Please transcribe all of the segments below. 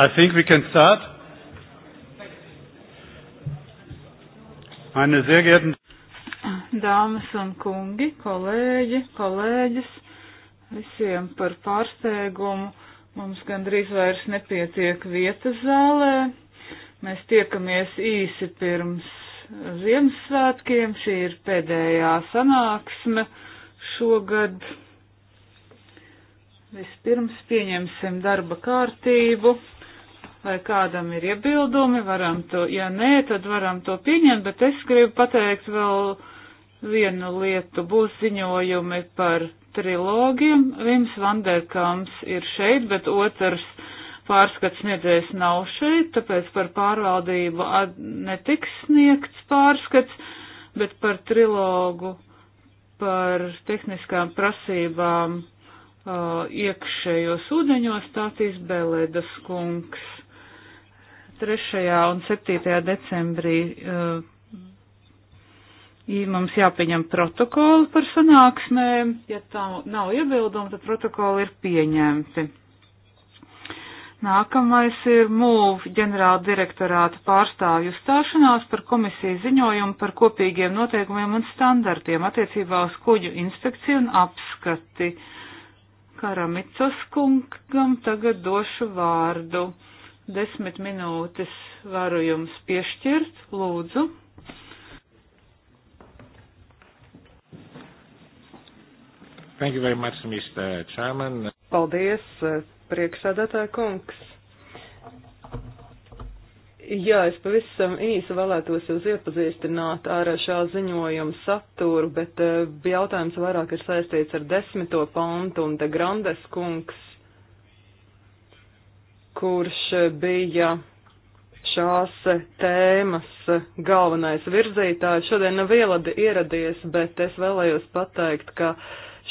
I think we can start. Meine sehr geehrten Dāmas un kungi, kolēģi, kolēģis, visiem par pārsteigumu. Mums gandrīz vairs nepietiek vietas zālē. Mēs tiekamies īsi pirms Ziemassvētkiem. Šī ir pēdējā sanāksme šogad. Vispirms pieņemsim darba kārtību vai kādam ir iebildumi, varam to, ja nē, tad varam to pieņemt, bet es gribu pateikt vēl vienu lietu. Būs ziņojumi par trilogiem. Vims Vanderkams ir šeit, bet otrs pārskats sniedzējs nav šeit, tāpēc par pārvaldību netiks sniegts pārskats, bet par trilogu, par tehniskām prasībām uh, iekšējos ūdeņos stāstīs Belēdas kungs. 3. un 7. decembrī uh, mums jāpieņem protokoli par sanāksmēm. Ja tā nav iebilduma, tad protokoli ir pieņemti. Nākamais ir MUV ģenerāla direktorāta pārstāvju stāšanās par komisijas ziņojumu par kopīgiem noteikumiem un standartiem attiecībā uz kuģu inspekciju un apskati. Karamicos kungam tagad došu vārdu. Desmit minūtes varu jums piešķirt, lūdzu. Thank you very much, Mr. Chairman. Paldies, priekšsēdētāja kungs. Jā, es pavisam īsi vēlētos jūs iepazīstināt ar šā ziņojuma saturu, bet eh, jautājums vairāk ir saistīts ar desmito pantu, un te Grandes kungs kurš bija šās tēmas galvenais virzītājs. Šodien nav ieladi ieradies, bet es vēlējos pateikt, ka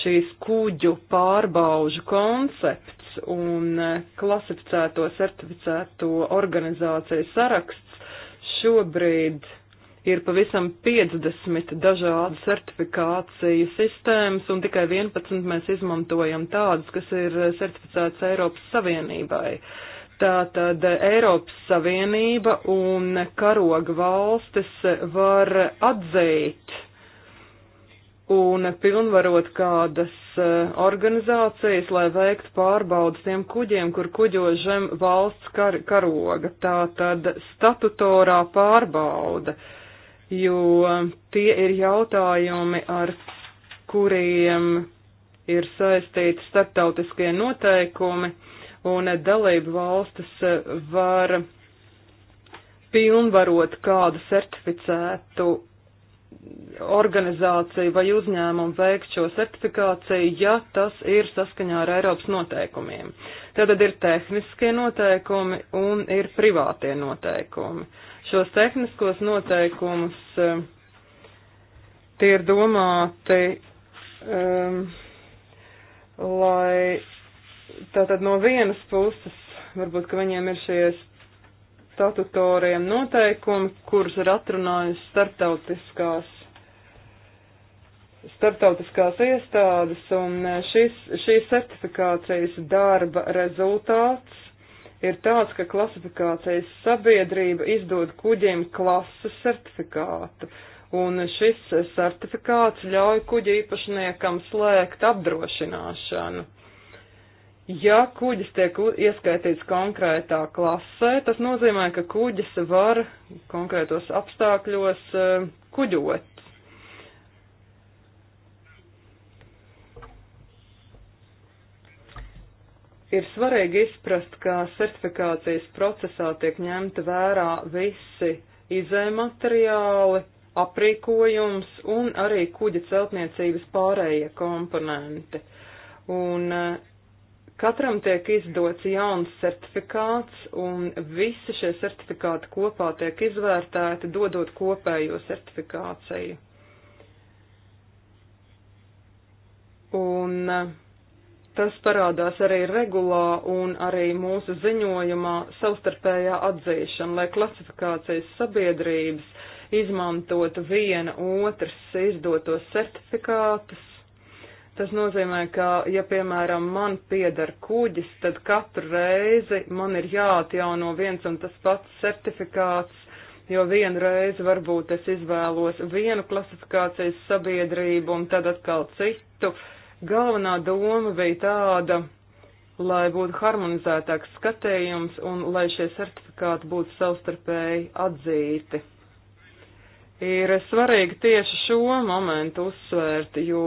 šīs kuģu pārbaužu koncepts un klasificēto certificēto organizāciju saraksts šobrīd ir pavisam 50 dažādu certifikāciju sistēmas, un tikai 11 mēs izmantojam tādas, kas ir certificētas Eiropas Savienībai. Uh, Tātad Eiropas Savienība un karoga valstis var atzīt un pilnvarot kādas eh, organizācijas, lai veikt pārbaudas tiem kuģiem, kur kuģo zem valsts kar karoga. Tātad statutorā pārbauda, jo tie ir jautājumi, ar kuriem ir saistīti starptautiskie noteikumi un dalību valstis eh, var pilnvarot kādu certificētu organizāciju vai uzņēmumu veikt šo certifikāciju, ja tas ir saskaņā ar Eiropas noteikumiem. Tātad ir tehniskie noteikumi un ir privātie noteikumi. Šos tehniskos noteikumus eh, tie ir domāti, um, lai Tātad no vienas puses, varbūt, ka viņiem ir šie statutoriem noteikumi, kurus ir atrunājusi starptautiskās, starptautiskās iestādes, un šis, šīs certifikācijas darba rezultāts ir tāds, ka klasifikācijas sabiedrība izdod kuģiem klases certifikātu, un šis certifikāts ļauj kuģi īpašniekam slēgt apdrošināšanu. Ja kuģis tiek ieskaitīts konkrētā klasē, tas nozīmē, ka kuģis var konkrētos apstākļos e, kuģot. Ir svarīgi izprast, ka certifikācijas procesā tiek ņemta vērā visi izējumateriāli, aprīkojums un arī kuģa celtniecības pārējie komponenti. Un e, Katram tiek izdots jauns certifikāts, un visi šie certifikāti kopā tiek izvērtēti, dodot kopējo certifikāciju. Un eh, tas parādās arī regulā un arī mūsu ziņojumā savstarpējā atzīšana, lai klasifikācijas sabiedrības izmantotu viena otras izdotos certifikātus Tas nozīmē, ka, ja, piemēram, man pieder kuģis, tad katru reizi man ir jāatjauno viens un tas pats certifikāts, jo vienu reizi varbūt es izvēlos vienu klasifikācijas sabiedrību un tad atkal citu. Galvenā doma bija tāda, lai būtu harmonizētāks skatējums un lai šie certifikāti būtu savstarpēji atzīti. Ir svarīgi tieši šo momentu uzsvērt, jo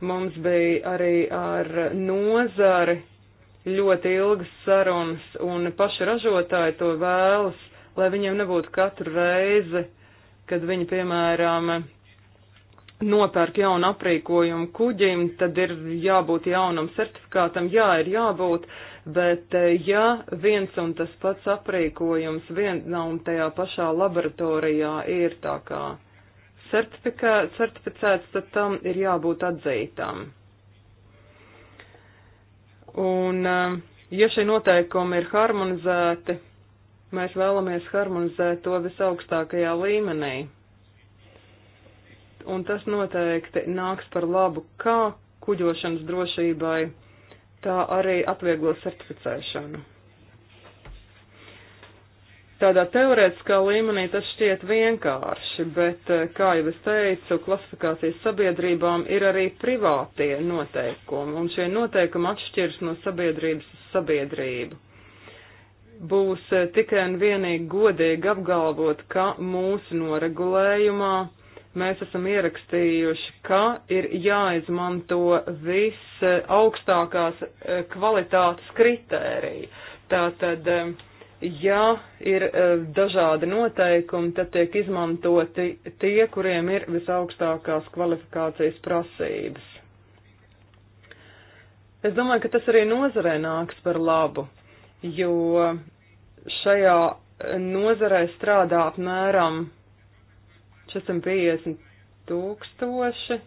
Mums bija arī ar nozari ļoti ilgas sarunas, un paši ražotāji to vēlas, lai viņiem nebūtu katru reizi, kad viņi, piemēram, nopērk jaunu aprīkojumu kuģim, tad ir jābūt jaunam certifikātam, jā, ir jābūt, bet eh, ja viens un tas pats aprīkojums vienā un tajā pašā laboratorijā ir tā kā certificēts, tad tam ir jābūt atzītam. Un, um, ja šie noteikumi ir harmonizēti, mēs vēlamies harmonizēt to visaugstākajā līmenī. Un tas noteikti nāks par labu kā kuģošanas drošībai, tā arī atvieglo certificēšanu. Tādā teorētiskā līmenī tas šķiet vienkārši, bet, eh, kā jau es teicu, klasifikācijas sabiedrībām ir arī privātie noteikumi, un šie noteikumi atšķiras no sabiedrības uz sabiedrību. Būs eh, tikai un vienīgi godīgi apgalvot, ka mūsu noregulējumā mēs esam ierakstījuši, ka ir jāizmanto viss eh, augstākās kvalitātes kritērija. Tātad, ja ir e, dažādi noteikumi, tad tiek izmantoti tie, kuriem ir visaugstākās kvalifikācijas prasības. Es domāju, ka tas arī nozarē nāks par labu, jo šajā e, nozarē strādā apmēram 450 tūkstoši.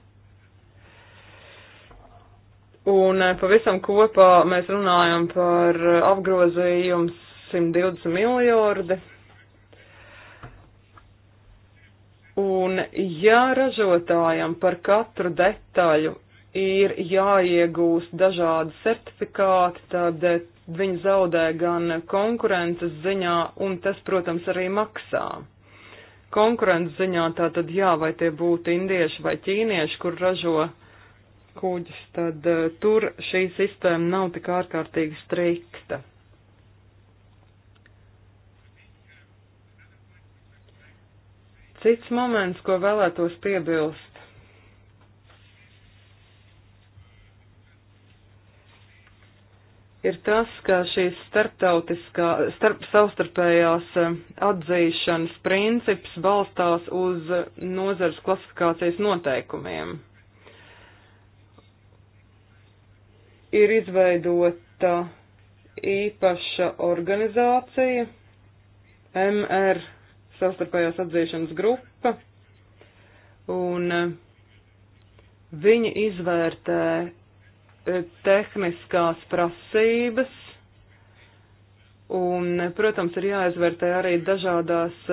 Un e, pavisam kopā mēs runājam par apgrozījums 120 miljardi. Un ja ražotājam par katru detaļu ir jāiegūst dažādi certifikāti, tad eh, viņi zaudē gan konkurences ziņā, un tas, protams, arī maksā. Konkurences ziņā tā tad jā, vai tie būtu indieši vai ķīnieši, kur ražo kuģis, tad uh, tur šī sistēma nav tik ārkārtīgi strikta. Cits moments, ko vēlētos piebilst. Ir tas, ka šīs starptautiskā, starp savstarpējās eh, atzīšanas princips balstās uz eh, nozares klasifikācijas noteikumiem. Ir izveidota īpaša organizācija MR savstarpējās atzīšanas grupa, un eh, viņi izvērtē eh, tehniskās prasības, un, eh, protams, ir jāizvērtē arī dažādās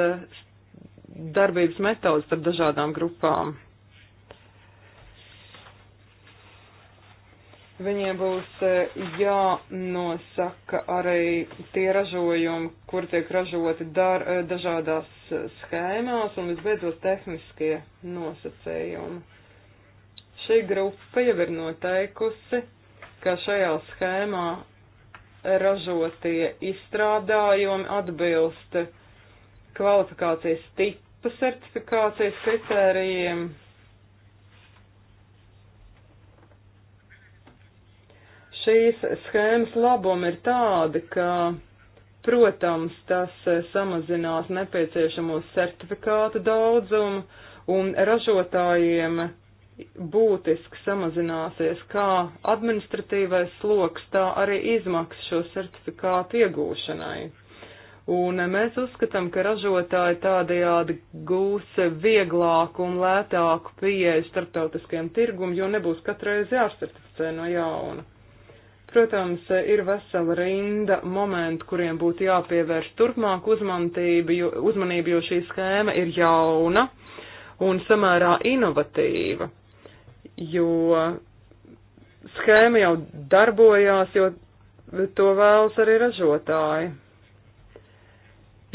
darbības metodas starp dažādām grupām. Viņiem būs e, jānosaka arī tie ražojumi, kur tiek ražoti dar, e, dažādās e, schēmās un visbeidzot tehniskie nosacējumi. Šī grupa jau ir noteikusi, ka šajā schēmā ražotie izstrādājumi atbilst kvalifikācijas tipu certifikācijas kritērijiem Šīs schēmas labumi ir tādi, ka, protams, tas eh, samazinās nepieciešamos certifikātu daudzumu un ražotājiem būtiski samazināsies kā administratīvais sloks, tā arī izmaksas šo certifikātu iegūšanai. Un eh, mēs uzskatām, ka ražotāji tādējādi gūs vieglāku un lētāku pieeju starptautiskiem tirgum, jo nebūs katreiz jācertificē no jauna. Protams, ir vesela rinda momentu, kuriem būtu jāpievērš turpmāk jo, uzmanību, jo šī schēma ir jauna un samērā inovatīva, jo schēma jau darbojās, jo to vēlas arī ražotāji.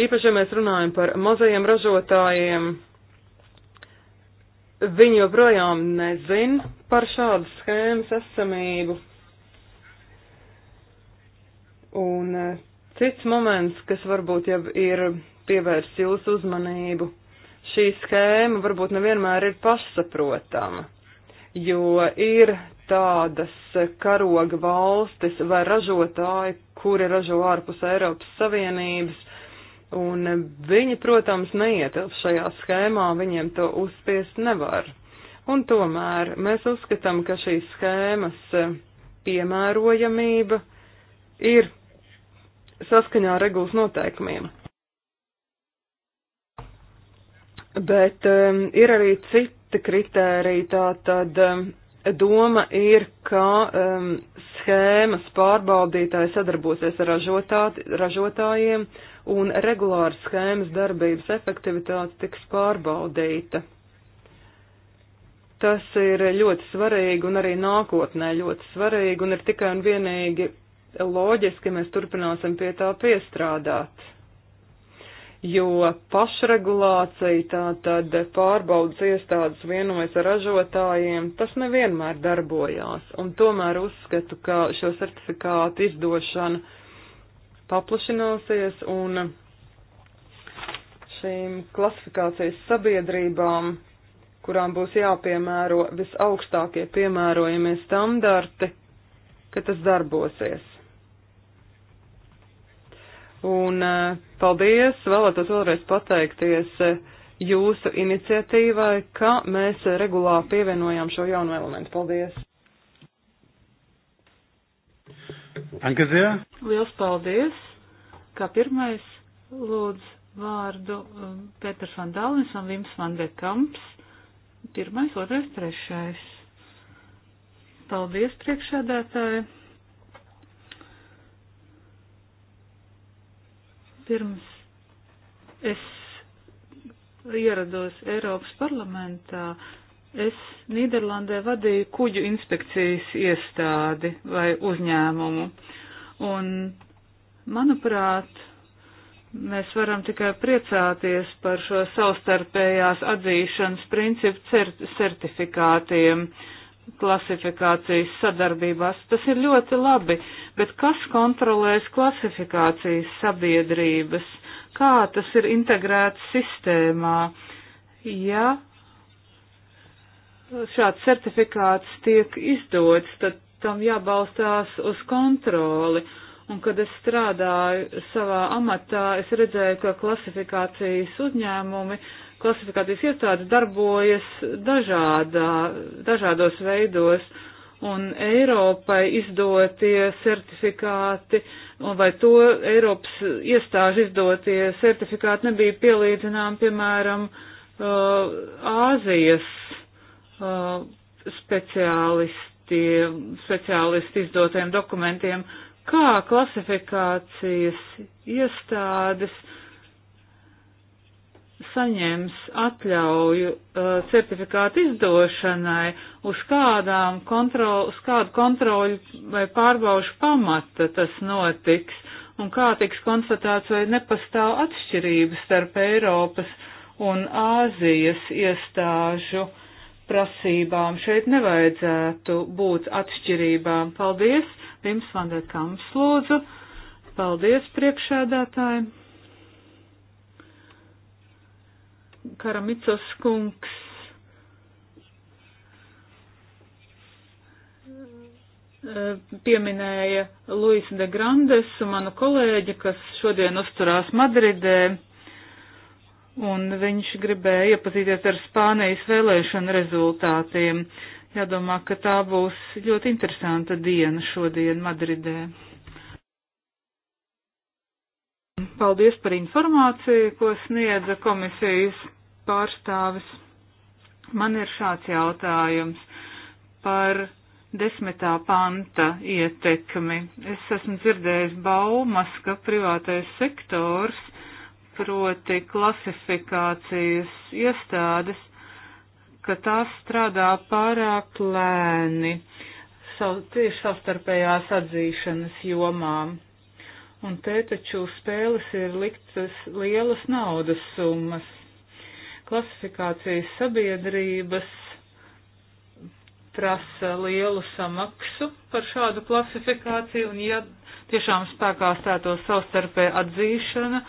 Īpaši, ja mēs runājam par mazajiem ražotājiem, viņi joprojām nezin par šādu schēmas esamību. Un e, cits moments, kas varbūt jau ir pievērsts jūsu uzmanību, šī schēma varbūt nevienmēr ir pašsaprotama, jo ir tādas karoga valstis vai ražotāji, kuri ražo ārpus Eiropas Savienības, un viņi, protams, neietilp šajā schēmā, viņiem to uzspiest nevar. Un tomēr mēs uzskatām, ka šīs schēmas piemērojamība ir saskaņā ar regulas noteikumiem. Bet um, ir arī citi kritēriji, tā tad um, doma ir, ka um, schēmas pārbaudītāji sadarbosies ar ražotā, ražotājiem un regulāri schēmas darbības efektivitāte tiks pārbaudīta. Tas ir ļoti svarīgi un arī nākotnē ļoti svarīgi un ir tikai un vienīgi loģiski mēs turpināsim pie tā piestrādāt. Jo pašregulācija, tātad pārbaudas iestādes vienojas ar ražotājiem, tas nevienmēr darbojās. Un tomēr uzskatu, ka šo certifikātu izdošana paplašināsies un šīm klasifikācijas sabiedrībām, kurām būs jāpiemēro visaugstākie piemērojamie standarti, ka tas darbosies. Un eh, paldies, vēlētos vēlreiz pateikties eh, jūsu iniciatīvai, ka mēs regulā pievienojām šo jaunu elementu. Paldies! Danke sehr! Liels paldies! Kā pirmais lūdzu vārdu um, Pēters van Dālins un Vims van de Kamps. Pirmais, otrais, trešais. Paldies, priekšādātāji! Pirms es ierados Eiropas parlamentā, es Nīderlandē vadīju kuģu inspekcijas iestādi vai uzņēmumu. Un, manuprāt, mēs varam tikai priecāties par šo savstarpējās atzīšanas principu cert certifikātiem klasifikācijas sadarbībās. Tas ir ļoti labi, bet kas kontrolēs klasifikācijas sabiedrības, kā tas ir integrēts sistēmā, ja šāds certifikāts tiek izdots, tad tam jābalstās uz kontroli. Un, kad es strādāju savā amatā, es redzēju, ka klasifikācijas uzņēmumi, klasifikācijas iestādes darbojas dažādā, dažādos veidos, un Eiropai izdotie certifikāti, vai to Eiropas iestāžu izdotie certifikāti nebija pielīdzinām, piemēram, uh, Āzijas uh, speciālistiem, speciālistu izdotiem dokumentiem, kā klasifikācijas iestādes uh, saņems atļauju uh, certifikātu izdošanai, uz, kādām kontrol, uz kādu kontroļu vai pārbaušu pamata tas notiks un kā tiks konstatēts, vai nepastāv atšķirības starp Eiropas un Āzijas iestāžu prasībām. Šeit nevajadzētu būt atšķirībām. Paldies, Vims Vandekams, lūdzu. Paldies priekšēdātājiem. Karamicos kungs. Pieminēja Luisa de Grandes un manu kolēģi, kas šodien uzturās Madridē, un viņš gribēja iepazīties ar Spānijas vēlēšanu rezultātiem. Jādomā, ka tā būs ļoti interesanta diena šodien Madridē. Paldies par informāciju, ko sniedza komisijas pārstāvis. Man ir šāds jautājums par desmitā panta ietekmi. Es esmu dzirdējis baumas, ka privātais sektors, proti klasifikācijas iestādes, ka tās strādā pārāk lēni sav, tieši savstarpējās atzīšanas jomām. Un te taču spēles ir liktas lielas naudas summas klasifikācijas sabiedrības prasa lielu samaksu par šādu klasifikāciju, un ja tiešām spēkā stātos savstarpē atzīšana,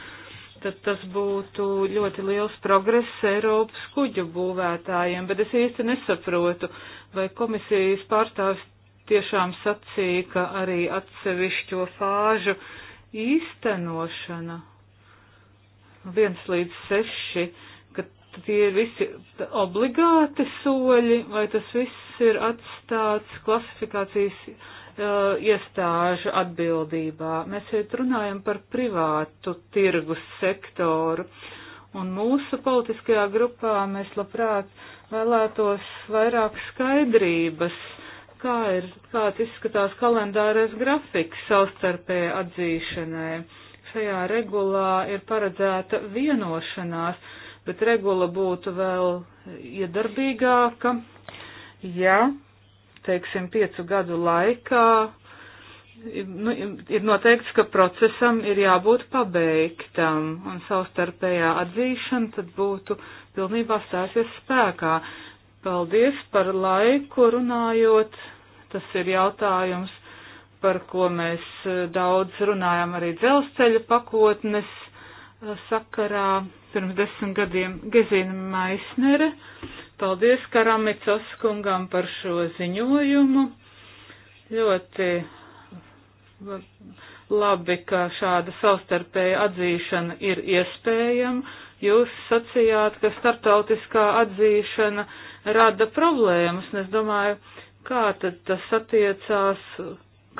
tad tas būtu ļoti liels progress Eiropas kuģu būvētājiem, bet es īsti nesaprotu, vai komisijas pārstāvis tiešām sacīja, ka arī atsevišķo fāžu īstenošana viens līdz seši tie ir visi obligāti soļi, vai tas viss ir atstāts klasifikācijas uh, iestāžu atbildībā. Mēs šeit runājam par privātu tirgus sektoru, un mūsu politiskajā grupā mēs labprāt vēlētos vairāk skaidrības, kā ir, kāds izskatās kalendārais grafiks savstarpēja atzīšanai. Šajā regulā ir paredzēta vienošanās, bet regula būtu vēl iedarbīgāka, ja, teiksim, piecu gadu laikā nu, ir noteikts, ka procesam ir jābūt pabeigtam un savstarpējā atzīšana tad būtu pilnībā stāsies spēkā. Paldies par laiku runājot. Tas ir jautājums, par ko mēs eh, daudz runājam arī dzelzceļa pakotnes eh, sakarā pirms desmit gadiem Gezina Maisnere. Paldies Karamicas kungam par šo ziņojumu. Ļoti labi, ka šāda savstarpēja atzīšana ir iespējama. Jūs sacījāt, ka startautiskā atzīšana rada problēmas, un es domāju, kā tad tas attiecās,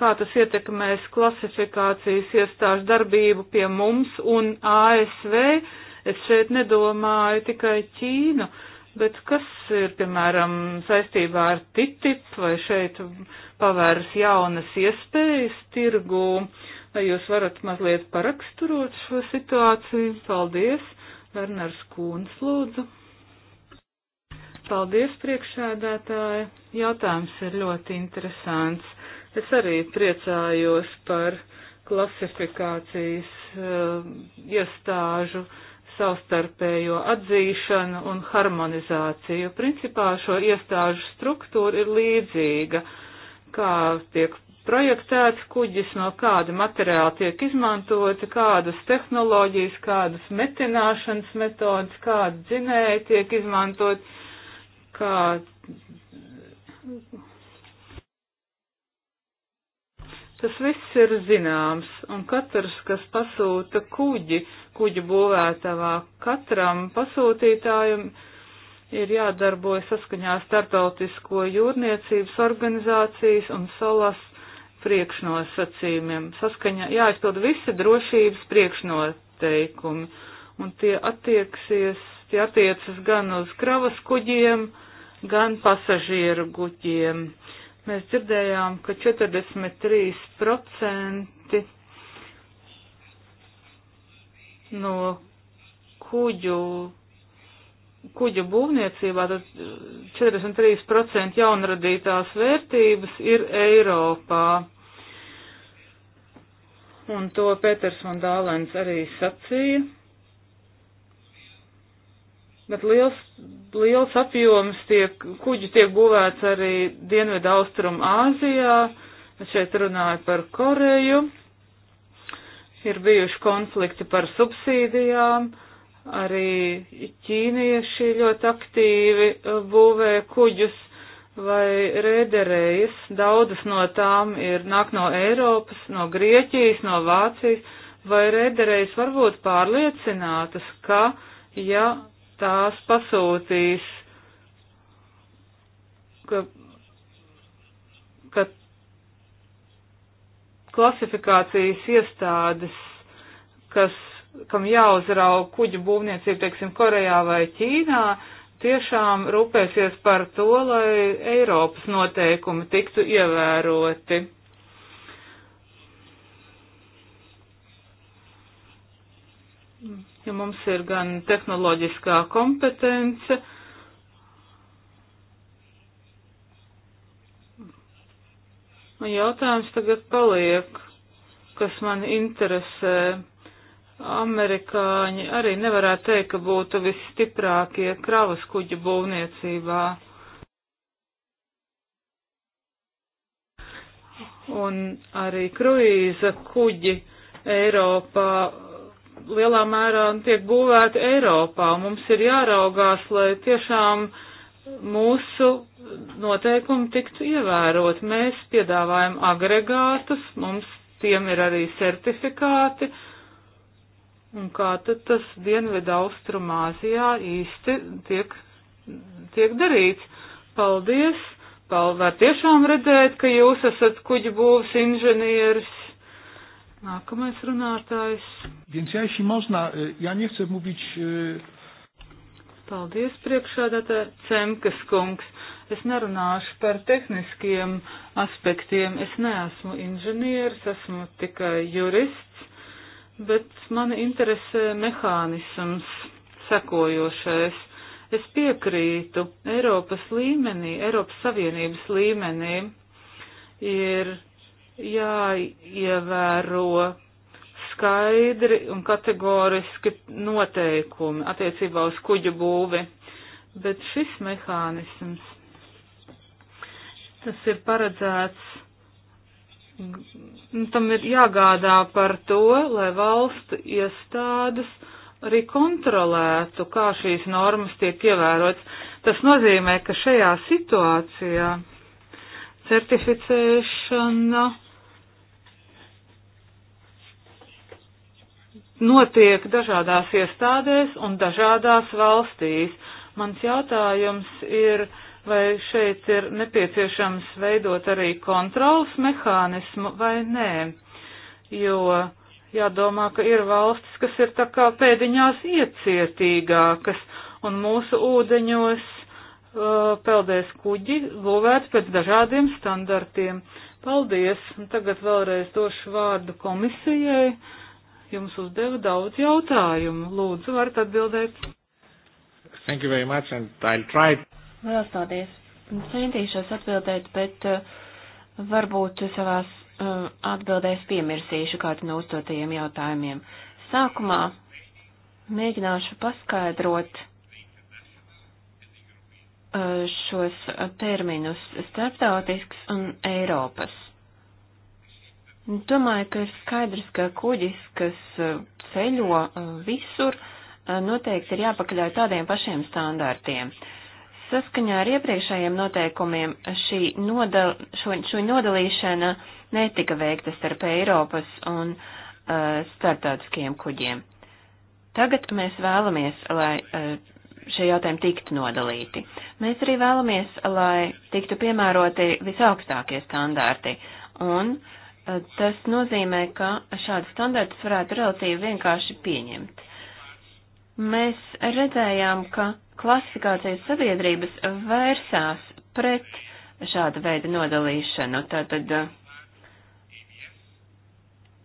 kā tas ietekmēs klasifikācijas iestāžu darbību pie mums un ASV, Es šeit nedomāju tikai Ķīnu, bet kas ir, piemēram, saistībā ar TTIP vai šeit pavērs jaunas iespējas tirgū? Vai jūs varat mazliet paraksturot šo situāciju? Paldies, Vernars Kūns, lūdzu. Paldies, priekšsēdētāji. Jautājums ir ļoti interesants. Es arī priecājos par klasifikācijas uh, iestāžu savstarpējo atzīšanu un harmonizāciju. Principā šo iestāžu struktūra ir līdzīga, kā tiek projektēts kuģis, no kāda materiāla tiek izmantota, kādas tehnoloģijas, kādas metināšanas metodas, kāda dzinēja tiek izmantot, kā Tas viss ir zināms, un katrs, kas pasūta kuģi, kuģi būvētavā, katram pasūtītājam ir jādarbojas saskaņā startautisko jūrniecības organizācijas un salas priekšnosacījumiem. Saskaņā jāizpild visi drošības priekšnoteikumi, un tie attieksies, tie attiecas gan uz kravas kuģiem, gan pasažieru kuģiem. Uh, Mēs dzirdējām, ka 43% no kuģu, kuģu būvniecībā, tad 43% jaunradītās vērtības ir Eiropā. Un to Pēters un Dālens arī sacīja. Bet liels, liels apjoms tiek, kuģi tiek būvēts arī Dienvidu Austrum Āzijā. Es šeit runāju par Koreju. Ir bijuši konflikti par subsīdijām. Arī ķīnieši ļoti aktīvi e, būvē kuģus vai rēderējas. Daudzas no tām ir nāk no Eiropas, no Grieķijas, no Vācijas, vai rēderējas varbūt pārliecinātas, ka, ja tās pasūtīs, ka, ka klasifikācijas iestādes, kas, kam jāuzrauga kuģu būvniecība, teiksim, Korejā vai Ķīnā, tiešām rūpēsies par to, lai Eiropas noteikumi tiktu ievēroti. jo mums ir gan tehnoloģiskā kompetence, Un jautājums tagad paliek, kas man interesē. Amerikāņi arī nevarētu teikt, ka būtu visstiprākie kravas kuģu būvniecībā. Un arī kruīza kuģi Eiropā lielā mērā tiek būvēti Eiropā. Mums ir jāraugās, lai tiešām mūsu noteikumi tiktu ievērot. Mēs piedāvājam agregātus, mums tiem ir arī certifikāti. Un kā tad tas Dienvidu Austrumāzijā īsti tiek, tiek darīts? Paldies! Pal, var tiešām redzēt, ka jūs esat kuģi būvs inženieris. Nākamais runātājs. Więc ja, jeśli można, ja nie chcę mówić. Paldies, priekšādātāja Cemkas kungs. Es nerunāšu par tehniskiem aspektiem. Es neesmu inženieris, esmu tikai jurists, bet mani interesē mehānisms sekojošais. Es piekrītu Eiropas līmenī, Eiropas Savienības līmenī ir jāievēro skaidri un kategoriski noteikumi attiecībā uz kuģu būvi, bet šis mehānisms, tas ir paredzēts, nu, tam ir jāgādā par to, lai valstu iestādes arī kontrolētu, kā šīs normas tiek ievērotas. Tas nozīmē, ka šajā situācijā certificēšana notiek dažādās iestādēs un dažādās valstīs. Mans jautājums ir, vai šeit ir nepieciešams veidot arī kontrols mehānismu vai nē, jo jādomā, ka ir valstis, kas ir tā kā pēdiņās iecietīgākas un mūsu ūdeņos uh, peldēs kuģi, būvēt pēc dažādiem standartiem. Paldies, un tagad vēlreiz došu vārdu komisijai. Uh, jums uzdeva daudz jautājumu. Lūdzu, varat atbildēt. Thank you very much and I'll try. Lielas paldies. Centīšos atbildēt, bet uh, varbūt savās uh, atbildēs piemirsīšu kādu no uzdotajiem jautājumiem. Sākumā mēģināšu paskaidrot uh, šos uh, terminus starptautisks un Eiropas Domāju, ka ir skaidrs, ka kuģis, kas uh, ceļo uh, visur, uh, noteikti ir jāpakaļauj tādiem pašiem standārtiem. Saskaņā ar iepriekšējiem noteikumiem šī nodal, šo, šo nodalīšana netika veikta starp Eiropas un uh, startautiskiem kuģiem. Tagad mēs vēlamies, lai uh, šie jautājumi tiktu nodalīti. Mēs arī vēlamies, lai tiktu piemēroti visaugstākie standārti un uh, Tas nozīmē, ka šādu standartus varētu relatīvi vienkārši pieņemt. Mēs redzējām, ka klasifikācijas sabiedrības vērsās pret šādu veidu nodalīšanu. Tātad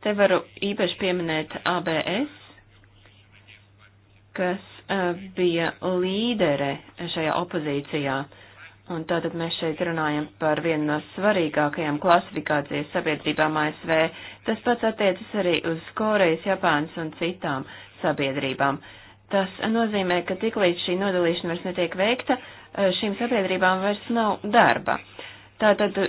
te varu īpaši pieminēt ABS, kas eh, bija līdere šajā opozīcijā. Uh, Un tātad mēs šeit runājam par vienu no svarīgākajām klasifikācijas sabiedrībām ASV. Tas pats attiecas arī uz Korejas, Japānas un citām sabiedrībām. Tas nozīmē, ka tiklīdz šī nodalīšana vairs netiek veikta, eh, šīm sabiedrībām vairs nav darba. Tātad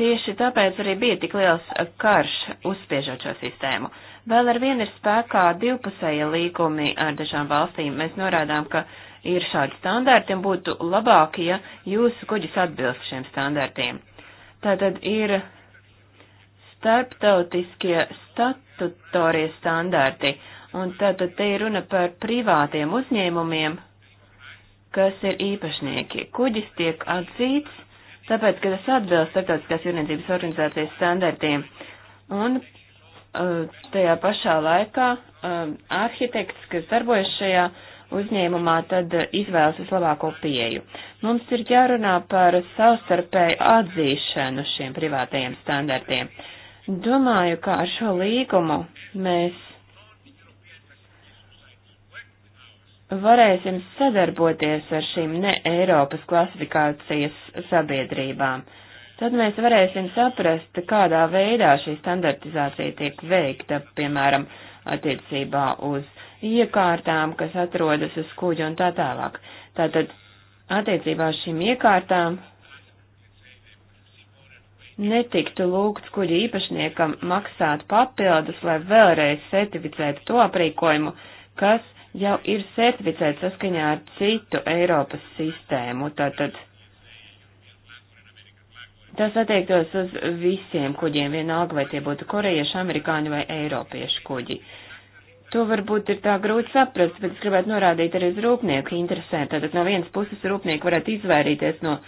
tieši tāpēc arī bija tik liels karš uzspiežot šo sistēmu. Vēl ar vienu ir spēkā divpusēja līgumi ar dažām valstīm. Mēs norādām, ka ir šādi standarti un būtu labāk, ja jūsu kuģis atbilst šiem standartiem. Tātad ir starptautiskie statutorie standarti, un tātad te ir runa par privātiem uzņēmumiem, kas ir īpašnieki. Kuģis tiek atzīts, tāpēc, ka tas atbilst starptautiskās jūrniecības organizācijas standartiem. Un uh, tajā pašā laikā uh, arhitekts, kas darbojas šajā uh, uzņēmumā, tad eh, izvēlas vislabāko pieeju. Mums ir jārunā par savstarpēju atzīšanu šiem privātajiem standartiem. Domāju, ka ar šo līgumu mēs varēsim sadarboties ar šīm ne Eiropas klasifikācijas sabiedrībām. Tad mēs varēsim saprast, kādā veidā šī standartizācija tiek veikta, piemēram, attiecībā uz iekārtām, kas atrodas uz kuģa un tā tālāk. Tātad attiecībā uz šīm iekārtām netiktu lūgts kuģa īpašniekam maksāt papildus, lai vēlreiz certificētu to aprīkojumu, kas jau ir certificēts saskaņā ar citu Eiropas sistēmu. Tātad tas attiektos uz visiem kuģiem, vienalga vai tie būtu korejieši, amerikāņi vai eiropiešu kuģi. Uh, To varbūt ir tā grūti saprast, bet es gribētu norādīt arī uz rūpnieku interesēm. Tātad no vienas puses rūpnieki varētu izvairīties no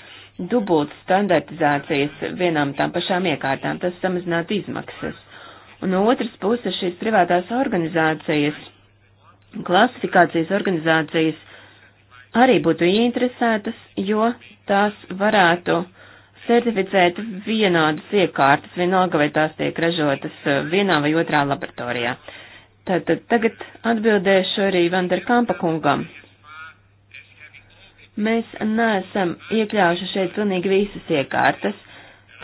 dubult standartizācijas vienām tām pašām iekārtām, tas samazinātu izmaksas. Un no otras puses šīs privātās organizācijas, klasifikācijas organizācijas arī būtu ieinteresētas, jo tās varētu certificēt vienādas iekārtas, vienalga vai tās tiek ražotas vienā vai otrā laboratorijā. Uh, Tātad tagad atbildēšu arī Vanderkampa kungam. Mēs neesam iekļāvuši šeit pilnīgi visas iekārtas.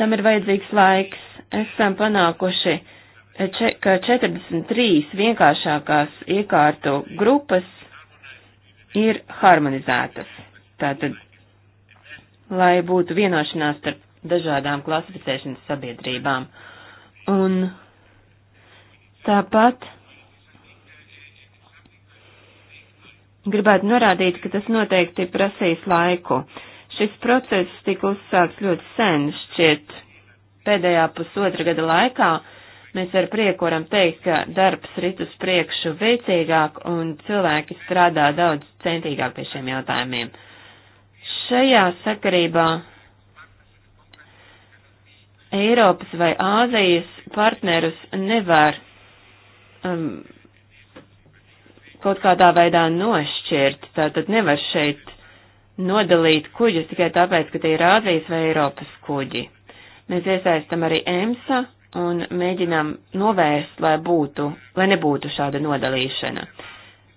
Tam ir vajadzīgs laiks. Esam panākuši, eh, ka 43 vienkāršākās iekārtu grupas ir harmonizētas. Tātad, lai būtu vienošanās starp dažādām klasificēšanas sabiedrībām. Un tāpat Gribētu norādīt, ka tas noteikti prasīs laiku. Šis process tika uzsākts ļoti sen, šķiet, pēdējā pusotra gada laikā. Mēs ar prieku varam teikt, ka darbs rit uz priekšu veicīgāk un cilvēki strādā daudz centīgāk pie šiem jautājumiem. Šajā sakarībā Eiropas vai Āzijas partnerus nevar um, kaut kādā veidā nošķirt. Tātad nevar šeit nodalīt kuģus tikai tāpēc, ka tie ir Āzijas vai Eiropas kuģi. Mēs iesaistam arī EMSA un mēģinām novērst, lai, būtu, lai nebūtu šāda nodalīšana.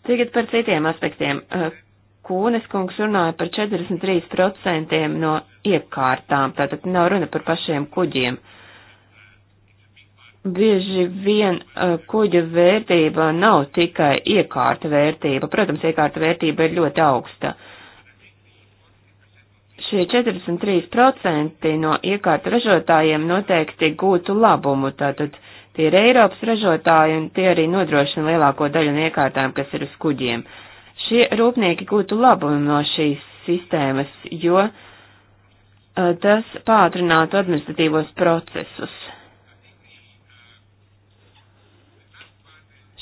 Tagad par citiem aspektiem. Eh, Kūnes kungs runāja par 43% no iekārtām, tātad nav runa par pašiem kuģiem. Uh, Bieži vien uh, kuģa vērtība nav tikai iekārta vērtība. Protams, iekārta vērtība ir ļoti augsta. Šie 43% no iekārta ražotājiem noteikti gūtu labumu, tātad tie ir Eiropas ražotāji un tie arī nodrošina lielāko daļu no iekārtām, kas ir uz kuģiem. Šie rūpnieki gūtu labumu no šīs sistēmas, jo uh, tas pātrinātu administratīvos procesus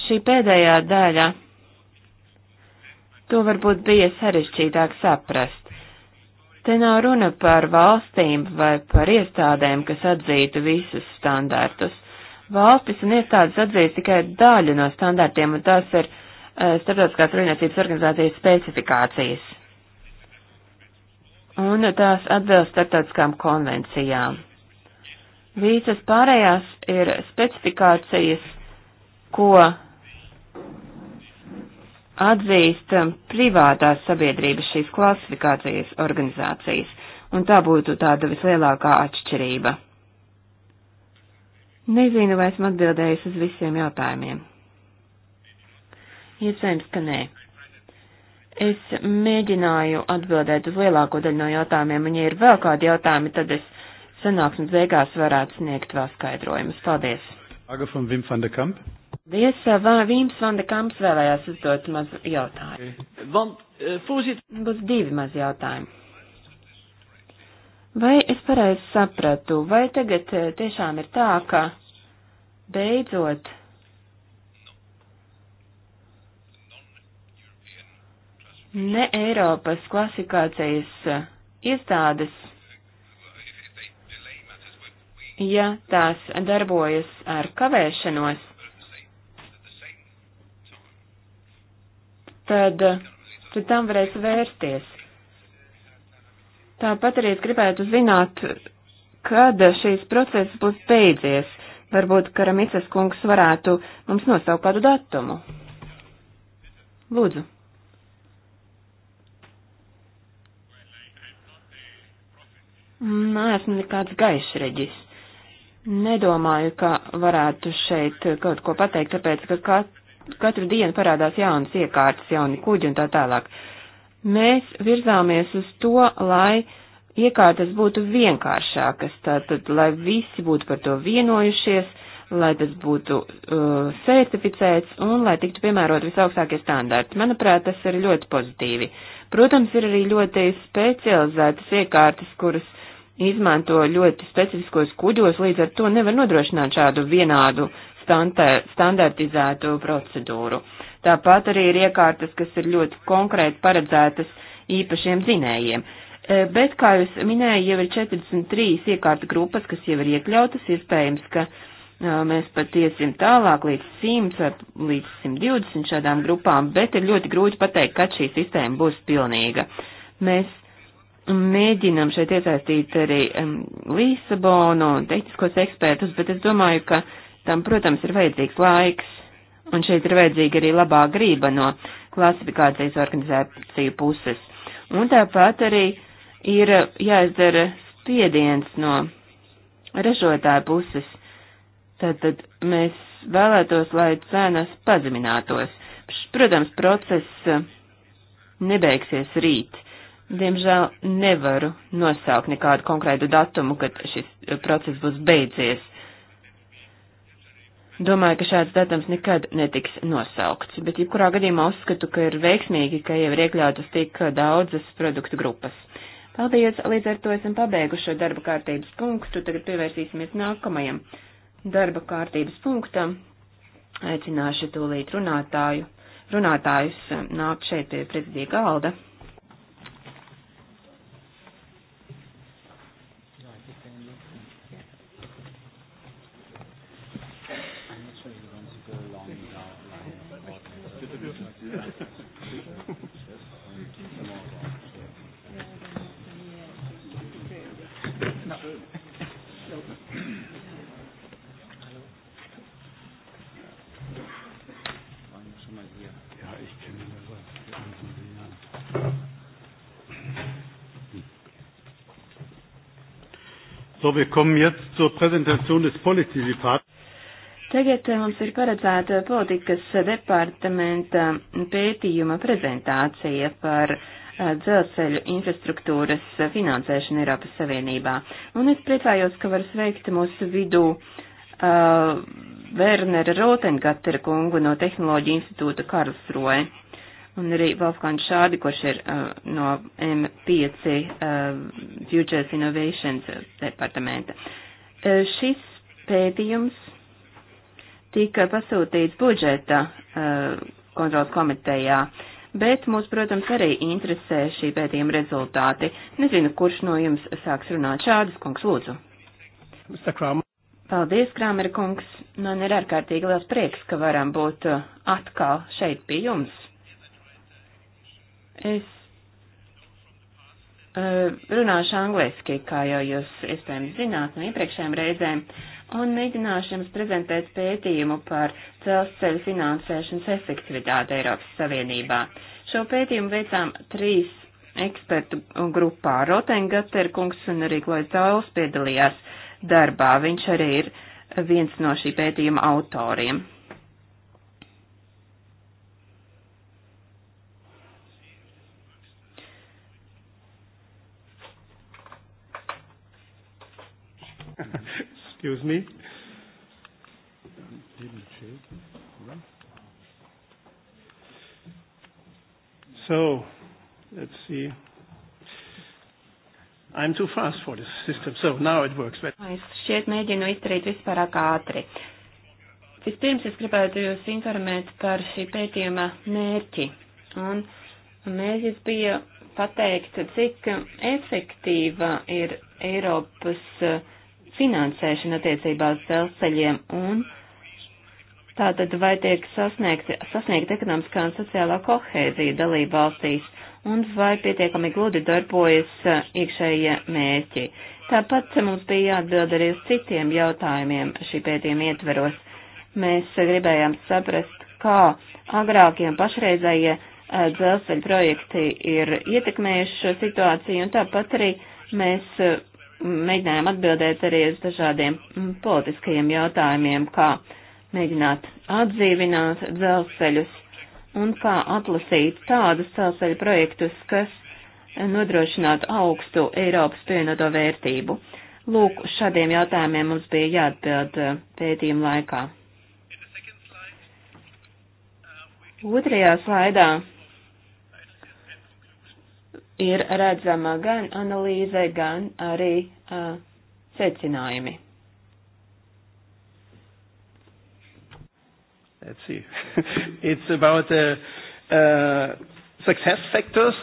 Šī pēdējā daļa, to varbūt bija sarežģītāk saprast. Te nav runa par valstīm vai par iestādēm, kas atzītu visus standartus. Valstis un iestādes atzīst tikai daļu no standartiem, un tās ir uh, starptautiskās rūpniecības organizācijas specifikācijas. Un tās atbilst starptautiskām konvencijām. Visas pārējās ir specifikācijas, ko atzīst um, privātās sabiedrības šīs klasifikācijas organizācijas, un tā būtu tāda vislielākā atšķirība. Nezinu, vai esmu atbildējis uz visiem jautājumiem. Iespējams, ka nē. Es mēģināju atbildēt uz lielāko daļu no jautājumiem, un ja ir vēl kādi jautājumi, tad es sanāksmes beigās varētu sniegt vēl skaidrojumus. Paldies! Frage von Wim van der Kamp. Paldies, eh, vai Vīms Vanda Kamps vēlējās uzdot mazu jautājumu? Eh, van, fūzīt. Eh, Būs divi mazi jautājumi. Vai es pareizi sapratu, vai tagad tiešām ir tā, ka beidzot ne Eiropas klasifikācijas iestādes ja tās darbojas ar kavēšanos, tad pēc tam varēs vērsties. Tāpat arī es gribētu zināt, kad šīs procesas būs beidzies. Varbūt Karamicas kungs varētu mums nosaukt kādu datumu. Lūdzu. Nē, esmu nekāds gaišreģis. Nedomāju, ka varētu šeit kaut ko pateikt, tāpēc, ka kat katru dienu parādās jaunas iekārtas, jauni kuģi un tā tālāk. Mēs virzāmies uz to, lai iekārtas būtu vienkāršākas, tātad, lai visi būtu par to vienojušies, lai tas būtu uh, certificēts un lai tiktu piemērot visaugstākie standarti. Manuprāt, tas ir ļoti pozitīvi. Protams, ir arī ļoti specializētas iekārtas, kuras izmanto ļoti specifiskos kuģos, līdz ar to nevar nodrošināt šādu vienādu uh, standartizētu procedūru. Tāpat arī ir iekārtas, kas ir ļoti konkrēti paredzētas īpašiem zinējiem. E, bet, kā jūs minēju, jau ir 43 iekārta grupas, kas jau ir iekļautas, iespējams, ka e, mēs pat iesim tālāk līdz 100 vai līdz 120 šādām grupām, bet ir ļoti grūti pateikt, kad šī sistēma būs pilnīga. Mēs mēģinam šeit iesaistīt arī um, Līsabonu un tehniskos ekspertus, bet es domāju, ka uh, Tam, protams, ir vajadzīgs laiks, un šeit ir vajadzīga arī labā grība no klasifikācijas organizāciju puses. Un tāpat arī ir jāizdara spiediens no ražotāja puses. Tātad mēs vēlētos, lai cenas pazeminātos. Protams, process uh, nebeigsies rīt. Diemžēl nevaru nosaukt nekādu konkrētu datumu, kad šis uh, process būs beidzies. Domāju, ka šāds datums nekad netiks nosaukts, bet jebkurā gadījumā uzskatu, ka ir veiksmīgi, ka jau ir iekļautas tik daudzas produktu grupas. Paldies, līdz ar to esam pabeiguši šo darba kārtības punktu, tagad pievērsīsimies nākamajam darba kārtības punktam. Aicināšu tūlīt runātāju, runātājus nākt šeit pie prezidija galda. So, wir kommen jetzt zur Präsentation des Policy Departments. Tagad eh, mums ir paredzēta politikas departamenta pētījuma prezentācija par eh, dzelzceļu infrastruktūras finansēšanu Eiropas Savienībā. Un es priecājos, ka varu sveikt mūsu vidū uh, eh, Wernera Rotengatera kungu no Tehnoloģija institūta Karlsroe un arī Wolfgangs Šādi, kurš ir uh, no M5 uh, Futures Innovations departamenta. Uh, šis pētījums tika pasūtīts budžeta uh, kontrols komitejā. Bet mūs, protams, arī interesē šī pētījuma rezultāti. Nezinu, kurš no jums sāks runāt šādas, kungs, lūdzu. Paldies, Krāmer kungs. Man ir ārkārtīgi liels prieks, ka varam būt eh, atkal šeit pie jums. Es uh, runāšu angliski, kā jau jūs, iespējams, zināt no iepriekšējām reizēm. Uh, un mēģināšu jums prezentēt pētījumu par dzelzceļa finansēšanas efektivitāti Eiropas Savienībā. Šo pētījumu veicām trīs ekspertu grupā. Rotengater kungs un arī Klojas Dauls piedalījās darbā. Viņš arī ir viens no šī pētījuma autoriem. excuse me. So, let's see. I'm too fast for this system, so now it works. But... Es šeit mēģinu izdarīt vispārāk ātri. Vispirms es gribētu jūs informēt par šī pētījuma mērķi. Un mērķis bija pateikt, cik efektīva ir Eiropas uh, finansēšana attiecībā uz dzelzceļiem un tātad vai tiek sasniegta sasniegt ekonomiskā un sociālā kohēzija dalība valstīs un vai pietiekami gludi darbojas e, iekšējie mērķi. Tāpat mums bija jāatbild arī uz citiem jautājumiem šī pētījuma ietveros. Mēs e, gribējām saprast, kā agrākie un pašreizējie e, dzelzceļa projekti ir ietekmējuši šo situāciju, un tāpat arī mēs mēģinājām atbildēt arī uz dažādiem mm, politiskajiem jautājumiem, kā mēģināt atdzīvināt dzelzceļus un kā atlasīt tādus dzelzceļu projektus, kas nodrošinātu augstu Eiropas pievienoto vērtību. Lūk, šādiem jautājumiem mums bija jāatbild eh, pētījuma laikā. Otrajā slaidā ir redzama gan analīze, gan arī uh, secinājumi. Let's see. It's about uh, uh, success factors.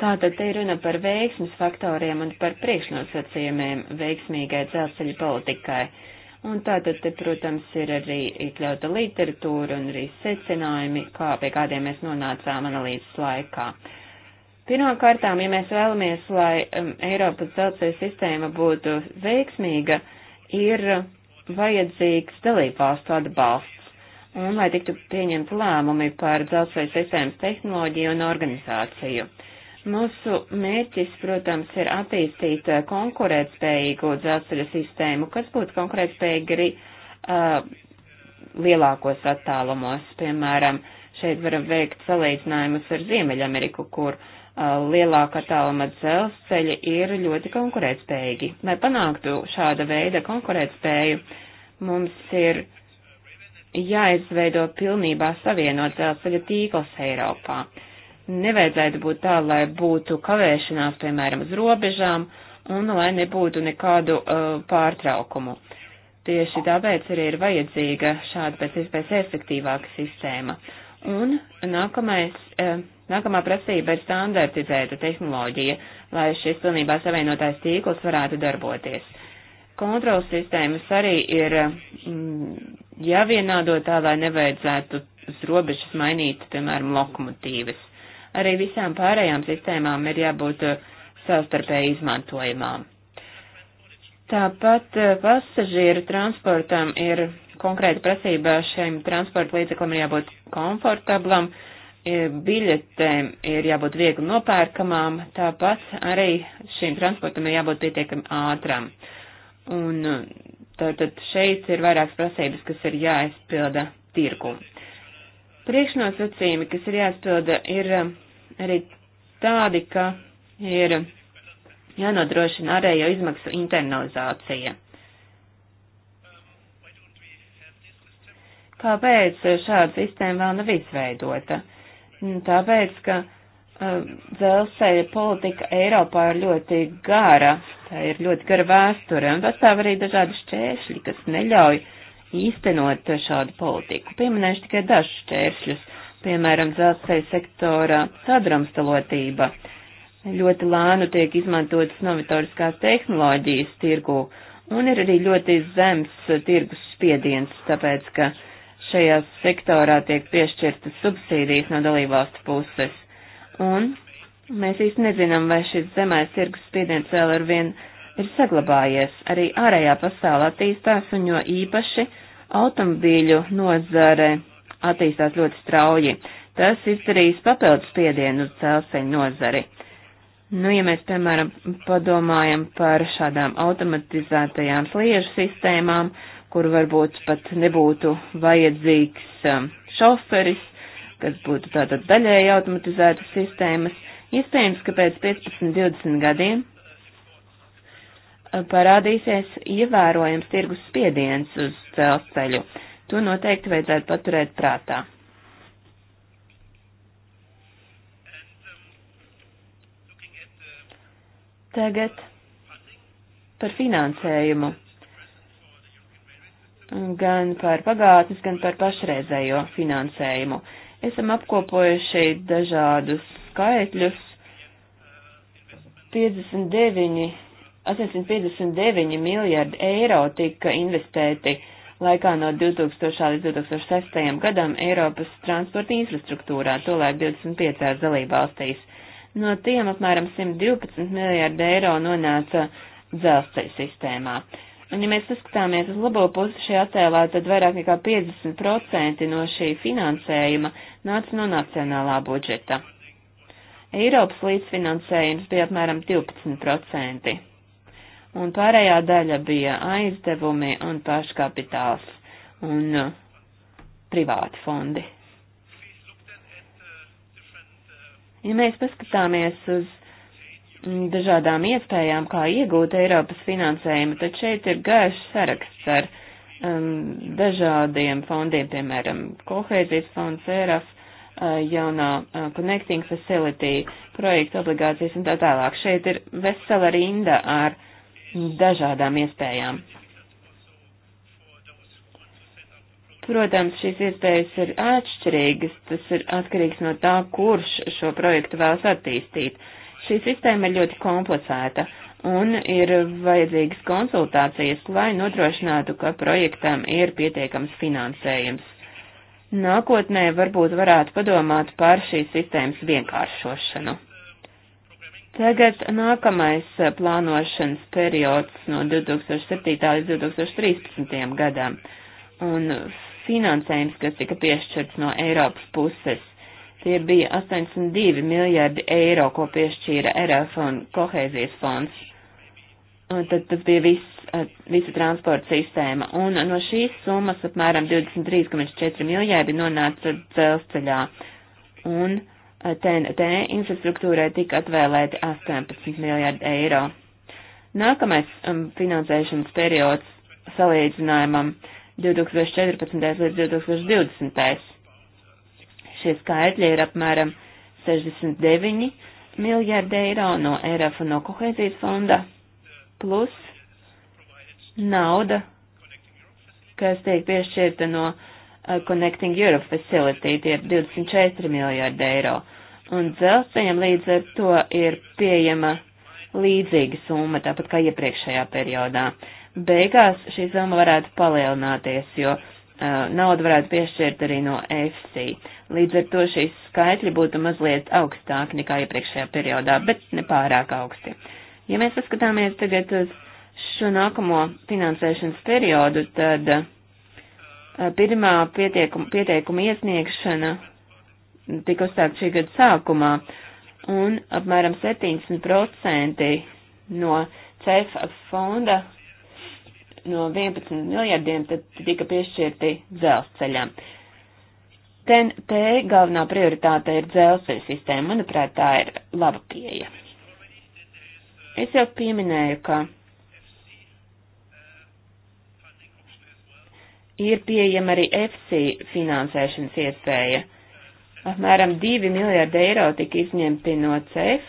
Tātad te ir runa par veiksmes faktoriem un par priekšnosacījumiem veiksmīgai dzelzceļa politikai. Un tātad te, protams, ir arī iekļauta literatūra un arī secinājumi, kā pie kādiem mēs nonācām analīzes laikā. Uh, Pirmkārtām, ja mēs vēlamies, lai um, Eiropas dzelzceļa sistēma būtu veiksmīga, ir vajadzīgs dalībvalstu atbalsts un lai tiktu pieņemti lēmumi par dzelzceļa sistēmas tehnoloģiju un organizāciju. Mūsu mērķis, protams, ir attīstīt uh, konkurētspējīgu dzelzceļa sistēmu, kas būtu konkurētspējīga arī uh, lielākos attālumos. Piemēram, šeit varam veikt salīdzinājumus ar Ziemeļameriku, kur uh, lielākā tāluma dzelzceļa ir ļoti konkurētspējīgi. Lai panāktu šāda veida konkurētspēju, mums ir jāizveido pilnībā savienot dzelzceļa tīkls Eiropā. Nevajadzētu būt tā, lai būtu kavēšanās, piemēram, uz robežām, un lai nebūtu nekādu uh, pārtraukumu. Tieši tāpēc arī ir vajadzīga šāda pēc iespējas efektīvāka sistēma. Un nākamais. Uh, Nākamā prasība ir standartizēta tehnoloģija, lai šis pilnībā savienotais tīkls varētu darboties. Kontrolas sistēmas arī ir mm, jāvienādo tā, lai nevajadzētu uz robežas mainīt, piemēram, lokomotīvas. Arī visām pārējām sistēmām ir jābūt eh, savstarpēji izmantojamām. Tāpat eh, pasažieru transportam ir konkrēta prasība šiem transporta līdzeklim ir jābūt komfortablam, uh, E, biļetēm ir jābūt viegli nopērkamām, tāpat arī šīm transportam ir jābūt pietiekami ātram. Un tātad šeit ir vairākas prasības, kas ir jāizpilda tirgu. Priekšnosacījumi, kas ir jāizpilda, ir um, arī tādi, ka ir jānodrošina arējo izmaksu internalizācija. Kāpēc šāda sistēma vēl nav izveidota? Nu, tāpēc, ka uh, dzelzceļa politika Eiropā ir ļoti gara, tā ir ļoti gara vēsture, un pastāv arī dažādi šķēršļi, kas neļauj īstenot šādu politiku. Pieminēšu tikai dažus šķēršļus, piemēram, dzelzceļa sektora sadrumstalotība. Ļoti lēnu tiek izmantotas novatoriskās tehnoloģijas tirgu, un ir arī ļoti zems tirgus spiediens, tāpēc, ka uh, šajā sektorā tiek piešķirtas subsīdijas no dalībvalstu puses. Un mēs īsti nezinām, vai šis zemais tirgus spiediens vēl ar vien ir saglabājies. Arī ārējā pasaulē attīstās un jo īpaši automobīļu nozare attīstās ļoti strauji. Tas izdarīs papildus spiedienu uz dzelzceļa nozari. Nu, ja mēs, piemēram, padomājam par šādām automatizētajām sliežu sistēmām, uh, kur varbūt pat nebūtu vajadzīgs um, šoferis, kas būtu tātad daļēji automatizētas sistēmas. Iespējams, ka pēc 15-20 gadiem uh, parādīsies ievērojams tirgus spiediens uz dzelzceļu. To noteikti vajadzētu paturēt prātā. Tagad par finansējumu gan par pagātnes, gan par pašreizējo finansējumu. Esam apkopojuši dažādus skaitļus. 59, 859 miljardi eiro tika investēti laikā no 2000. līdz 2006. gadam Eiropas transporta infrastruktūrā, tolēk 25 dalībvalstīs. No tiem apmēram 112 miljardi eiro nonāca dzelzceļa sistēmā. Uh, Un, ja mēs paskatāmies uz labo pusi šajā attēlā, tad vairāk nekā 50% no šī finansējuma nāca no nacionālā budžeta. Eiropas līdzfinansējums bija apmēram 12%, un pārējā daļa bija aizdevumi un paškapitāls un uh, privāti fondi. Ja mēs paskatāmies uz dažādām iespējām, kā iegūt Eiropas finansējumu, tad šeit ir gaišs saraksts ar um, dažādiem fondiem, piemēram, Kohēzijas fonds, ERAF, uh, jaunā uh, Connecting Facility, projekta obligācijas un tā tālāk. Šeit ir vesela rinda ar dažādām iespējām. Protams, šīs iespējas ir atšķirīgas, tas ir atkarīgs no tā, kurš šo projektu vēlas attīstīt. Uh, Šī sistēma ir ļoti komplicēta un ir vajadzīgas konsultācijas, lai nodrošinātu, ka projektam ir pietiekams finansējums. Nākotnē varbūt varētu padomāt par šīs sistēmas vienkāršošanu. Tagad nākamais plānošanas periods no 2007. līdz 2013. gadam un finansējums, kas tika piešķirts no Eiropas puses. Tie bija 82 miljardi eiro, ko piešķīra RF un kohēzijas fonds. Un tad tas bija viss, eh, visa transporta sistēma. Un no šīs summas apmēram 23,4 miljardi nonāca dzelzceļā. Un TNT eh, infrastruktūrai tika atvēlēti 18 miljardi eiro. Nākamais um, finansēšanas periods salīdzinājumam 2014. līdz 2020 Šie skaitļi ir apmēram 69 miljārdi eiro no ERF un no kohēzijas fonda, plus nauda, kas tiek piešķirta no uh, Connecting Europe Facility, tie ir 24 miljārdi eiro. Un dzelzceļam līdz ar to ir pieejama līdzīga summa, tāpat kā iepriekšējā periodā. Beigās šī summa varētu palielināties, jo uh, Eh, naudu varētu piešķirt arī no EFSI. Līdz ar to šīs skaitļi būtu mazliet augstāki nekā iepriekšējā periodā, bet ne pārāk augsti. Ja mēs paskatāmies tagad uz šo nākamo finansēšanas periodu, tad eh, pirmā pieteikuma, pieteikuma iesniegšana tika uzsākt šī gada sākumā, un apmēram 70% no CEF fonda no 11 miljardiem tad tika piešķirti dzelzceļam. TNT galvenā prioritāte ir dzelzceļa sistēma. Manuprāt, tā ir laba pieeja. Es jau pieminēju, ka ir pieejama arī FC finansēšanas iespēja. Apmēram 2 miljārdi eiro tika izņemti no CEF,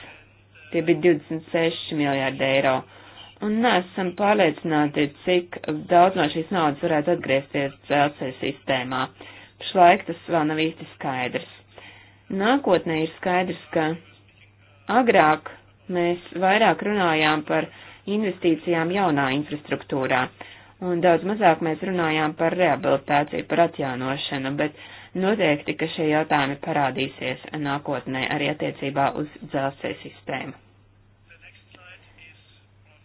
tie bija 26 miljārdi eiro un neesam pārliecināti, cik daudz no šīs naudas varētu atgriezties dzelzceļa sistēmā. Šlaik tas vēl nav īsti skaidrs. Nākotnē ir skaidrs, ka agrāk mēs vairāk runājām par investīcijām jaunā infrastruktūrā, un daudz mazāk mēs runājām par rehabilitāciju, par atjaunošanu, bet noteikti, ka šie jautājumi parādīsies nākotnē arī attiecībā uz dzelzceļa sistēmu.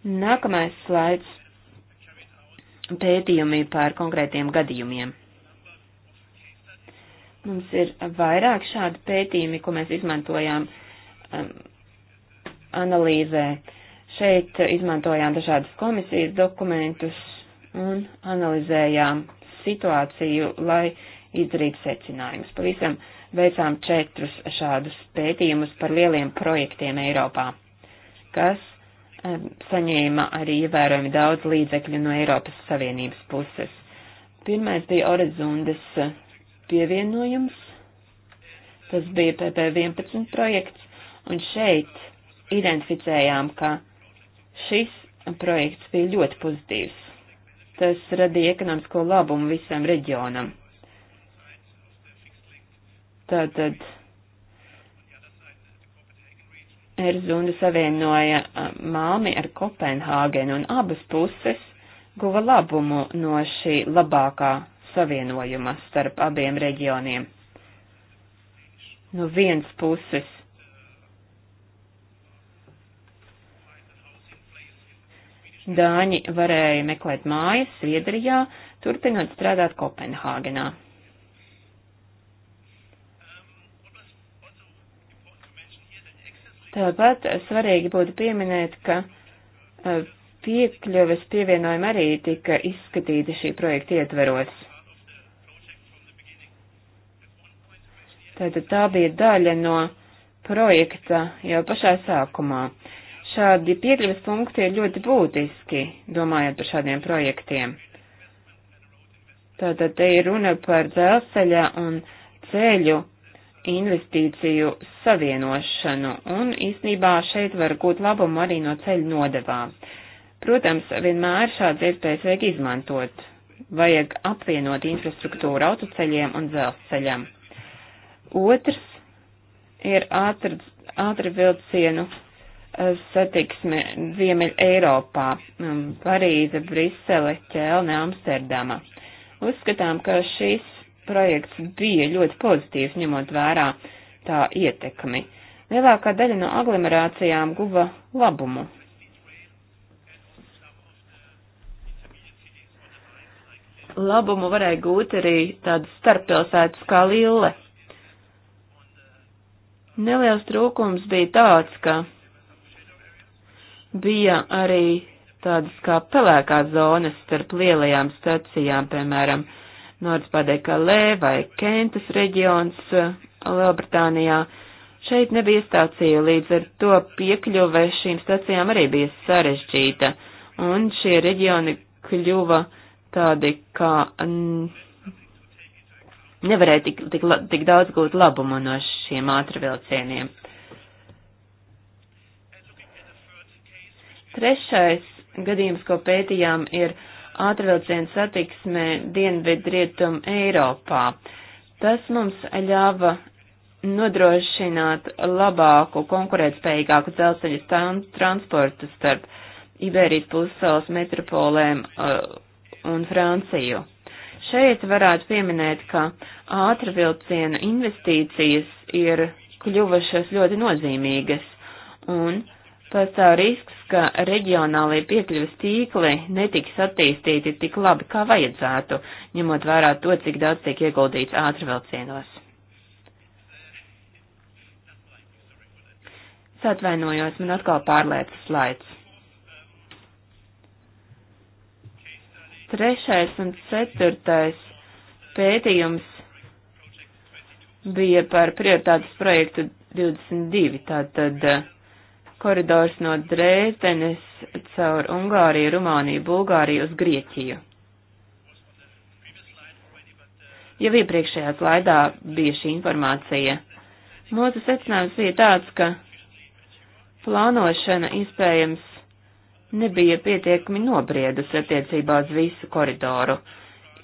Nākamais slaids - pētījumi par konkrētiem gadījumiem. Mums ir vairāk šādi pētījumi, ko mēs izmantojām um, analīzē. Šeit izmantojām dažādas komisijas dokumentus un analizējām situāciju, lai izdarītu secinājumus. Pavisam veicām četrus šādus pētījumus par lieliem projektiem Eiropā, kas saņēma arī ievērojami daudz līdzekļu no Eiropas Savienības puses. Pirmais bija Orezundes eh, pievienojums, tas bija PP11 projekts, un šeit identificējām, ka šis projekts bija ļoti pozitīvs. Tas radīja ekonomisko labumu visam reģionam. Tātad Erzunda savienoja Malmi ar Kopenhāgenu un abas puses guva labumu no šī labākā savienojuma starp abiem reģioniem. No vienas puses Dāņi varēja meklēt mājas Zviedrijā, turpinot strādāt Kopenhāgenā. Tāpat svarīgi būtu pieminēt, ka e, piekļuves pievienojumi arī tika izskatīti šī projekta ietveros. Tātad tā bija daļa no projekta jau pašā sākumā. Šādi piekļuves punkti ir ļoti būtiski, domājot par šādiem projektiem. Tātad te ir runa par dzelzceļa un ceļu investīciju savienošanu, un īsnībā šeit var gūt labumu arī no ceļu nodevām. Protams, vienmēr šāds iespējas vajag izmantot. Vajag apvienot infrastruktūru autoceļiem un dzelzceļam. Otrs ir ātri, ātri vilcienu eh, satiksme Ziemeļ Eiropā mm, - Parīze, Brisele, Ķelne, Amsterdama. Uzskatām, ka šis projekts bija ļoti pozitīvs, ņemot vērā tā ietekmi. Lielākā daļa no aglomerācijām guva labumu. Labumu varēja gūt arī tādas starppilsētas kā Lille. Neliels trūkums bija tāds, ka bija arī tādas kā pelēkās zonas starp lielajām stacijām, piemēram, Nords Padekalē vai Kentas reģions uh, Lielbritānijā. Šeit nebija stācija, līdz ar to piekļuve šīm stācijām arī bija sarežģīta, un šie reģioni kļuva tādi, kā n, nevarēja tik, tik, tik daudz gūt labumu no šiem ātrvilcieniem. Trešais gadījums, ko pētījām, ir ātrvilcienu satiksmē Dienvidrietum Eiropā. Tas mums ļāva nodrošināt labāku, konkurētspējīgāku dzelzceļu transportu starp Iberijas pussalas metropolēm uh, un Franciju. Šeit varētu pieminēt, ka ātrvilcienu investīcijas ir kļuvušas ļoti nozīmīgas, un pastāv risks, ka reģionālie piekļuves tīkli netiks attīstīti tik labi, kā vajadzētu, ņemot vērā to, cik daudz tiek ieguldīts ātrvilcienos. Es atvainojos, man atkal pārlēca slaids. Trešais un ceturtais pētījums bija par prioritātes projektu 22, tātad koridors no Dresdenes caur Ungāriju, Rumāniju, Bulgāriju uz Grieķiju. Jau iepriekšējā slaidā bija šī informācija. Mūsu secinājums bija tāds, ka plānošana iespējams nebija pietiekami nobriedusi attiecībā uz visu koridoru.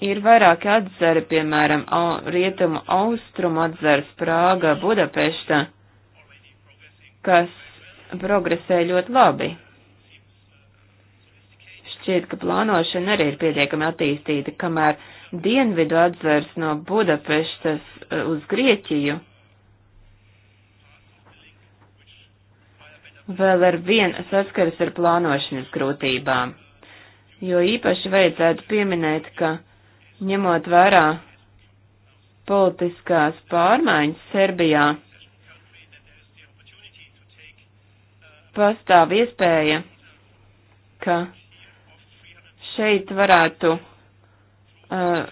Ir vairāki atzari, piemēram, rietumu austrumu atzars Prāga, Budapešta, kas progresē ļoti labi. Šķiet, ka plānošana arī ir pietiekami attīstīta, kamēr dienvidu atzvers no Budapeštas e, uz Grieķiju vēl ar vienu saskaras ar plānošanas grūtībām, jo īpaši vajadzētu pieminēt, ka ņemot vērā politiskās pārmaiņas Serbijā, pastāv iespēja, ka šeit varētu uh,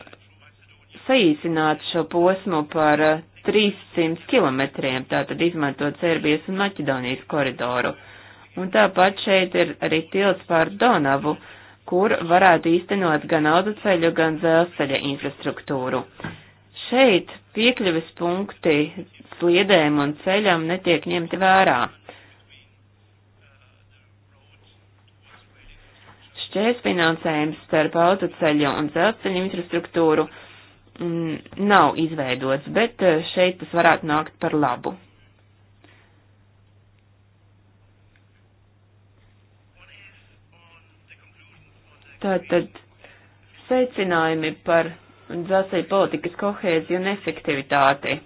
saīsināt šo posmu par uh, 300 kilometriem, tātad izmantot Serbijas un Maķedonijas koridoru. Un tāpat šeit ir arī tilts pār Donavu, kur varētu īstenot gan autoceļu, gan dzelzceļa infrastruktūru. Šeit piekļuvis punkti sliedēm un ceļam netiek ņemti vērā. šķēs finansējums starp autoceļu un dzelzceļu infrastruktūru mm, nav izveidots, bet eh, šeit tas varētu nākt par labu. Tātad secinājumi par dzelzceļa politikas kohēziju un efektivitāti.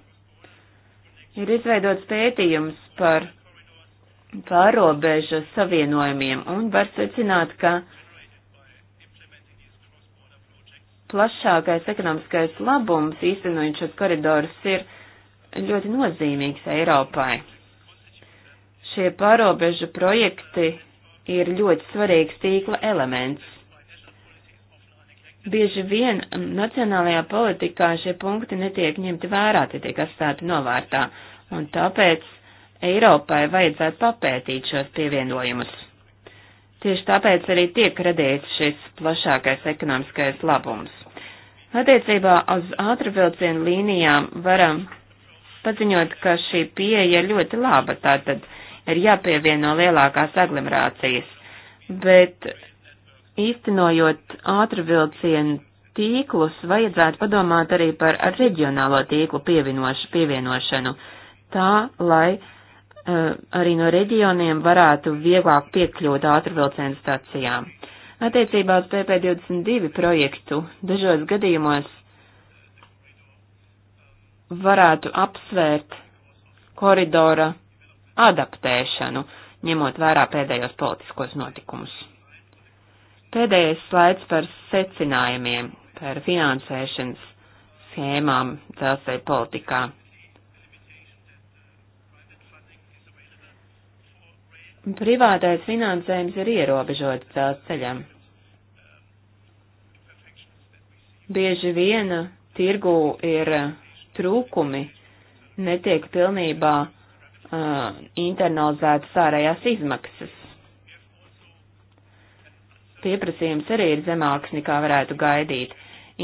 Ir izveidots pētījums par pārobežu savienojumiem un var secināt, ka plašākais ekonomiskais labums īstenojot šos koridorus ir ļoti nozīmīgs Eiropai. Šie pārobežu projekti ir ļoti svarīgs tīkla elements. Bieži vien nacionālajā politikā šie punkti netiek ņemti vērā, tie tiek atstāti novārtā, un tāpēc Eiropai vajadzētu papētīt šos pievienojumus. Tieši tāpēc arī tiek radīts šis plašākais ekonomiskais labums. Attiecībā uz ātrvilcienu līnijām varam paziņot, ka šī pieeja ir ļoti laba, tātad ir jāpievieno lielākās aglomerācijas, bet īstenojot ātrvilcienu tīklus, vajadzētu padomāt arī par ar reģionālo tīklu pievienoš, pievienošanu, tā, lai uh, arī no reģioniem varētu vieglāk piekļūt ātrvilcienu stacijām. Attiecībā uz PP22 projektu dažos gadījumos varētu apsvērt koridora adaptēšanu, ņemot vērā pēdējos politiskos notikumus. Pēdējais slaids par secinājumiem, par finansēšanas schēmām dzelzceļa politikā. privātais finansējums ir ierobežots dzelzceļam. Bieži vien tirgu ir trūkumi, netiek pilnībā uh, internalizētas ārējās izmaksas. Pieprasījums arī ir zemāks nekā varētu gaidīt.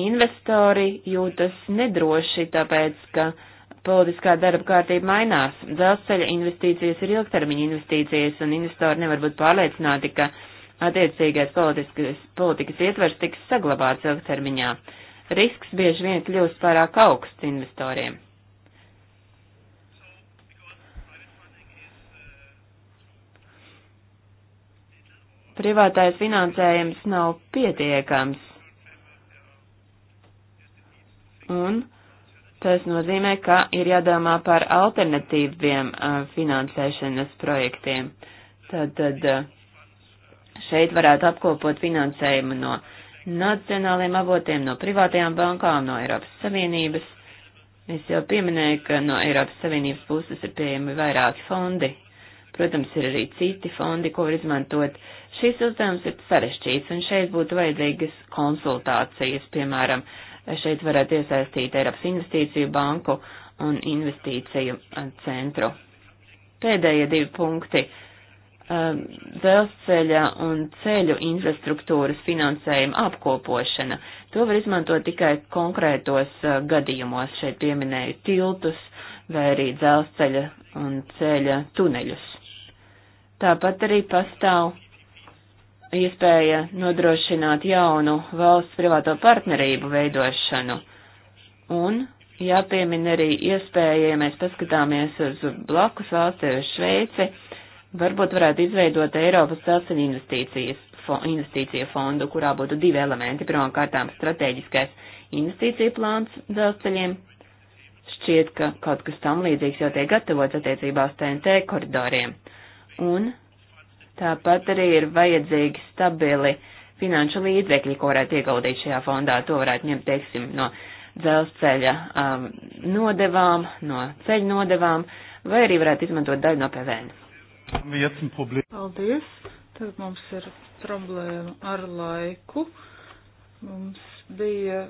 Investori jūtas nedroši, tāpēc, ka uh, politiskā darba kārtība mainās. Dzelzceļa investīcijas ir ilgtermiņa investīcijas, un investori nevar būt pārliecināti, ka attiecīgais politikas ietvers tiks saglabāts ilgtermiņā. Risks bieži vien kļūst pārāk augsts investoriem. Privātais finansējums nav pietiekams. Un Tas nozīmē, ka ir jādomā par alternatīviem uh, finansēšanas projektiem. Tad, tad šeit varētu apkopot finansējumu no nacionāliem avotiem, no privātajām bankām, no Eiropas Savienības. Es jau pieminēju, ka no Eiropas Savienības puses ir pieejami vairāki fondi. Protams, ir arī citi fondi, ko var izmantot. Šis uzdevums ir sarešķīts, un šeit būtu vajadzīgas konsultācijas, piemēram, uh, šeit varētu iesaistīt Eiropas investīciju banku un investīciju centru. Pēdējie divi punkti um, - dzelzceļa un ceļu infrastruktūras finansējuma apkopošana. To var izmantot tikai konkrētos uh, gadījumos. Šeit pieminēju tiltus vai arī dzelzceļa un ceļa tuneļus. Tāpat arī pastāv iespēja nodrošināt jaunu valsts privāto partnerību veidošanu. Un jāpiemin arī iespēja, ja mēs paskatāmies uz blakus valsti Šveici, varbūt varētu izveidot Eiropas dzelzceļa investīcijas investīcija fondu, kurā būtu divi elementi. Pirmkārtām strateģiskais investīcija plāns dzelzceļiem. Šķiet, ka kaut kas tam līdzīgs jau tiek gatavots attiecībās TNT koridoriem. Un Tāpat arī ir vajadzīgi stabili finanšu līdzekļi, ko varētu ieguldīt šajā fondā. To varētu ņemt, teiksim, no dzelzceļa um, nodevām, no ceļu nodevām, vai arī varētu izmantot daļu no PVN. Paldies! Tad mums ir problēma ar laiku. Mums bija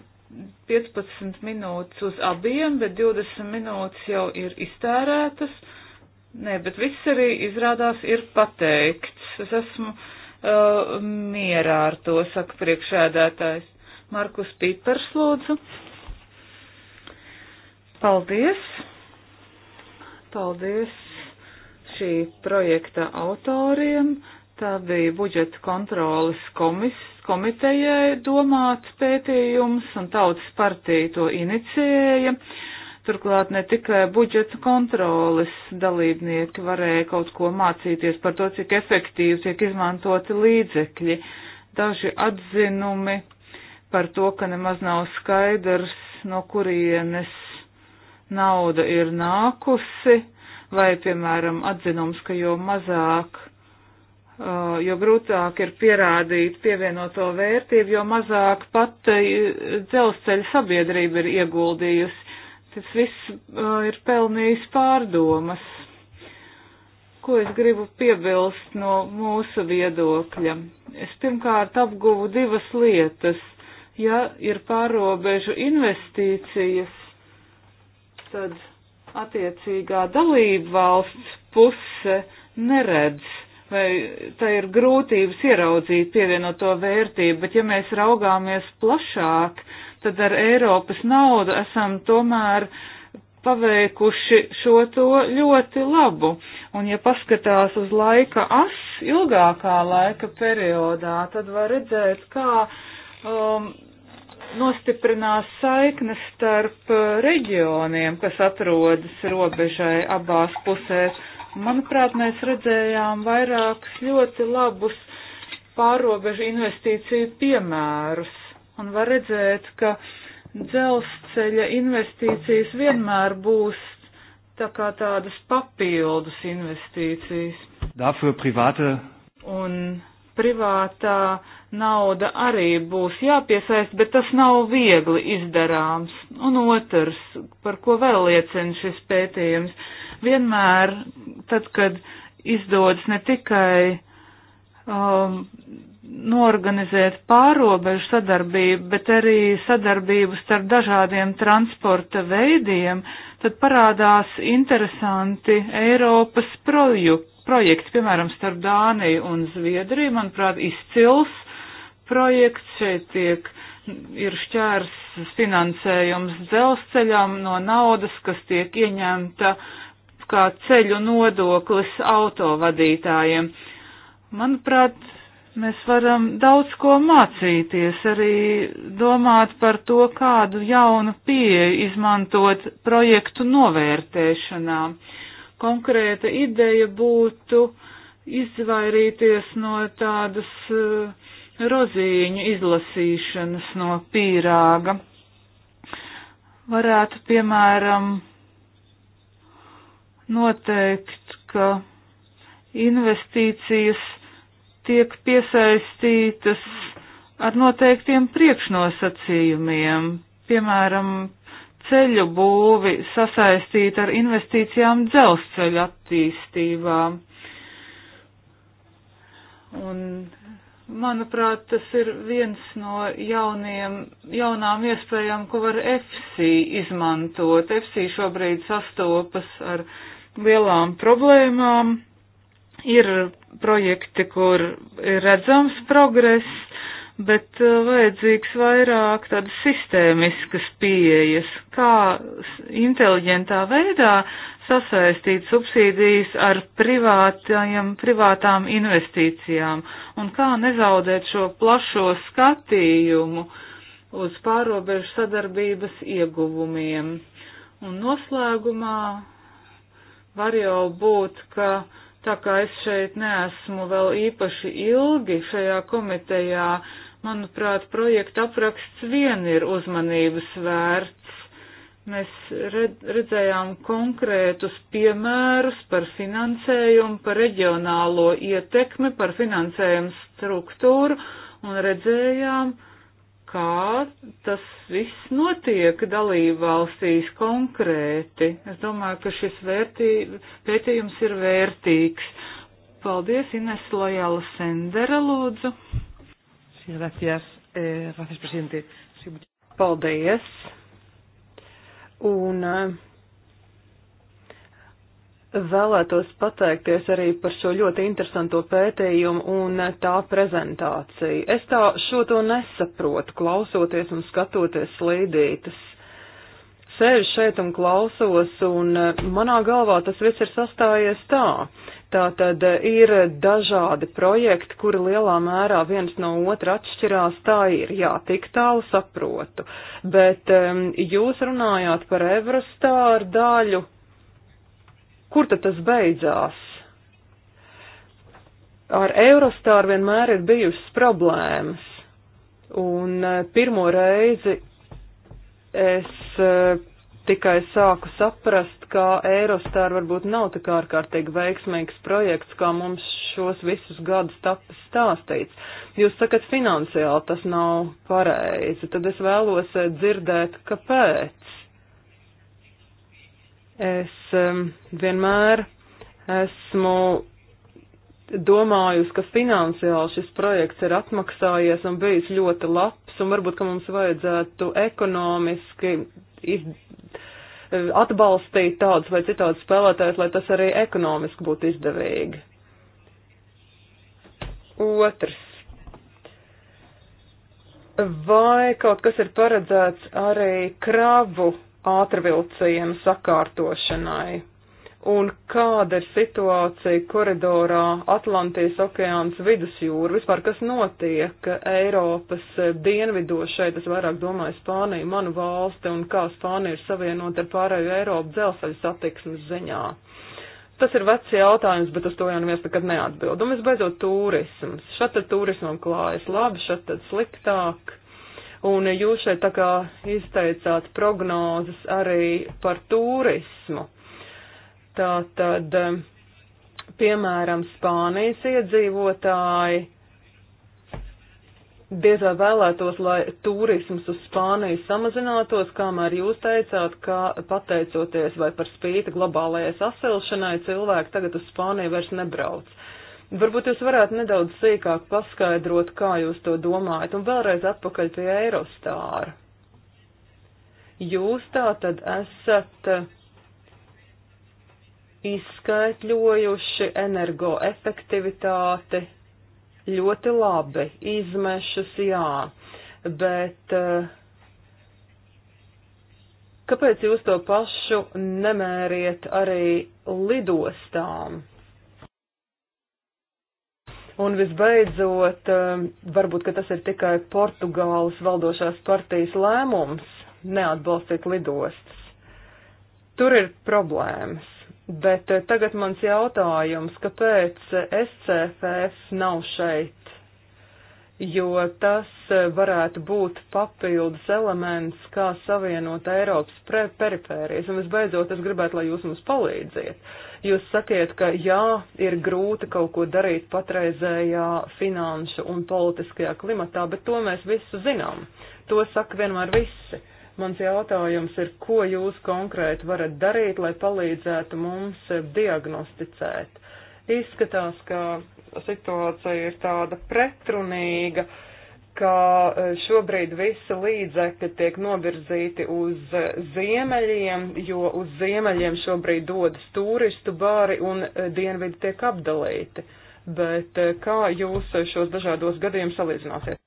15 minūtes uz abiem, bet 20 minūtes jau ir iztērētas. Nē, bet viss arī izrādās ir pateikts. Es esmu uh, mierā ar to, saka priekšēdētājs. Markus Pīpers, lūdzu. Paldies. Paldies šī projekta autoriem. Tā bija budžeta kontrolas komis, komitejai domāts pētījums, un tautas partija to inicijēja. Uh, Turklāt ne tikai budžeta kontroles dalībnieki varēja kaut ko mācīties par to, cik efektīvi tiek izmantoti līdzekļi. Daži atzinumi par to, ka nemaz nav skaidrs, no kurienes nauda ir nākusi, vai, piemēram, atzinums, ka jo mazāk uh, jo grūtāk ir pierādīt pievienoto vērtību, jo mazāk pat eh, dzelzceļa sabiedrība ir ieguldījusi. Tas viss uh, ir pelnījis pārdomas. Ko es gribu piebilst no mūsu viedokļa? Es pirmkārt apguvu divas lietas. Ja ir pārobežu investīcijas, tad attiecīgā dalība valsts puse neredz vai tā ir grūtības ieraudzīt pievienoto vērtību, bet ja mēs raugāmies plašāk, tad ar Eiropas naudu esam tomēr paveikuši šo to ļoti labu. Un ja paskatās uz laika as, ilgākā laika periodā, tad var redzēt, kā um, nostiprinās saiknes starp uh, reģioniem, kas atrodas robežai abās pusēs. Manuprāt, mēs redzējām vairākus ļoti labus pārobežu investīciju piemērus un var redzēt, ka dzelzceļa investīcijas vienmēr būs tā kā tādas papildus investīcijas. Dafür privāte. Un privātā nauda arī būs jāpiesaist, bet tas nav viegli izdarāms. Un otrs, par ko vēl liecina šis pētījums, vienmēr tad, kad izdodas ne tikai um, norganizēt pārobežu sadarbību, bet arī sadarbību starp dažādiem transporta veidiem, tad parādās interesanti Eiropas proju, projekti, piemēram, starp Dāniju un Zviedriju. Manuprāt, izcils projekts šeit tiek, ir šķērs finansējums dzelzceļam no naudas, kas tiek ieņemta kā ceļu nodoklis autovadītājiem. Manuprāt, Mēs varam daudz ko mācīties, arī domāt par to, kādu jaunu pieeju izmantot projektu novērtēšanā. Konkrēta ideja būtu izvairīties no tādas eh, rozīņu izlasīšanas no pīrāga. Varētu, piemēram, noteikt, ka investīcijas tiek piesaistītas ar noteiktiem priekšnosacījumiem, piemēram, ceļu būvi sasaistīt ar investīcijām dzelzceļa attīstībā. Un, manuprāt, tas ir viens no jauniem, jaunām iespējām, ko var EFSI izmantot. EFSI šobrīd sastopas ar lielām problēmām Ir projekti, kur ir redzams progress, bet uh, vajadzīgs vairāk tādas sistēmiskas pieejas, kā inteliģentā veidā sasaistīt subsīdijas ar privātām investīcijām un kā nezaudēt šo plašo skatījumu uz pārobežu sadarbības ieguvumiem. Un noslēgumā var jau būt, ka tā kā es šeit neesmu vēl īpaši ilgi šajā komitejā, manuprāt, projekta apraksts vien ir uzmanības vērts. Mēs redzējām konkrētus piemērus par finansējumu, par reģionālo ietekmi, par finansējumu struktūru un redzējām, uh, kā tas viss notiek dalībvalstīs konkrēti. Es domāju, ka šis vērtī, pētījums ir vērtīgs. Paldies, Ines Lojala Sendera, lūdzu. Sí, gracias, eh, gracias, presidente. Sí, Paldies. Un, uh, Vēlētos pateikties arī par šo ļoti interesanto pētījumu un tā prezentāciju. Es tā šo to nesaprotu, klausoties un skatoties slīdītas. Sēžu šeit un klausos, un eh, manā galvā tas viss ir sastājies tā. Tātad eh, ir dažādi projekti, kuri lielā mērā viens no otra atšķirās, tā ir, jā, tik tālu saprotu. Bet um, jūs runājāt par Evrostāru daļu Kur tad tas beidzās? Ar Eurostāru vienmēr ir bijušas problēmas. Un eh, pirmo reizi es eh, tikai sāku saprast, ka Eurostāra varbūt nav tik ārkārtīgi veiksmīgs projekts, kā mums šos visus gadus tapis stāstīts. Jūs sakat, finansiāli tas nav pareizi, tad es vēlos eh, dzirdēt, kāpēc. Es um, vienmēr esmu domājusi, ka finansiāli šis projekts ir atmaksājies un bijis ļoti labs, un varbūt, ka mums vajadzētu ekonomiski iz, atbalstīt tādus vai citādus spēlētājus, lai tas arī ekonomiski būtu izdevīgi. Otrs. Vai kaut kas ir paredzēts arī kravu ātrvilcienu sakārtošanai. Un kāda ir situācija koridorā Atlantijas okeāns vidusjūra? Vispār, kas notiek Eiropas dienvidos šeit? Es vairāk domāju Spāniju, manu valsti, un kā Spānija ir savienota ar pārējo Eiropu dzelzceļa satiksmes ziņā. Tas ir vecs jautājums, bet uz to jau neviens nekad neatbild. Un visbeidzot, turisms. Šat tad turismam klājas labi, šat tad sliktāk Un jūs šeit tā kā izteicāt prognozes arī par turismu. Tā tad, piemēram, Spānijas iedzīvotāji diez vai vēlētos, lai turisms uz Spāniju samazinātos, kamēr jūs teicāt, ka pateicoties vai par spīti globālajai sasilšanai, cilvēki tagad uz Spāniju vairs nebrauc. Varbūt jūs varētu nedaudz sīkāk paskaidrot, kā jūs to domājat, un vēlreiz atpakaļ pie Eirostāra. Jūs tā tad esat eh, izskaitļojuši energoefektivitāti ļoti labi, izmešus jā, bet eh, kāpēc jūs to pašu nemēriet arī lidostām? Un visbeidzot, um, varbūt, ka tas ir tikai Portugāles valdošās partijas lēmums neatbalstīt lidostas. Tur ir problēmas. Bet uh, tagad mans jautājums, kāpēc SCFS nav šeit? Jo tas uh, varētu būt papildus elements, kā savienot Eiropas peripērijas. Un visbeidzot, es gribētu, lai jūs mums palīdziet. Uh, Jūs sakiet, ka jā, ir grūti kaut ko darīt patreizējā finanšu un politiskajā klimatā, bet to mēs visu zinām. To saka vienmēr visi. Mans jautājums ir, ko jūs konkrēti varat darīt, lai palīdzētu mums diagnosticēt? Izskatās, ka situācija ir tāda pretrunīga. Uh, ka e, šobrīd visi līdzekļi tiek novirzīti uz ziemeļiem, jo uz ziemeļiem šobrīd dodas turistu bāri un e, dienvidi tiek apdalīti. Bet e, kā jūs šos dažādos gadījumus salīdzināsiet?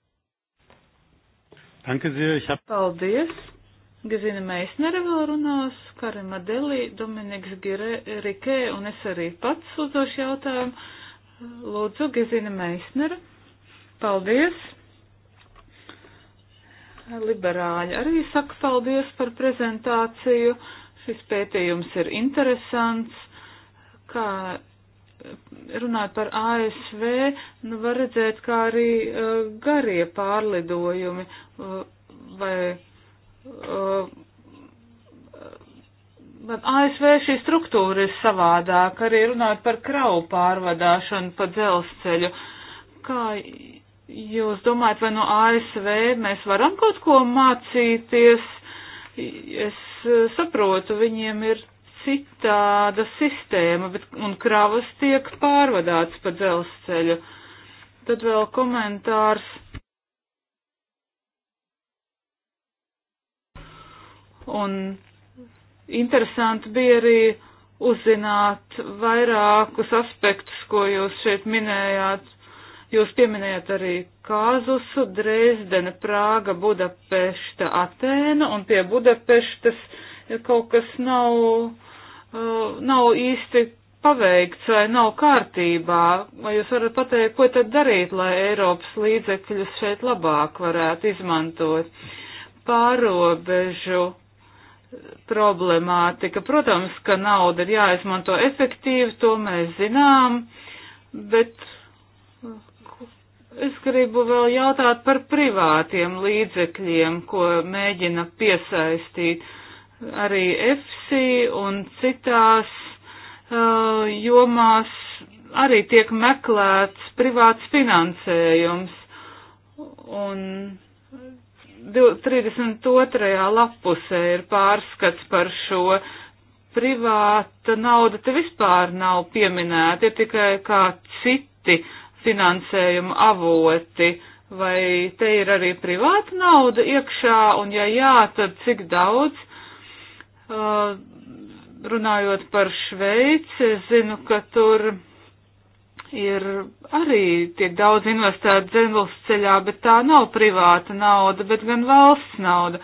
Paldies! Gazina Meisnere vēl runās, Karima Delī, Dominiks Gire, Rikē un es arī pats uzdošu jautājumu. Lūdzu, Gazina Meisnere. Paldies! liberāļi arī saka paldies par prezentāciju. Šis pētījums ir interesants. Kā runāt par ASV, nu var redzēt, kā arī uh, garie pārlidojumi uh, vai. Uh, bet ASV šī struktūra ir savādāka, arī runājot par kravu pārvadāšanu pa dzelzceļu. Kā Jūs domājat, vai no ASV mēs varam kaut ko mācīties? Es eh, saprotu, viņiem ir citāda sistēma, bet, un kravas tiek pārvadāts pa dzelzceļu. Tad vēl komentārs. Un interesanti bija arī uzzināt vairākus aspektus, ko jūs šeit minējāt Jūs pieminējat arī Kāzusu, Dresdena, Prāga, Budapešta, Atēna, un pie Budapeštas kaut kas nav, uh, nav īsti paveikts vai nav kārtībā. Vai jūs varat pateikt, ko tad darīt, lai Eiropas līdzekļus šeit labāk varētu izmantot? Pārobežu problemātika. Protams, ka nauda ir jāizmanto efektīvi, to mēs zinām, bet Es gribu vēl jautāt par privātiem līdzekļiem, ko mēģina piesaistīt arī EFSI un citās uh, jomās arī tiek meklēts privāts finansējums. Un 32. lapusē ir pārskats par šo privāta nauda, te vispār nav pieminēta, ir tikai kā citi finansējuma avoti, vai te ir arī privāta nauda iekšā, un ja jā, tad cik daudz? Uh, runājot par Šveici, es zinu, ka tur ir arī tiek daudz investēt dzinvils ceļā, bet tā nav privāta nauda, bet gan valsts nauda.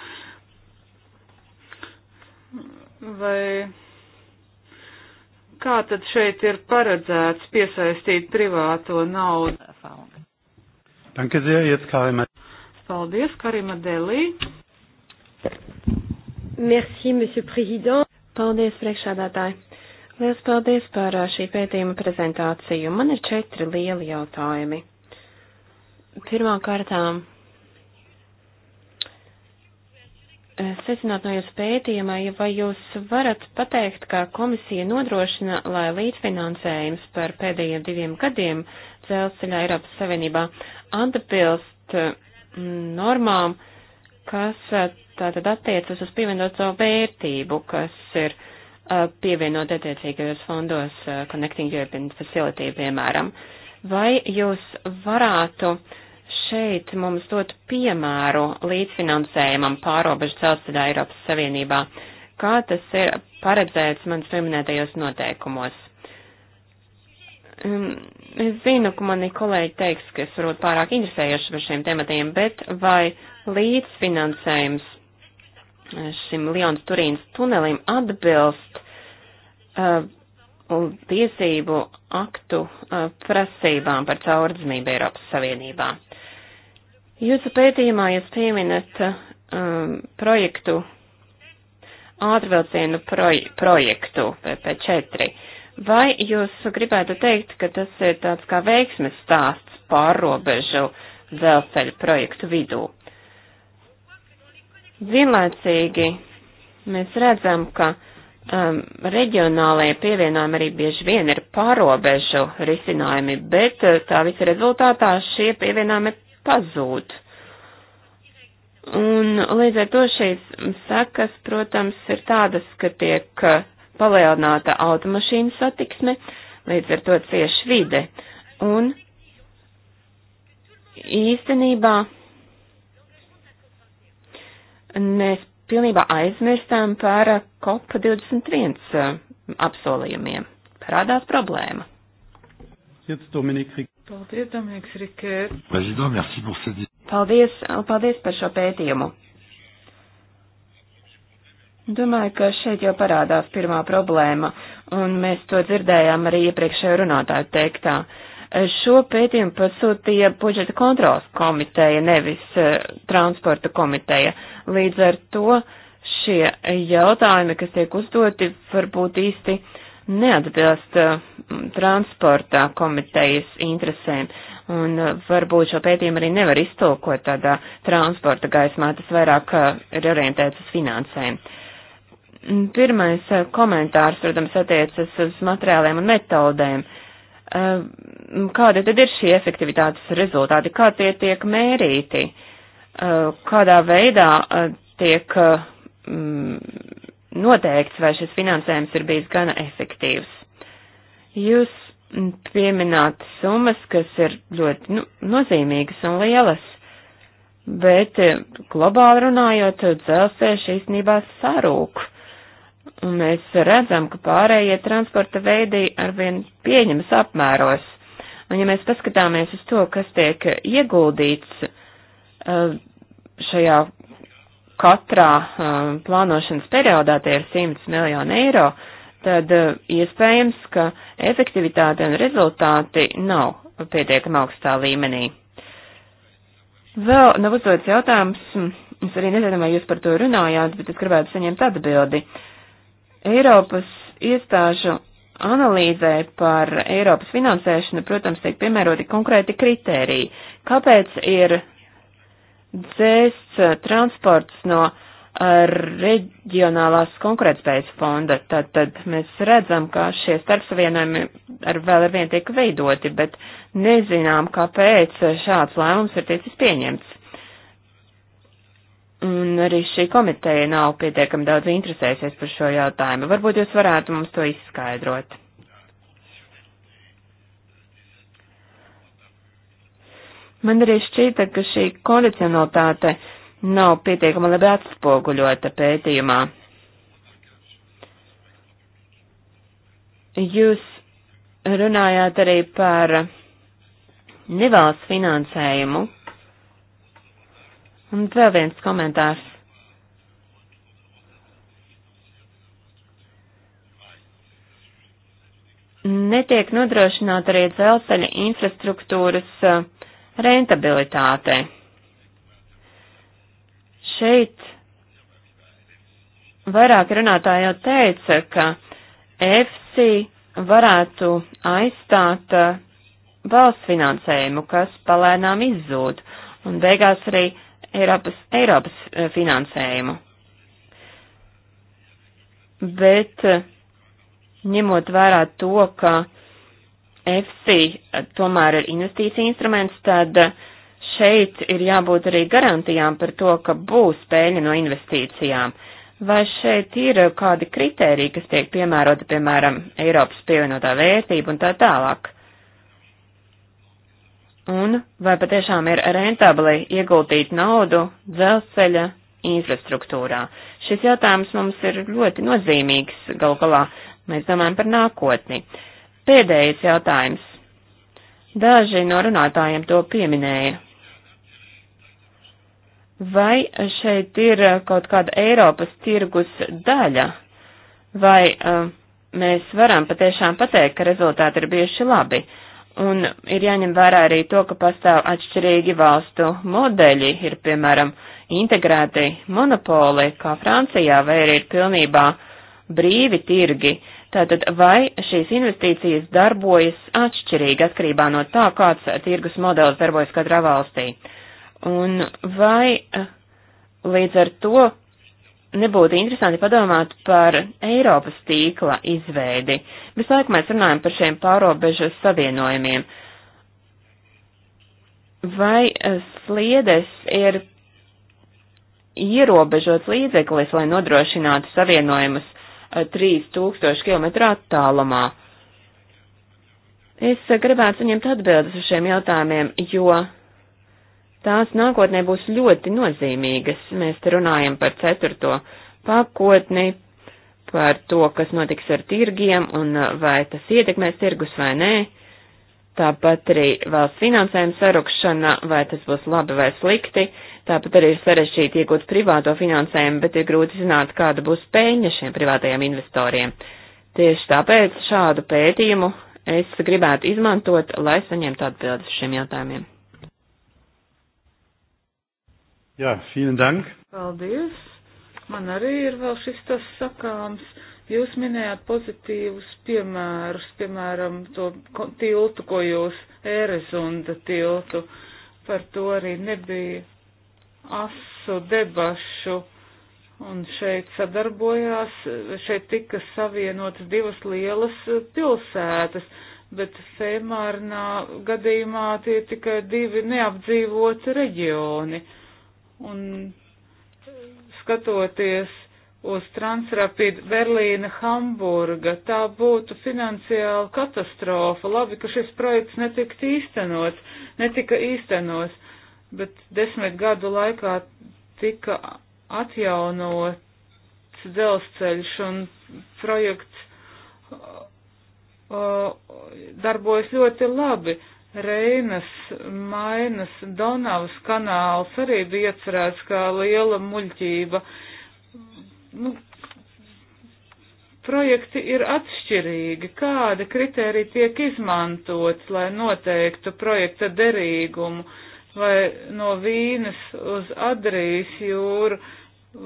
Vai Kā tad šeit ir paredzēts piesaistīt privāto naudu? Danke sehr, jetzt Karima. Paldies, Karima Delī. Merci, monsieur président. Paldies, priekšādātāji. Lielas paldies par uh, šī pētījuma prezentāciju. Man ir četri lieli jautājumi. Pirmām kārtām, secināt no jūsu pētījumā, ja vai jūs varat pateikt, kā komisija nodrošina, lai līdzfinansējums par pēdējiem diviem gadiem dzelzceļā Eiropas Savienībā atbilst mm, normām, kas eh, tātad attiecas uz pievienoto vērtību, kas ir eh, pievienot attiecīgajos fondos eh, Connecting European Facility, piemēram. Vai jūs varētu uh, šeit mums dotu piemēru līdzfinansējumam pārobežu celceļā Eiropas Savienībā, kā tas ir paredzēts manas pieminētajos noteikumos. Um, es zinu, ka mani kolēģi teiks, ka es varbūt pārāk interesējuši par šiem tematiem, bet vai līdzfinansējums uh, šim Lions Turīnas tunelim atbilst uh, tiesību aktu uh, prasībām par caurdzmību Eiropas Savienībā. Jūsu pētījumā jūs pieminat um, projektu, ātrvilcienu proj projektu PP4. Vai jūs gribētu teikt, ka tas ir tāds kā veiksmes stāsts pārrobežu dzelzceļu projektu vidū? Vienlaicīgi mēs redzam, ka um, reģionālajie pievienojumi arī bieži vien ir pārobežu risinājumi, bet uh, tā visa rezultātā šie pievienojumi pazūd. Un līdz ar to šīs sekas, protams, ir tādas, ka tiek palielināta automašīnu satiksme, līdz ar to cieši vide. Un īstenībā mēs pilnībā aizmirstām par COP21 apsolījumiem. Parādās problēma. Jetzt Dominik Rik. Paldies, Dominiks Rikēr. Paldies, paldies par šo pētījumu. Domāju, ka šeit jau parādās pirmā problēma, un mēs to dzirdējām arī iepriekšējo runātāju teiktā. Šo pētījumu pasūtīja budžeta kontrols komiteja, nevis uh, transporta komiteja. Līdz ar to šie jautājumi, kas tiek uzdoti, varbūt īsti uh, neatbilst uh, eh, transportā komitejas interesēm. Un uh, varbūt šo pētījumu arī nevar iztolkot tādā transporta gaismā, tas vairāk uh, ir orientēts uz finansēm. Mm, pirmais komentārs, protams, attiecas uz materiāliem un metodēm. Kādi tad ir šie efektivitātes rezultāti, kā tie tiek mērīti, kādā veidā tiek mm, noteikts, vai šis finansējums ir bijis gana efektīvs. Jūs piemināt summas, kas ir ļoti nu, nozīmīgas un lielas, bet eh, globāli runājot, dzelzceļš īstenībā sarūk. Un mēs redzam, ka pārējie transporta veidi arvien pieņemas apmēros. Un ja mēs paskatāmies uz to, kas tiek ieguldīts eh, šajā katrā uh, plānošanas periodā tie ir 100 miljoni eiro, tad uh, iespējams, ka efektivitāte un rezultāti nav pietiekami augstā līmenī. Vēl nav uzdots jautājums, hm, es arī nezinu, vai jūs par to runājāt, bet es gribētu saņemt atbildi. Eiropas iestāžu analīzē par Eiropas finansēšanu, protams, tiek piemēroti konkrēti kritēriji. Kāpēc ir dzēst eh, transports no eh, reģionālās konkurētspējas fonda. Tad, tad mēs redzam, ka šie starpsavienojumi ar vēl ar vien tiek veidoti, bet nezinām, kāpēc šāds lēmums ir ticis pieņemts. Un arī šī komiteja nav pietiekami daudz interesējusies par šo jautājumu. Varbūt jūs varētu mums to izskaidrot. Man arī šķita, ka šī kondicionalitāte nav pietiekama labi atspoguļota pētījumā. Jūs runājāt arī par nevalsts finansējumu. Un vēl viens komentārs. Netiek nodrošināta arī dzelzceļa infrastruktūras uh, rentabilitātei. Šeit vairāk runātāji jau teica, ka EFSI varētu aizstāt uh, valsts finansējumu, kas palēnām izzūd, un beigās arī Eiropas, Eiropas uh, finansējumu. Bet uh, ņemot vērā to, ka uh, EFSI eh, tomēr ir investīcija instruments, tad eh, šeit ir jābūt arī garantijām par to, ka būs spēļi no investīcijām. Vai šeit ir eh, kādi kriteriji, kas tiek piemēroti, piemēram, Eiropas pievienotā vērtība un tā tālāk? Un vai patiešām ir rentabli ieguldīt naudu dzelzceļa infrastruktūrā? Šis jautājums mums ir ļoti nozīmīgs, galu galā mēs domājam par nākotni. Uh, Pēdējais jautājums. Daži no runātājiem to pieminēja. Vai šeit ir kaut kāda Eiropas tirgus daļa? Vai uh, mēs varam patiešām pateikt, ka rezultāti ir bijuši labi? Un ir jāņem vērā arī to, ka pastāv atšķirīgi valstu modeļi, ir piemēram integrēti monopoli, kā Francijā, vai arī ir pilnībā brīvi tirgi. Uh, Tātad, vai šīs investīcijas darbojas atšķirīgi atkarībā no tā, kāds tirgus modelis darbojas katrā valstī? Un vai eh, līdz ar to nebūtu interesanti padomāt par Eiropas tīkla izveidi? Visu laiku mēs runājam par šiem pārobežu savienojumiem. Vai eh, sliedes ir ierobežots līdzeklis, lai nodrošinātu savienojumus 3000 km attālumā. Es gribētu saņemt atbildes uz šiem jautājumiem, jo tās nākotnē būs ļoti nozīmīgas. Mēs te runājam par ceturto pakotni, par to, kas notiks ar tirgiem un vai tas ietekmēs tirgus vai nē. Tāpat arī valsts finansējuma sarukšana, vai tas būs labi vai slikti. Uh, Tāpat arī ir sarežģīti iegūt privāto finansējumu, bet ir grūti zināt, kāda būs peļņa šiem privātajiem investoriem. Tieši tāpēc šādu pētījumu es gribētu izmantot, lai saņemtu atbildes šiem jautājumiem. Jā, vielen dank. Paldies. Man arī ir vēl šis tas sakāms. Jūs minējāt pozitīvus piemērus, piemēram, to tiltu, ko jūs ērezunda tiltu. Par to arī nebija asu debašu. Un šeit sadarbojās, šeit tika savienotas divas lielas pilsētas, bet Feimārnā gadījumā tie tikai divi neapdzīvoti reģioni. Un skatoties uz Transrapid Berlīna Hamburga, tā būtu finansiāla katastrofa. Labi, ka šis projekts netika īstenots, netika īstenots bet desmit gadu laikā tika atjaunots dzelzceļš un projekts uh, darbojas ļoti labi. Reinas, Mainas, Donavas kanāls arī bija iecerēts kā liela muļķība. Nu, projekti ir atšķirīgi, kāda kriterija tiek izmantot, lai noteiktu projekta derīgumu. Uh, vai no Vīnes uz Adrijas jūru,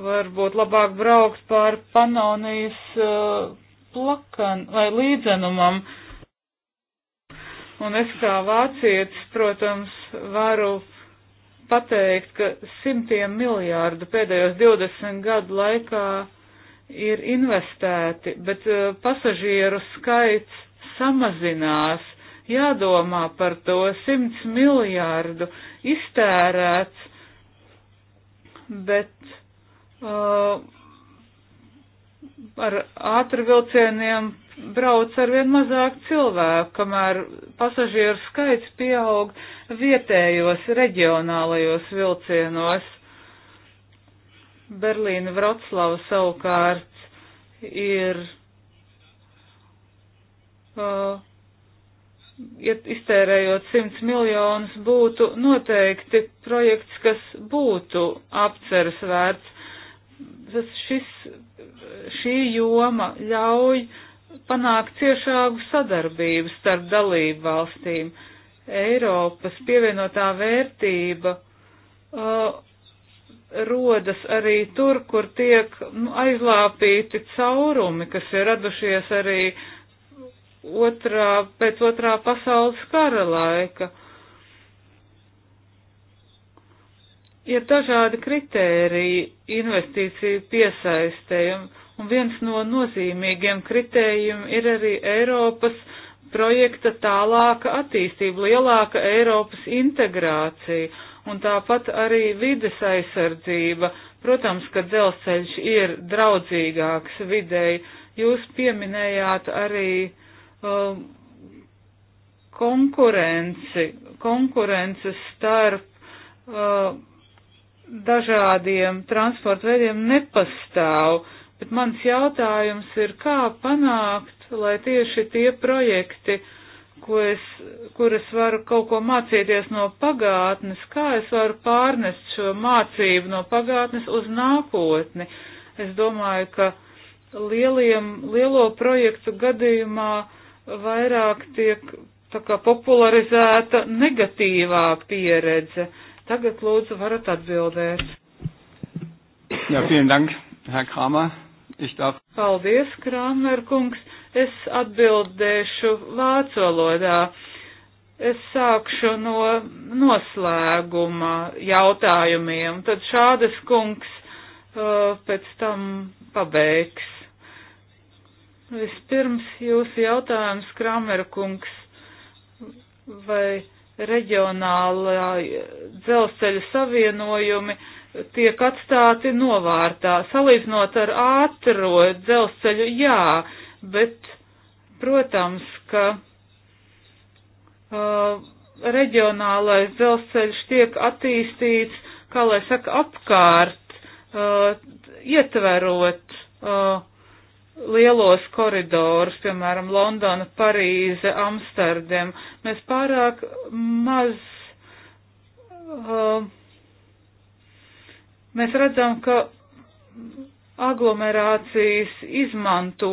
varbūt labāk braukt pār Panonijas uh, plakanu vai līdzenumam. Un es kā vācietis, protams, varu pateikt, ka simtiem miljārdu pēdējos 20 gadu laikā ir investēti, bet uh, pasažieru skaits samazinās jādomā par to 100 miljārdu iztērēts, bet uh, ar ātrvilcieniem brauc ar vien mazāk cilvēku, kamēr pasažieru skaits pieaug vietējos reģionālajos vilcienos. Berlīna Vroclava savukārt ir. Uh, iztērējot 100 miljonus, būtu noteikti projekts, kas būtu apceras vērts. Tas šis, šī joma ļauj panākt ciešāku sadarbību starp dalību valstīm. Eiropas pievienotā vērtība uh, rodas arī tur, kur tiek nu, aizlāpīti caurumi, kas ir radušies arī uh, otrā, pēc otrā pasaules kara laika. Ir dažādi kritēriji investīciju piesaistējumi, un viens no nozīmīgiem kritērijiem ir arī Eiropas projekta tālāka attīstība, lielāka Eiropas integrācija, un tāpat arī vides aizsardzība. Protams, ka dzelzceļš ir draudzīgāks videi. Jūs pieminējāt arī uh, um, konkurenci, konkurences starp uh, dažādiem transporta veidiem nepastāv, bet mans jautājums ir, kā panākt, lai tieši tie projekti, ko es, kur es varu kaut ko mācīties no pagātnes, kā es varu pārnest šo mācību no pagātnes uz nākotni. Es domāju, ka lieliem, lielo projektu gadījumā uh, vairāk tiek tā kā popularizēta negatīvā pieredze. Tagad lūdzu varat atbildēt. Jā, ja, vielen dank, Herr Kramer. Ich darf... Paldies, Kramer kungs. Es atbildēšu vācu valodā. Es sākšu no noslēguma jautājumiem, tad šādas kungs uh, pēc tam pabeigs. Vispirms jūsu jautājums, Kramerkungs, vai reģionālā dzelzceļa savienojumi tiek atstāti novārtā. Salīdzinot ar ātro dzelzceļu, jā, bet, protams, ka uh, reģionālais dzelzceļš tiek attīstīts, kā lai saka, apkārt, uh, ietverot uh, lielos koridorus, piemēram, Londona, Parīze, Amsterdam. Mēs pārāk maz. Uh, mēs redzam, ka aglomerācijas izmanto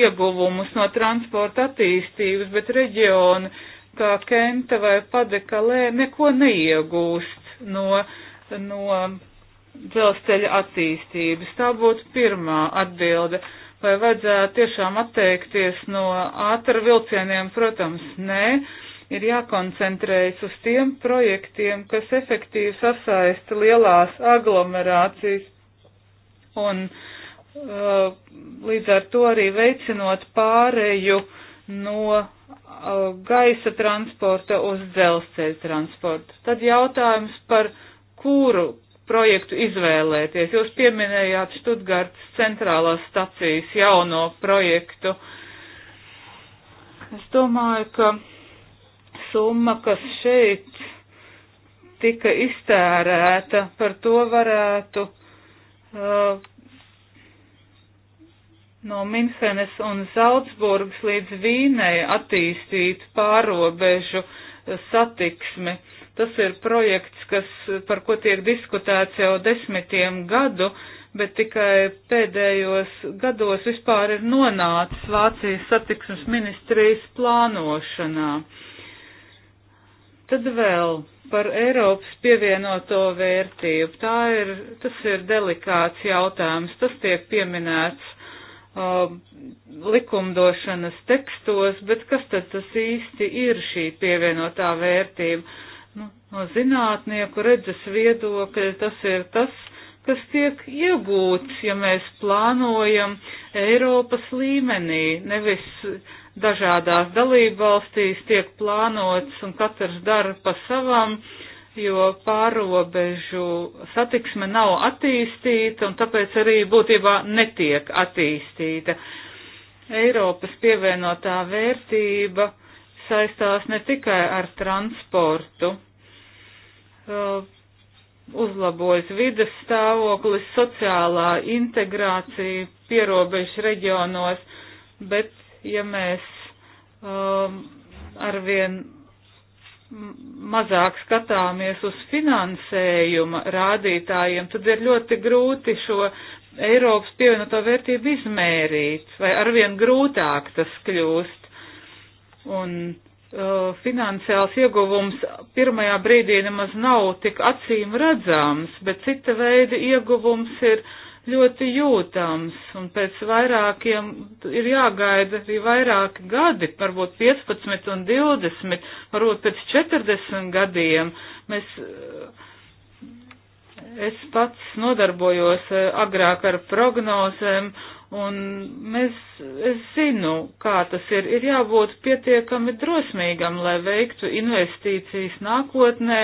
ieguvumus no transporta attīstības, bet reģioni kā Kenta vai Padekalē neko neiegūst no, no dzelzceļa attīstības. Tā būtu pirmā atbilde. Uh, vai vajadzētu tiešām atteikties no ātra vilcieniem, protams, nē, ir jākoncentrējas uz tiem projektiem, kas efektīvi sasaista lielās aglomerācijas un uh, līdz ar to arī veicinot pāreju no uh, gaisa transporta uz dzelzceļa transportu. Tad jautājums par kuru projektu izvēlēties. Jūs pieminējāt Študgārdas centrālās stacijas jauno projektu. Es domāju, ka summa, kas šeit tika iztērēta, par to varētu uh, no Minhenes un Zaudsburgas līdz Vīnei attīstīt pārobežu satiksmi. Tas ir projekts, kas, par ko tiek diskutēts jau desmitiem gadu, bet tikai pēdējos gados vispār ir nonācis Vācijas satiksmes ministrijas plānošanā. Tad vēl par Eiropas pievienoto vērtību. Tā ir, tas ir delikāts jautājums, tas tiek pieminēts Um, likumdošanas tekstos, bet kas tad tas īsti ir šī pievienotā vērtība? Nu, no zinātnieku redzes viedokļa tas ir tas, kas tiek iegūts, ja mēs plānojam Eiropas līmenī, nevis dažādās dalībvalstīs tiek plānots un katrs dara pa savam. Uh, jo pārobežu satiksme nav attīstīta un tāpēc arī būtībā netiek attīstīta. Eiropas pievienotā vērtība saistās ne tikai ar transportu, uh, uzlabojas vides stāvoklis, sociālā integrācija pierobežu reģionos, bet ja mēs um, arvien mazāk skatāmies uz finansējuma rādītājiem, tad ir ļoti grūti šo Eiropas pievienoto vērtību izmērīt, vai arvien grūtāk tas kļūst. Un uh, finansiāls ieguvums pirmajā brīdī nemaz nav tik acīm redzams, bet cita veida ieguvums ir uh, ļoti jūtams, un pēc vairākiem ir jāgaida arī vairāki gadi, varbūt 15 un 20, varbūt pēc 40 gadiem. Mēs, es pats nodarbojos eh, agrāk ar prognozēm, un mēs, es zinu, kā tas ir. Ir jābūt pietiekami drosmīgam, lai veiktu investīcijas nākotnē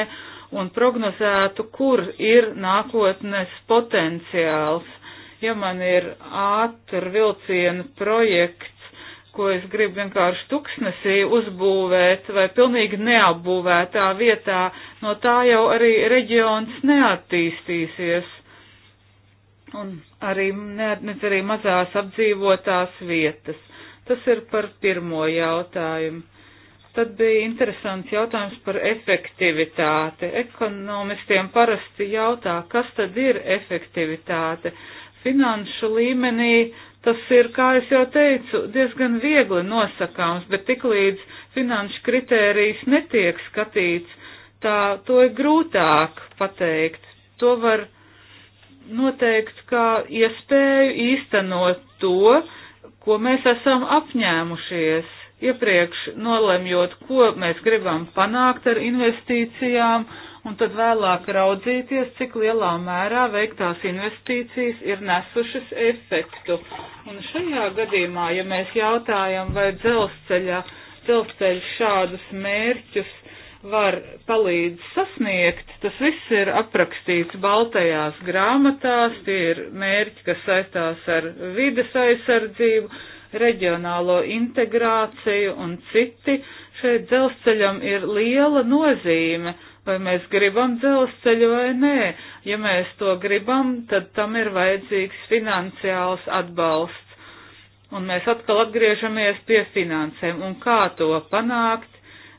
un prognozētu, kur ir nākotnes potenciāls. Ja man ir ātri vilcienu projekts, ko es gribu vienkārši tuksnesī uzbūvēt vai pilnīgi neapbūvētā vietā, no tā jau arī reģions neattīstīsies. Un arī, ne, arī mazās apdzīvotās vietas. Tas ir par pirmo jautājumu. Tad bija interesants jautājums par efektivitāti. Ekonomistiem parasti jautā, kas tad ir efektivitāte. Finanšu līmenī tas ir, kā es jau teicu, diezgan viegli nosakāms, bet tiklīdz finanšu kritērijas netiek skatīts, tā to ir grūtāk pateikt. To var noteikt kā iespēju īstenot to, ko mēs esam apņēmušies iepriekš nolemjot, ko mēs gribam panākt ar investīcijām, un tad vēlāk raudzīties, cik lielā mērā veiktās investīcijas ir nesušas efektu. Un šajā gadījumā, ja mēs jautājam, vai dzelzceļa, dzelzceļa šādus mērķus var palīdz sasniegt, tas viss ir aprakstīts baltajās grāmatās, tie ir mērķi, kas saistās ar vides aizsardzību, reģionālo integrāciju un citi. Šeit dzelzceļam ir liela nozīme, vai mēs gribam dzelzceļu vai nē. Ja mēs to gribam, tad tam ir vajadzīgs finansiāls atbalsts. Un mēs atkal atgriežamies pie finansēm un kā to panākt,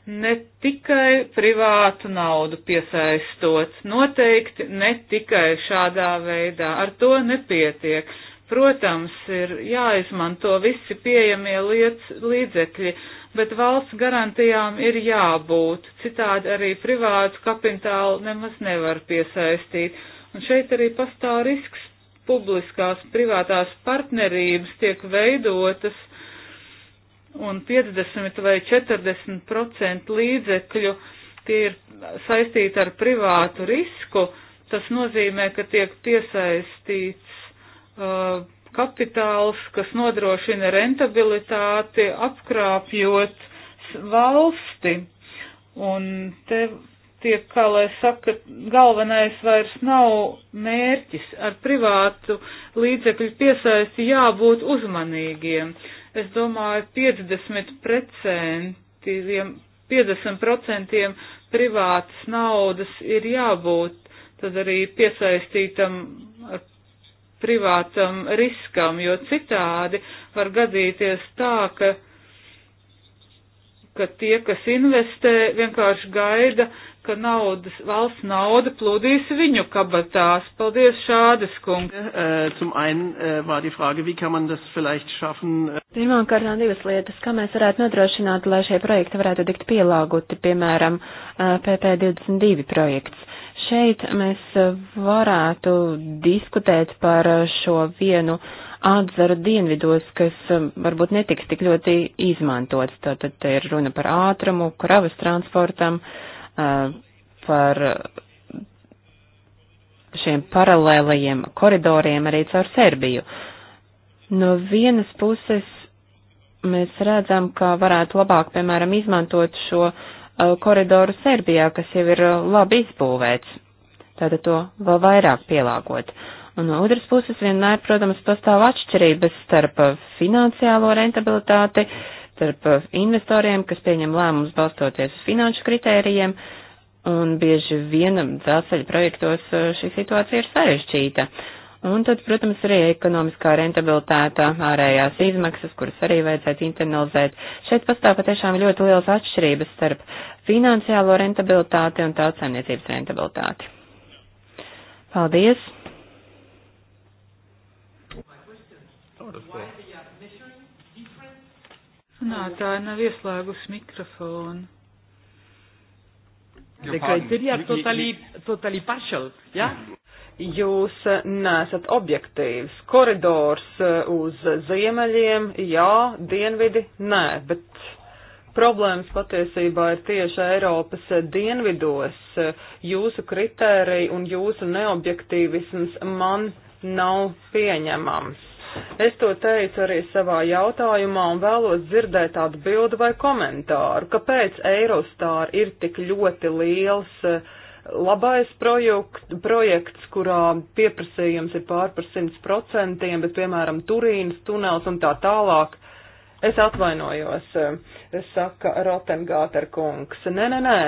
ne tikai privātu naudu piesaistot, noteikti ne tikai šādā veidā, ar to nepietiek. Protams, ir jāizmanto visi pieejamie liec, līdzekļi, bet valsts garantijām ir jābūt, citādi arī privātu kapitālu nemaz nevar piesaistīt. Un šeit arī pastāv risks publiskās privātās partnerības tiek veidotas un 50 vai 40 procentu līdzekļu tie ir saistīti ar privātu risku, tas nozīmē, ka tiek piesaistīts uh, kapitāls, kas nodrošina rentabilitāti, apkrāpjot valsti. Un te tiek, kā lai saka, galvenais vairs nav mērķis. Ar privātu līdzekļu piesaisti jābūt uzmanīgiem. Es domāju, 50%, 50 privātas naudas ir jābūt tad arī piesaistītam privātam riskam, jo citādi var gadīties tā, ka, ka tie, kas investē, vienkārši gaida, ka naudas, valsts nauda plūdīs viņu kabatās. Paldies, Šādes kungs. Äh, äh, Pirmām kārtām divas lietas, kā mēs varētu nodrošināt, lai šie projekti varētu tikt pielāgoti, piemēram, äh, PP22 projekts šeit mēs varētu diskutēt par šo vienu atzaru dienvidos, kas varbūt netiks tik ļoti izmantots. Tātad te ir runa par ātrumu, kravas transportam, par šiem paralēlajiem koridoriem arī caur Serbiju. No vienas puses mēs redzam, ka varētu labāk, piemēram, izmantot šo uh, Uh, koridoru Serbijā, kas jau ir uh, labi izbūvēts. Tātad to vēl vairāk pielāgot. Un no otras puses vienmēr, protams, pastāv atšķirības starp uh, finansiālo rentabilitāti, starp investoriem, kas pieņem lēmumus balstoties uz finanšu kritērijiem, un bieži vien dzelzceļa projektos šī situācija ir sarežģīta. Uh, Un tad, protams, arī ekonomiskā rentabilitāte, ārējās izmaksas, kuras arī vajadzētu internalizēt. Šeit pastāv patiešām ļoti liels atšķirības starp finansiālo rentabilitāti un tautsaimniecības rentabilitāti. Paldies! Nā, tā nav ieslēgus mikrofonu. The criteria are totally, totally partial, yeah? Mm-hmm. Jūs eh, nesat objektīvs. Koridors eh, uz ziemeļiem, jā, dienvidi, nē, bet problēmas patiesībā ir tieši Eiropas eh, dienvidos. Jūsu kritērija un jūsu neobjektīvisms man nav pieņemams. Es to teicu arī savā jautājumā un vēlos dzirdēt atbildi vai komentāru, kāpēc Eirostār ir tik ļoti liels eh, labais projekt, projekts, kurā pieprasījums ir pār par 100%, bet, piemēram, Turīnas tunels un tā tālāk Es atvainojos, eh, saka Rotengāter kungs. Nē, nē, nē,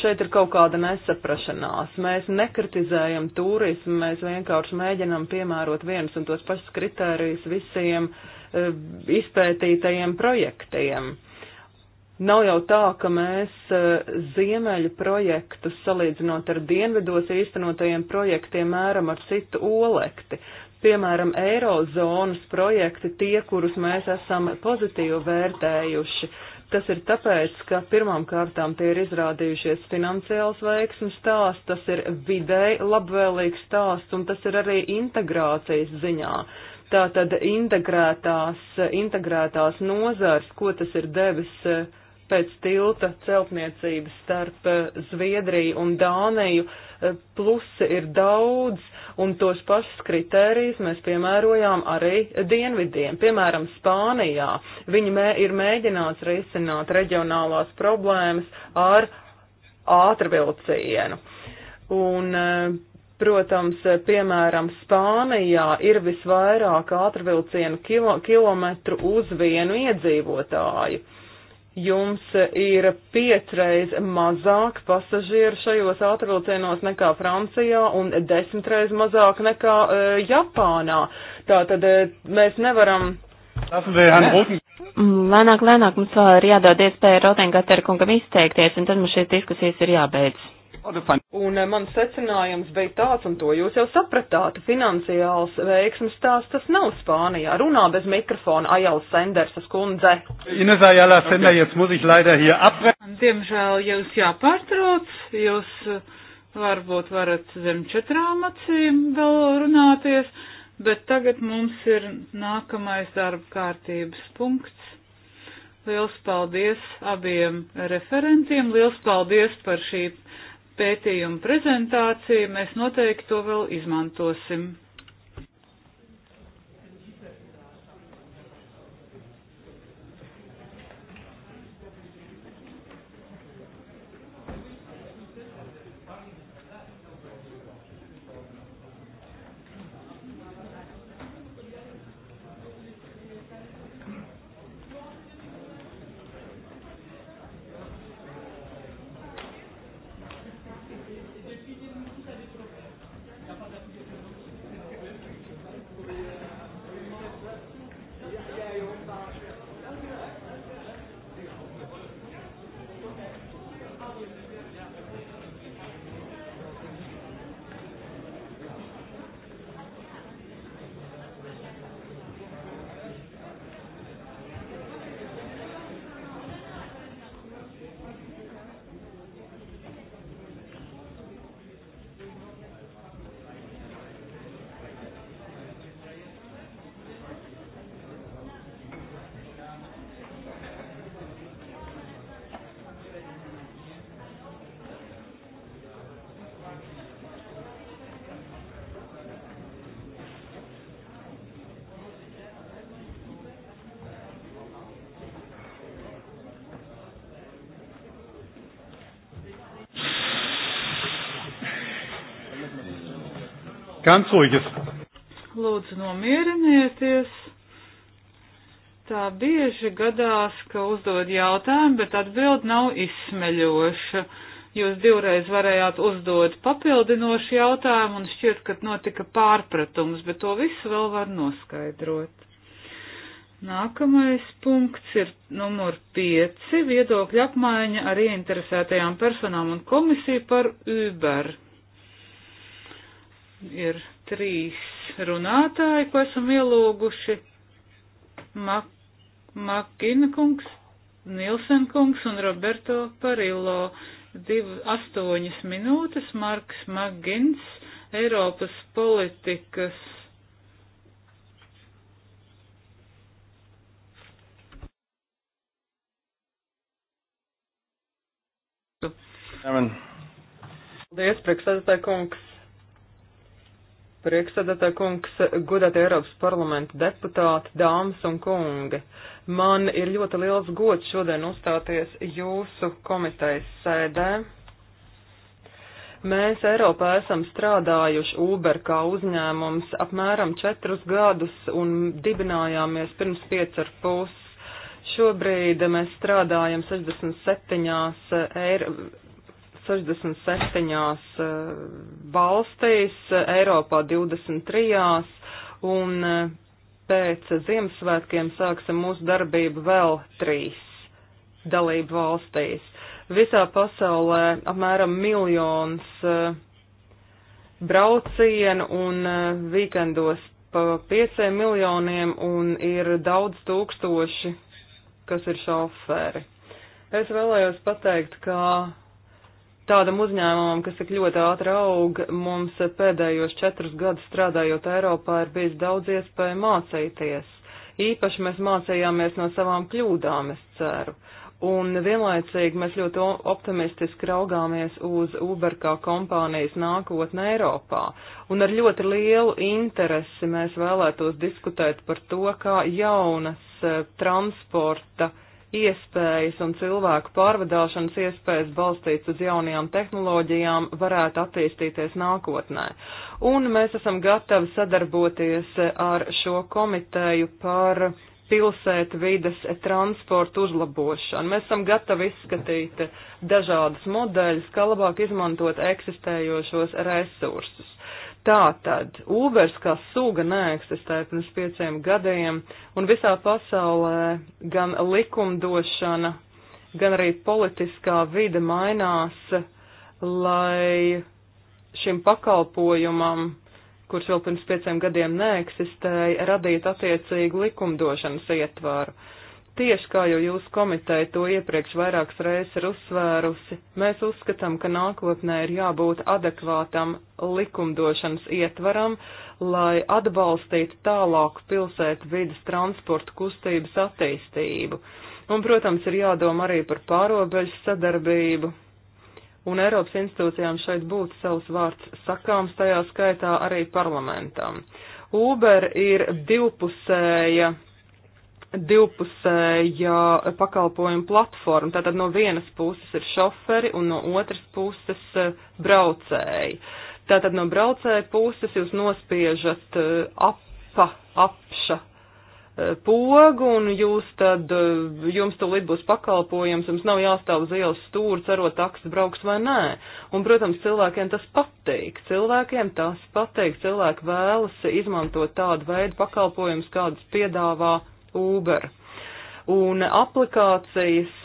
šeit ir kaut kāda nesaprašanās. Mēs nekritizējam turismu, mēs vienkārši mēģinam piemērot vienus un tos pašus kritērijus visiem eh, izpētītajiem projektiem. Nav jau tā, ka mēs eh, ziemeļu projektus salīdzinot ar dienvidos īstenotajiem projektiem mēram ar citu olekti piemēram, eirozonas projekti, tie, kurus mēs esam pozitīvi vērtējuši. Tas ir tāpēc, ka pirmām kārtām tie ir izrādījušies finansiāls veiksmes stāsts, tas ir vidēji labvēlīgs stāsts un tas ir arī integrācijas ziņā. Tātad integrētās, integrētās nozars, ko tas ir devis eh, pēc tilta celtniecības starp eh, Zviedriju un Dāniju, eh, plusi ir daudz un tos pašus kritērijus mēs piemērojām arī dienvidiem. Piemēram, Spānijā viņi mē, ir mēģināts risināt reģionālās problēmas ar ātrvilcienu. Un, e, protams, e, piemēram, Spānijā ir visvairāk ātrvilcienu kilo, kilometru uz vienu iedzīvotāju jums ir piecreiz mazāk pasažieru šajos ātrvilcienos nekā Francijā un desmitreiz mazāk nekā uh, Japānā. Tātad uh, mēs nevaram. Mm, lēnāk, lēnāk mums vēl ir jādod iespēja Rotengaterkungam izteikties, un tad mums šīs diskusijas ir jābeidz. Un eh, mans secinājums bija tāds, un to jūs jau sapratāt, finansiāls veiksmes tās tas nav Spānijā. Runā bez mikrofona Ajals Sendersas kundze. Ines Ajala Senders, muss ich leider hier abbrechen. Diemžēl jūs jāpārtrauc, jūs eh, varbūt varat zem četrām acīm vēl runāties, bet tagad mums ir nākamais darba kārtības punkts. Liels paldies abiem referentiem, liels paldies par šī pētījumu prezentāciju, mēs noteikti to vēl izmantosim. Ganz ruhiges. Lūdzu, nomierinieties. Tā bieži gadās, ka uzdod jautājumu, bet atbild nav izsmeļoša. Jūs divreiz varējāt uzdot papildinošu jautājumu un šķiet, ka notika pārpratums, bet to visu vēl var noskaidrot. Nākamais punkts ir numur 5 - viedokļa apmaiņa ar ieinteresētajām personām un komisiju par Uber ir trīs runātāji, ko esam ielūguši. Mak Makina kungs, Nilsen kungs un Roberto Parillo. Div, astoņas minūtes Marks Magins, Eiropas politikas. Paldies, priekšsēdētāji kungs. Priekšsēdētāj kungs, godātie Eiropas parlamenta deputāti, dāmas un kungi. Man ir ļoti liels gods šodien uzstāties jūsu komitejas sēdē. Mēs Eiropā esam strādājuši Uber kā uzņēmums apmēram četrus gadus un dibinājāmies pirms pieci ar pus. Šobrīd mēs strādājam 67 Eiro 67 eh, valstīs, Eiropā 23, un eh, pēc Ziemassvētkiem sāksim mūsu darbību vēl trīs dalību valstīs. Visā pasaulē apmēram miljons eh, braucienu un vikendos pa pieciem miljoniem un ir daudz tūkstoši, kas ir šoferi. Es vēlējos pateikt, ka tādam uzņēmumam, kas tik ļoti ātri aug, mums pēdējos četrus gadus strādājot Eiropā ir bijis daudz iespēju mācīties. Īpaši mēs mācījāmies no savām kļūdām, es ceru. Un vienlaicīgi mēs ļoti optimistiski raugāmies uz Uber kā kompānijas nākotni Eiropā. Un ar ļoti lielu interesi mēs vēlētos diskutēt par to, kā jaunas eh, transporta uh, iespējas un cilvēku pārvadāšanas iespējas balstīts uz jaunajām tehnoloģijām varētu attīstīties nākotnē. Un mēs esam gatavi sadarboties ar šo komiteju par pilsētu vides transportu uzlabošanu. Mēs esam gatavi izskatīt dažādas modeļas, kā labāk izmantot eksistējošos resursus. Tātad Ubers kā suga neeksistēja pirms pieciem gadiem, un visā pasaulē gan likumdošana, gan arī politiskā vide mainās, lai šim pakalpojumam, kurš vēl pirms pieciem gadiem neeksistēja, radīt attiecīgu likumdošanas ietvaru. Tieši kā jau jūsu komiteja to iepriekš vairākas reizes ir uzsvērusi, mēs uzskatām, ka nākotnē ir jābūt adekvātam likumdošanas ietvaram, lai atbalstītu tālāku pilsētu vidas transportu kustības attīstību. Un, protams, ir jādomā arī par pārobežu sadarbību, un Eiropas institūcijām šeit būtu savs vārds sakāms, tajā skaitā arī parlamentam. Uber ir divpusēja divpusējā pakalpojuma platforma. Tātad no vienas puses ir šoferi un no otras puses eh, braucēji. Tātad no braucēja puses jūs nospiežat eh, apa, apša eh, pogu un jūs tad, jums tūlīt būs pakalpojums, jums nav jāstāv uz ielas stūri, cerot taksi brauks vai nē. Un, protams, cilvēkiem tas patīk, cilvēkiem tas patīk, cilvēki vēlas izmantot tādu veidu pakalpojumus, kādus piedāvā Uber. Un aplikācijas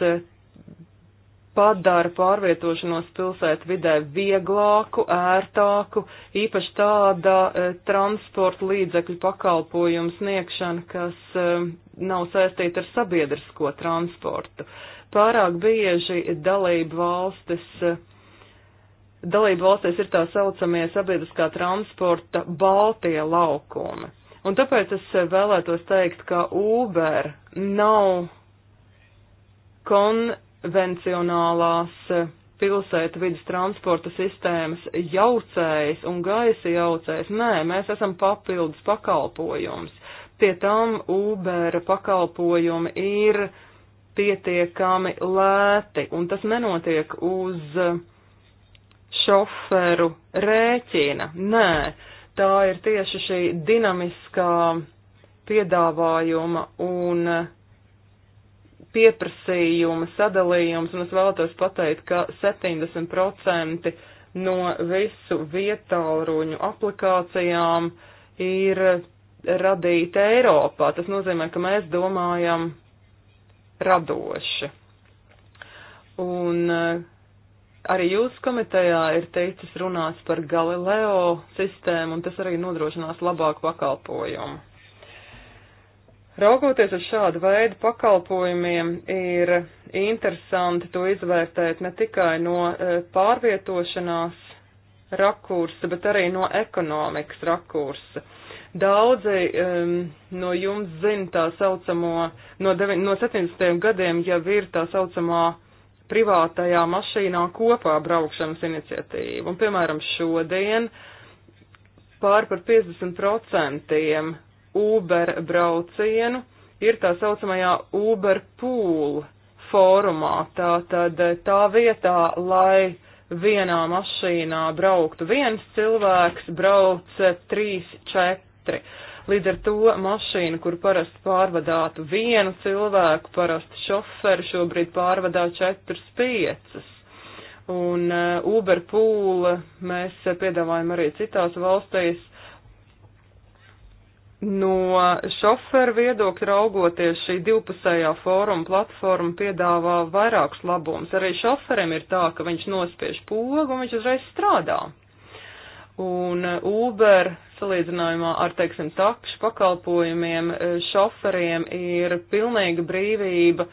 padara pārvietošanos pilsētu vidē vieglāku, ērtāku, īpaši tāda e, transporta līdzekļu pakalpojumu sniegšana, kas e, nav saistīta ar sabiedrisko transportu. Pārāk bieži dalību valstis. E, Dalību valstīs ir tā saucamie sabiedriskā transporta baltie laukumi. Un tāpēc es vēlētos teikt, ka Uber nav konvencionālās pilsētu vidas transporta sistēmas jaucējs un gaisa jaucējs. Nē, mēs esam papildus pakalpojums. Pie tam Uber pakalpojumi ir pietiekami lēti, un tas nenotiek uz šoferu rēķina. Nē, tā ir tieši šī dinamiskā piedāvājuma un pieprasījuma sadalījums, un es vēlētos pateikt, ka 70% no visu vietāluruņu aplikācijām ir radīta Eiropā. Tas nozīmē, ka mēs domājam radoši. Un uh, arī jūsu komitejā ir teicis runāts par Galileo sistēmu, un tas arī nodrošinās labāku pakalpojumu. Raugoties uz šādu veidu pakalpojumiem, ir interesanti to izvērtēt ne tikai no e, pārvietošanās rakursa, bet arī no ekonomikas rakursa. Daudzi um, no jums zina tā saucamo, no, devi, no 70. gadiem jau ir tā saucamā privātajā mašīnā kopā braukšanas iniciatīvu. Un, piemēram, šodien pār par 50% Uber braucienu ir tā saucamajā Uber pool fórumā. Tātad tā vietā, lai vienā mašīnā brauktu viens cilvēks, brauc trīs, četri. Līdz ar to mašīna, kur parasti pārvadātu vienu cilvēku, parasti šoferi šobrīd pārvadā 4-5. Un uh, Uber pūle mēs piedāvājam arī citās valstīs. No šoferu viedokļa raugoties, šī divpusējā fóruma platforma piedāvā vairākus labumus. Arī šoferim ir tā, ka viņš nospiež pogu un viņš uzreiz strādā. Un uh, Uber salīdzinājumā ar, teiksim, takšu pakalpojumiem uh, šoferiem ir pilnīga brīvība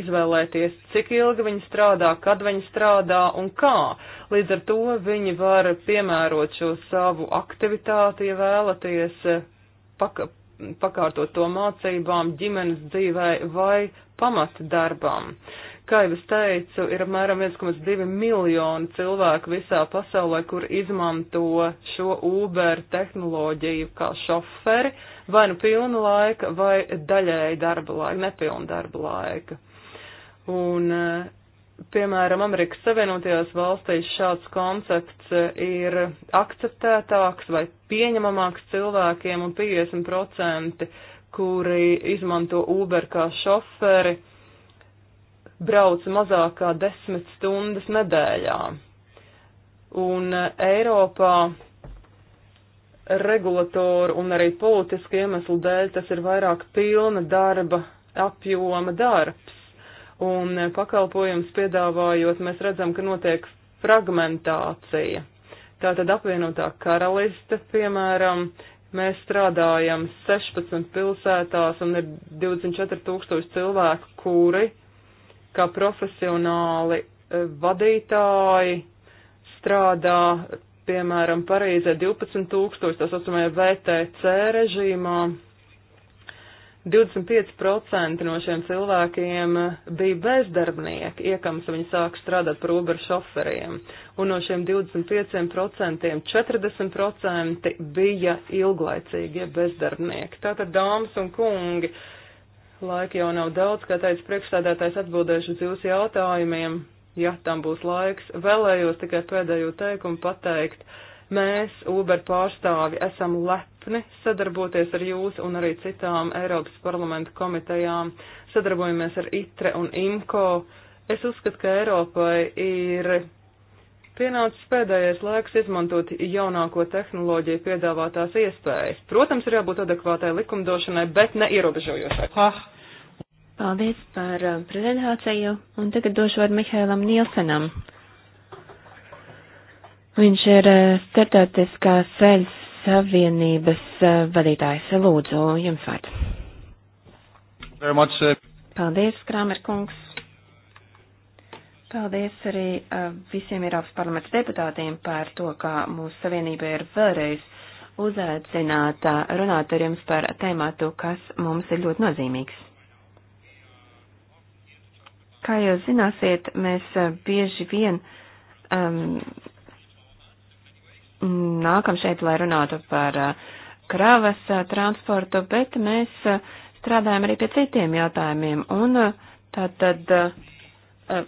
izvēlēties, cik ilgi viņi strādā, kad viņi strādā un kā. Līdz ar to viņi var piemērot šo savu aktivitāti, ja vēlaties uh, paka pakārtot to mācībām, ģimenes dzīvē vai pamatdarbam. Kā jau es teicu, ir apmēram 1,2 miljoni cilvēku visā pasaulē, kur izmanto šo Uber tehnoloģiju kā šoferi, vai nu pilna laika, vai daļēji darba laika, nepilna darba laika. Un, eh, piemēram, Amerikas Savienotajās valstīs šāds koncepts eh, ir akceptētāks vai pieņemamāks cilvēkiem un 50% kuri izmanto Uber kā šoferi brauc mazāk kā desmit stundas nedēļā. Un e, Eiropā regulatoru un arī politisku iemeslu dēļ tas ir vairāk pilna darba apjoma darbs. Un e, pakalpojums piedāvājot, mēs redzam, ka notiek fragmentācija. Tātad apvienotā karaliste, piemēram, mēs strādājam 16 pilsētās un ir 24 tūkstoši cilvēku, kuri kā profesionāli e, vadītāji strādā, piemēram, Parīzē 12 tūkstoši, tā saucamajā VTC režīmā. 25% no šiem cilvēkiem bija bezdarbnieki, iekams viņi sāk strādāt par Uber šoferiem, un no šiem 25% 40% bija ilglaicīgie bezdarbnieki. Tātad, dāmas un kungi, uh, Laika jau nav daudz, kā teica priekšstādātājs atbildēšu uz jūsu jautājumiem, ja tam būs laiks. Vēlējos tikai pēdējo teikumu pateikt. Mēs, Uber pārstāvi, esam lepni sadarboties ar jūs un arī citām Eiropas parlamenta komitejām. Sadarbojamies ar ITRE un IMCO. Es uzskatu, ka Eiropai ir Pienācis pēdējais laiks izmantot jaunāko tehnoloģiju piedāvātās iespējas. Protams, ir jābūt adekvātai likumdošanai, bet neierobežojošai. Ha. Paldies par uh, prezentāciju, un tagad došu vārdu Mihailam Nielsenam. Viņš ir uh, startautiskās ceļas savienības uh, vadītājs. Lūdzu, jums vārds. Paldies, Krāmer kungs. Paldies arī eh, visiem Eiropas parlaments deputātiem par to, ka mūsu savienība ir vēlreiz uzaicināta runāt ar jums par tēmātu, kas mums ir ļoti nozīmīgs. Kā jūs zināsiet, mēs eh, bieži vien um, nākam šeit, lai runātu par eh, kravas transportu, bet mēs strādājam arī pie citiem jautājumiem. Un tātad. Uh,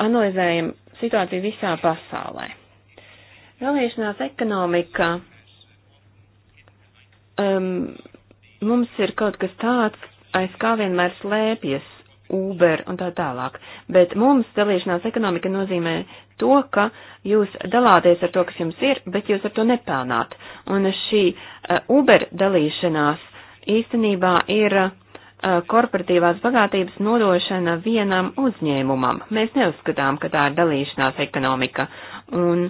analizējam situāciju visā pasaulē. Vēlēšanās ekonomika um, mums ir kaut kas tāds, aiz kā vienmēr slēpjas Uber un tā tālāk. Bet mums dalīšanās ekonomika nozīmē to, ka jūs dalāties ar to, kas jums ir, bet jūs ar to nepelnāt. Un šī uh, Uber dalīšanās īstenībā ir uh, Uh, korporatīvās bagātības nodošana vienam uzņēmumam. Mēs neuzskatām, ka tā ir dalīšanās ekonomika. Un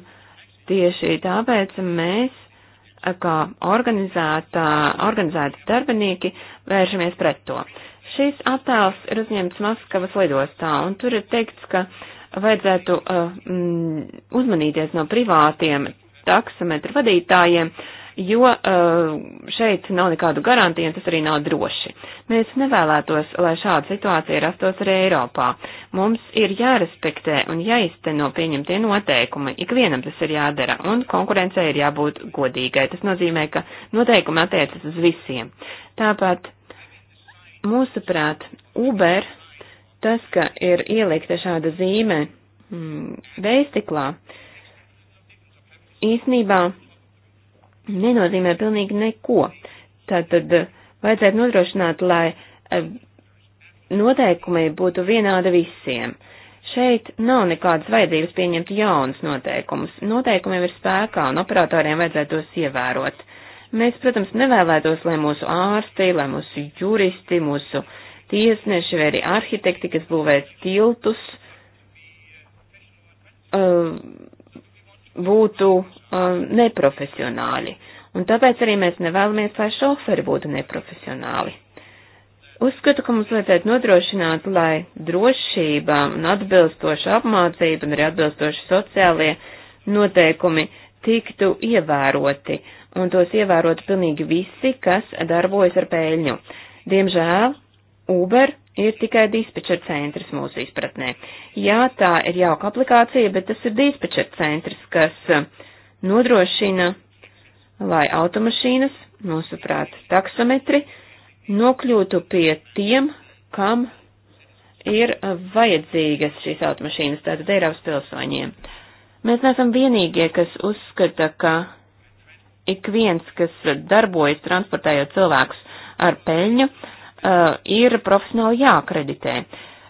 tieši tāpēc mēs, uh, kā organizēti darbinieki, vēršamies pret to. Šis attēls ir uzņemts Maskavas lidostā, un tur ir teikts, ka vajadzētu uh, mm, uzmanīties no privātiem taksometru vadītājiem, uh, jo eh, šeit nav nekādu garantiju un tas arī nav droši. Mēs nevēlētos, lai šāda situācija rastos arī Eiropā. Mums ir jārespektē un jāizteno pieņemtie noteikumi, ikvienam tas ir jādara, un konkurencei ir jābūt godīgai. Tas nozīmē, ka noteikumi attiecas uz visiem. Tāpat, mūsuprāt, Uber, tas, ka ir ielikta šāda zīme mm, veistiklā, īsnībā nenozīmē pilnīgi neko. Tātad eh, vajadzētu nodrošināt, lai eh, noteikumi būtu vienādi visiem. Šeit nav nekādas vajadzības pieņemt jaunus noteikumus. Noteikumi ir spēkā un operatoriem vajadzētu tos ievērot. Mēs, protams, nevēlētos, lai mūsu ārsti, lai mūsu juristi, mūsu tiesneši vai arī arhitekti, kas būvē tiltus, uh, būtu um, neprofesionāļi. Un tāpēc arī mēs nevēlamies, lai šoferi būtu neprofesionāli. Uzskatu, ka mums vajadzētu nodrošināt, lai drošība un atbilstoša apmācība un arī atbilstoši sociālie noteikumi tiktu ievēroti, un tos ievērotu pilnīgi visi, kas darbojas ar pēļņu. Diemžēl Uber ir tikai dispečer centrs mūsu izpratnē. Jā, tā ir jauka aplikācija, bet tas ir dispečer centrs, kas uh, nodrošina, lai automašīnas, mūsuprāt, taksometri nokļūtu pie tiem, kam ir uh, vajadzīgas šīs automašīnas, tātad Eiropas pilsoņiem. Mēs neesam vienīgie, kas uzskata, ka ik viens, kas darbojas transportējot cilvēkus ar peļņu, uh, Eh, ir profesionāli jāakreditē.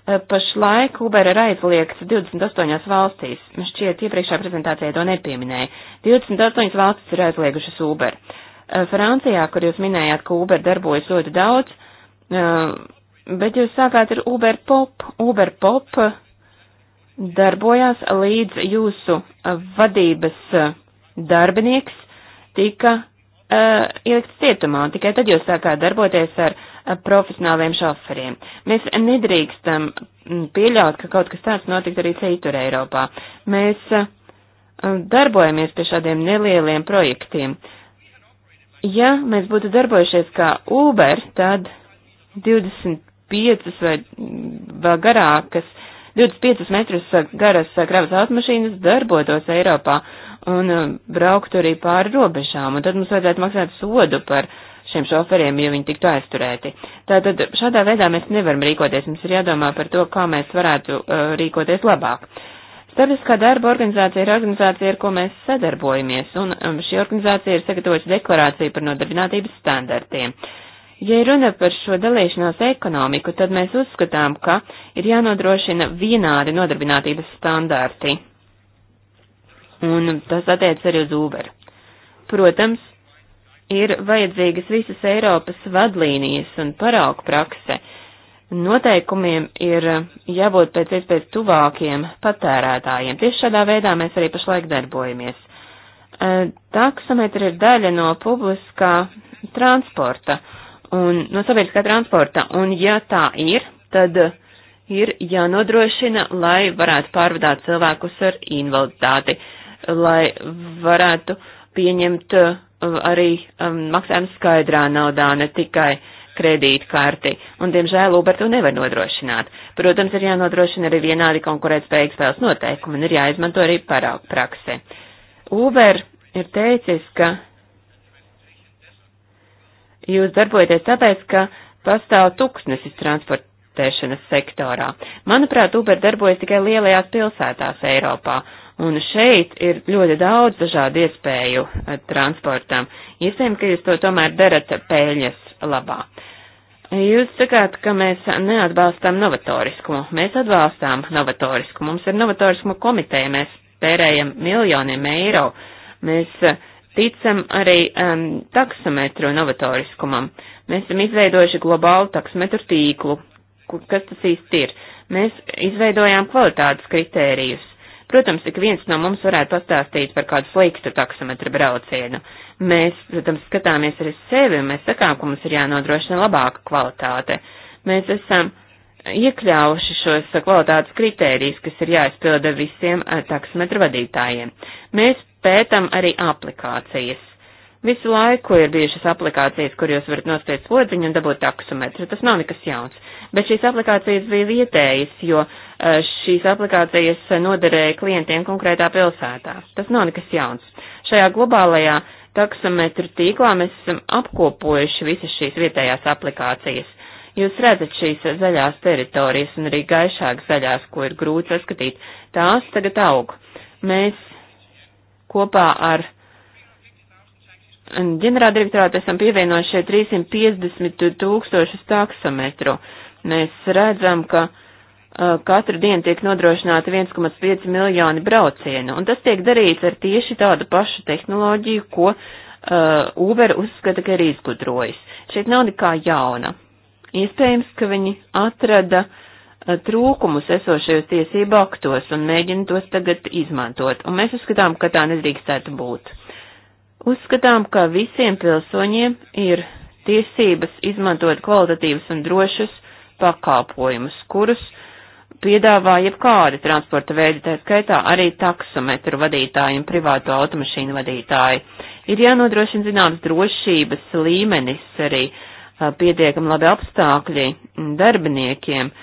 Eh, pašlaik Uber ir aizliegts 28 valstīs. Šķiet, iepriekšējā prezentācijā to nepieminēja. 28 valstis ir aizliegušas Uber. Eh, Francijā, kur jūs minējāt, ka Uber darbojas ļoti daudz, bet jūs sākāt ar Uber Pop. Uber Pop darbojās līdz jūsu vadības darbinieks tika uh, ielikts cietumā, un tikai tad jūs sākāt darboties ar Eh, profesionāliem šoferiem. Mēs nedrīkstam mm, pieļaut, ka kaut kas tāds notikt arī citur Eiropā. Mēs eh, darbojamies pie šādiem nelieliem projektiem. Ja mēs būtu darbojušies kā Uber, tad 25 vai mm, vēl garākas, 25 metrus garas kravas automašīnas darbotos Eiropā un eh, brauktu arī pāri robežām, un tad mums vajadzētu maksāt sodu par uh, šiem šoferiem, ja viņi tiktu aizturēti. Tātad šādā veidā mēs nevaram rīkoties, mums ir jādomā par to, kā mēs varētu uh, rīkoties labāk. Starptautiskā darba organizācija ir organizācija, ar ko mēs sadarbojamies, un um, šī organizācija ir sagatavojusi deklarāciju par nodarbinātības standartiem. Ja runa par šo dalīšanos ekonomiku, tad mēs uzskatām, ka ir jānodrošina vienādi nodarbinātības standarti. Un tas attiec arī uz Uber. Protams, ir vajadzīgas visas Eiropas vadlīnijas un paraugu prakse. Noteikumiem ir jābūt pēc iespējas tuvākiem patērētājiem. Tieši šādā veidā mēs arī pašlaik darbojamies. Taksometri ir daļa no publiskā transporta un no sabiedriskā transporta, un ja tā ir, tad ir jānodrošina, lai varētu pārvadāt cilvēkus ar invaliditāti, lai varētu pieņemt uh, Uh, arī um, maksājums skaidrā naudā, ne tikai kredītkarti, un, diemžēl, Uber to nevar nodrošināt. Protams, ir jānodrošina arī vienādi konkurētspējīgas spēles noteikumi, un ir jāizmanto arī paraugu prakse. Uber ir teicis, ka jūs darbojaties tāpēc, ka pastāv tuksnesis transportēšanas sektorā. Manuprāt, Uber darbojas tikai lielajās pilsētās Eiropā, Un šeit ir ļoti daudz dažādu iespēju eh, transportam. Iespējams, ka jūs to tomēr darat pēļņas labā. Jūs sakāt, ka mēs neatbalstām novatoriskumu. Mēs atbalstām novatoriskumu. Mums ir novatoriskumu komiteja, mēs tērējam miljoniem eiro. Mēs eh, ticam arī um, taksometru novatoriskumam. Mēs esam izveidojuši globālu taksometru tīklu. Kas tas īsti ir? Mēs izveidojām kvalitātes kritērijus Protams, ik viens no mums varētu pastāstīt par kādu sliktu taksometra braucienu. Mēs, protams, skatāmies arī sevi un mēs sakām, ka mums ir jānodrošina labāka kvalitāte. Mēs esam iekļāvuši šos kvalitātes kritērijus, kas ir jāizpilda visiem eh, taksometra vadītājiem. Mēs pētam arī aplikācijas. Visu laiku ir bijušas aplikācijas, kur jūs varat nospiest podziņu un dabūt taksometru. Tas nav nekas jauns. Bet šīs aplikācijas bija vietējas, jo šīs aplikācijas noderēja klientiem konkrētā pilsētā. Tas nav nekas jauns. Šajā globālajā taksometru tīklā mēs esam apkopojuši visas šīs vietējās aplikācijas. Jūs redzat šīs zaļās teritorijas un arī gaišāk zaļās, ko ir grūti saskatīt. Tās tagad aug. Mēs kopā ar ģenerāldirektorātu esam pievienojuši 350 tūkstošus taksometru. Mēs redzam, ka uh, katru dienu tiek nodrošināta 1,5 miljoni braucienu, un tas tiek darīts ar tieši tādu pašu tehnoloģiju, ko uh, Uber uzskata, ka ir izgudrojis. Šeit nav nekā jauna. Iespējams, ka viņi atrada uh, trūkumus esošajos tiesību aktos un mēģina tos tagad izmantot, un mēs uzskatām, ka tā nedrīkstētu būt. Uzskatām, ka visiem pilsoņiem ir tiesības izmantot kvalitatīvus un drošus pakalpojumus, kurus piedāvā jebkādi transporta veidi, tā skaitā arī taksometru vadītāji un privāto automašīnu vadītāji. Ir jānodrošina zināms drošības līmenis, arī pietiekami labi apstākļi darbiniekiem,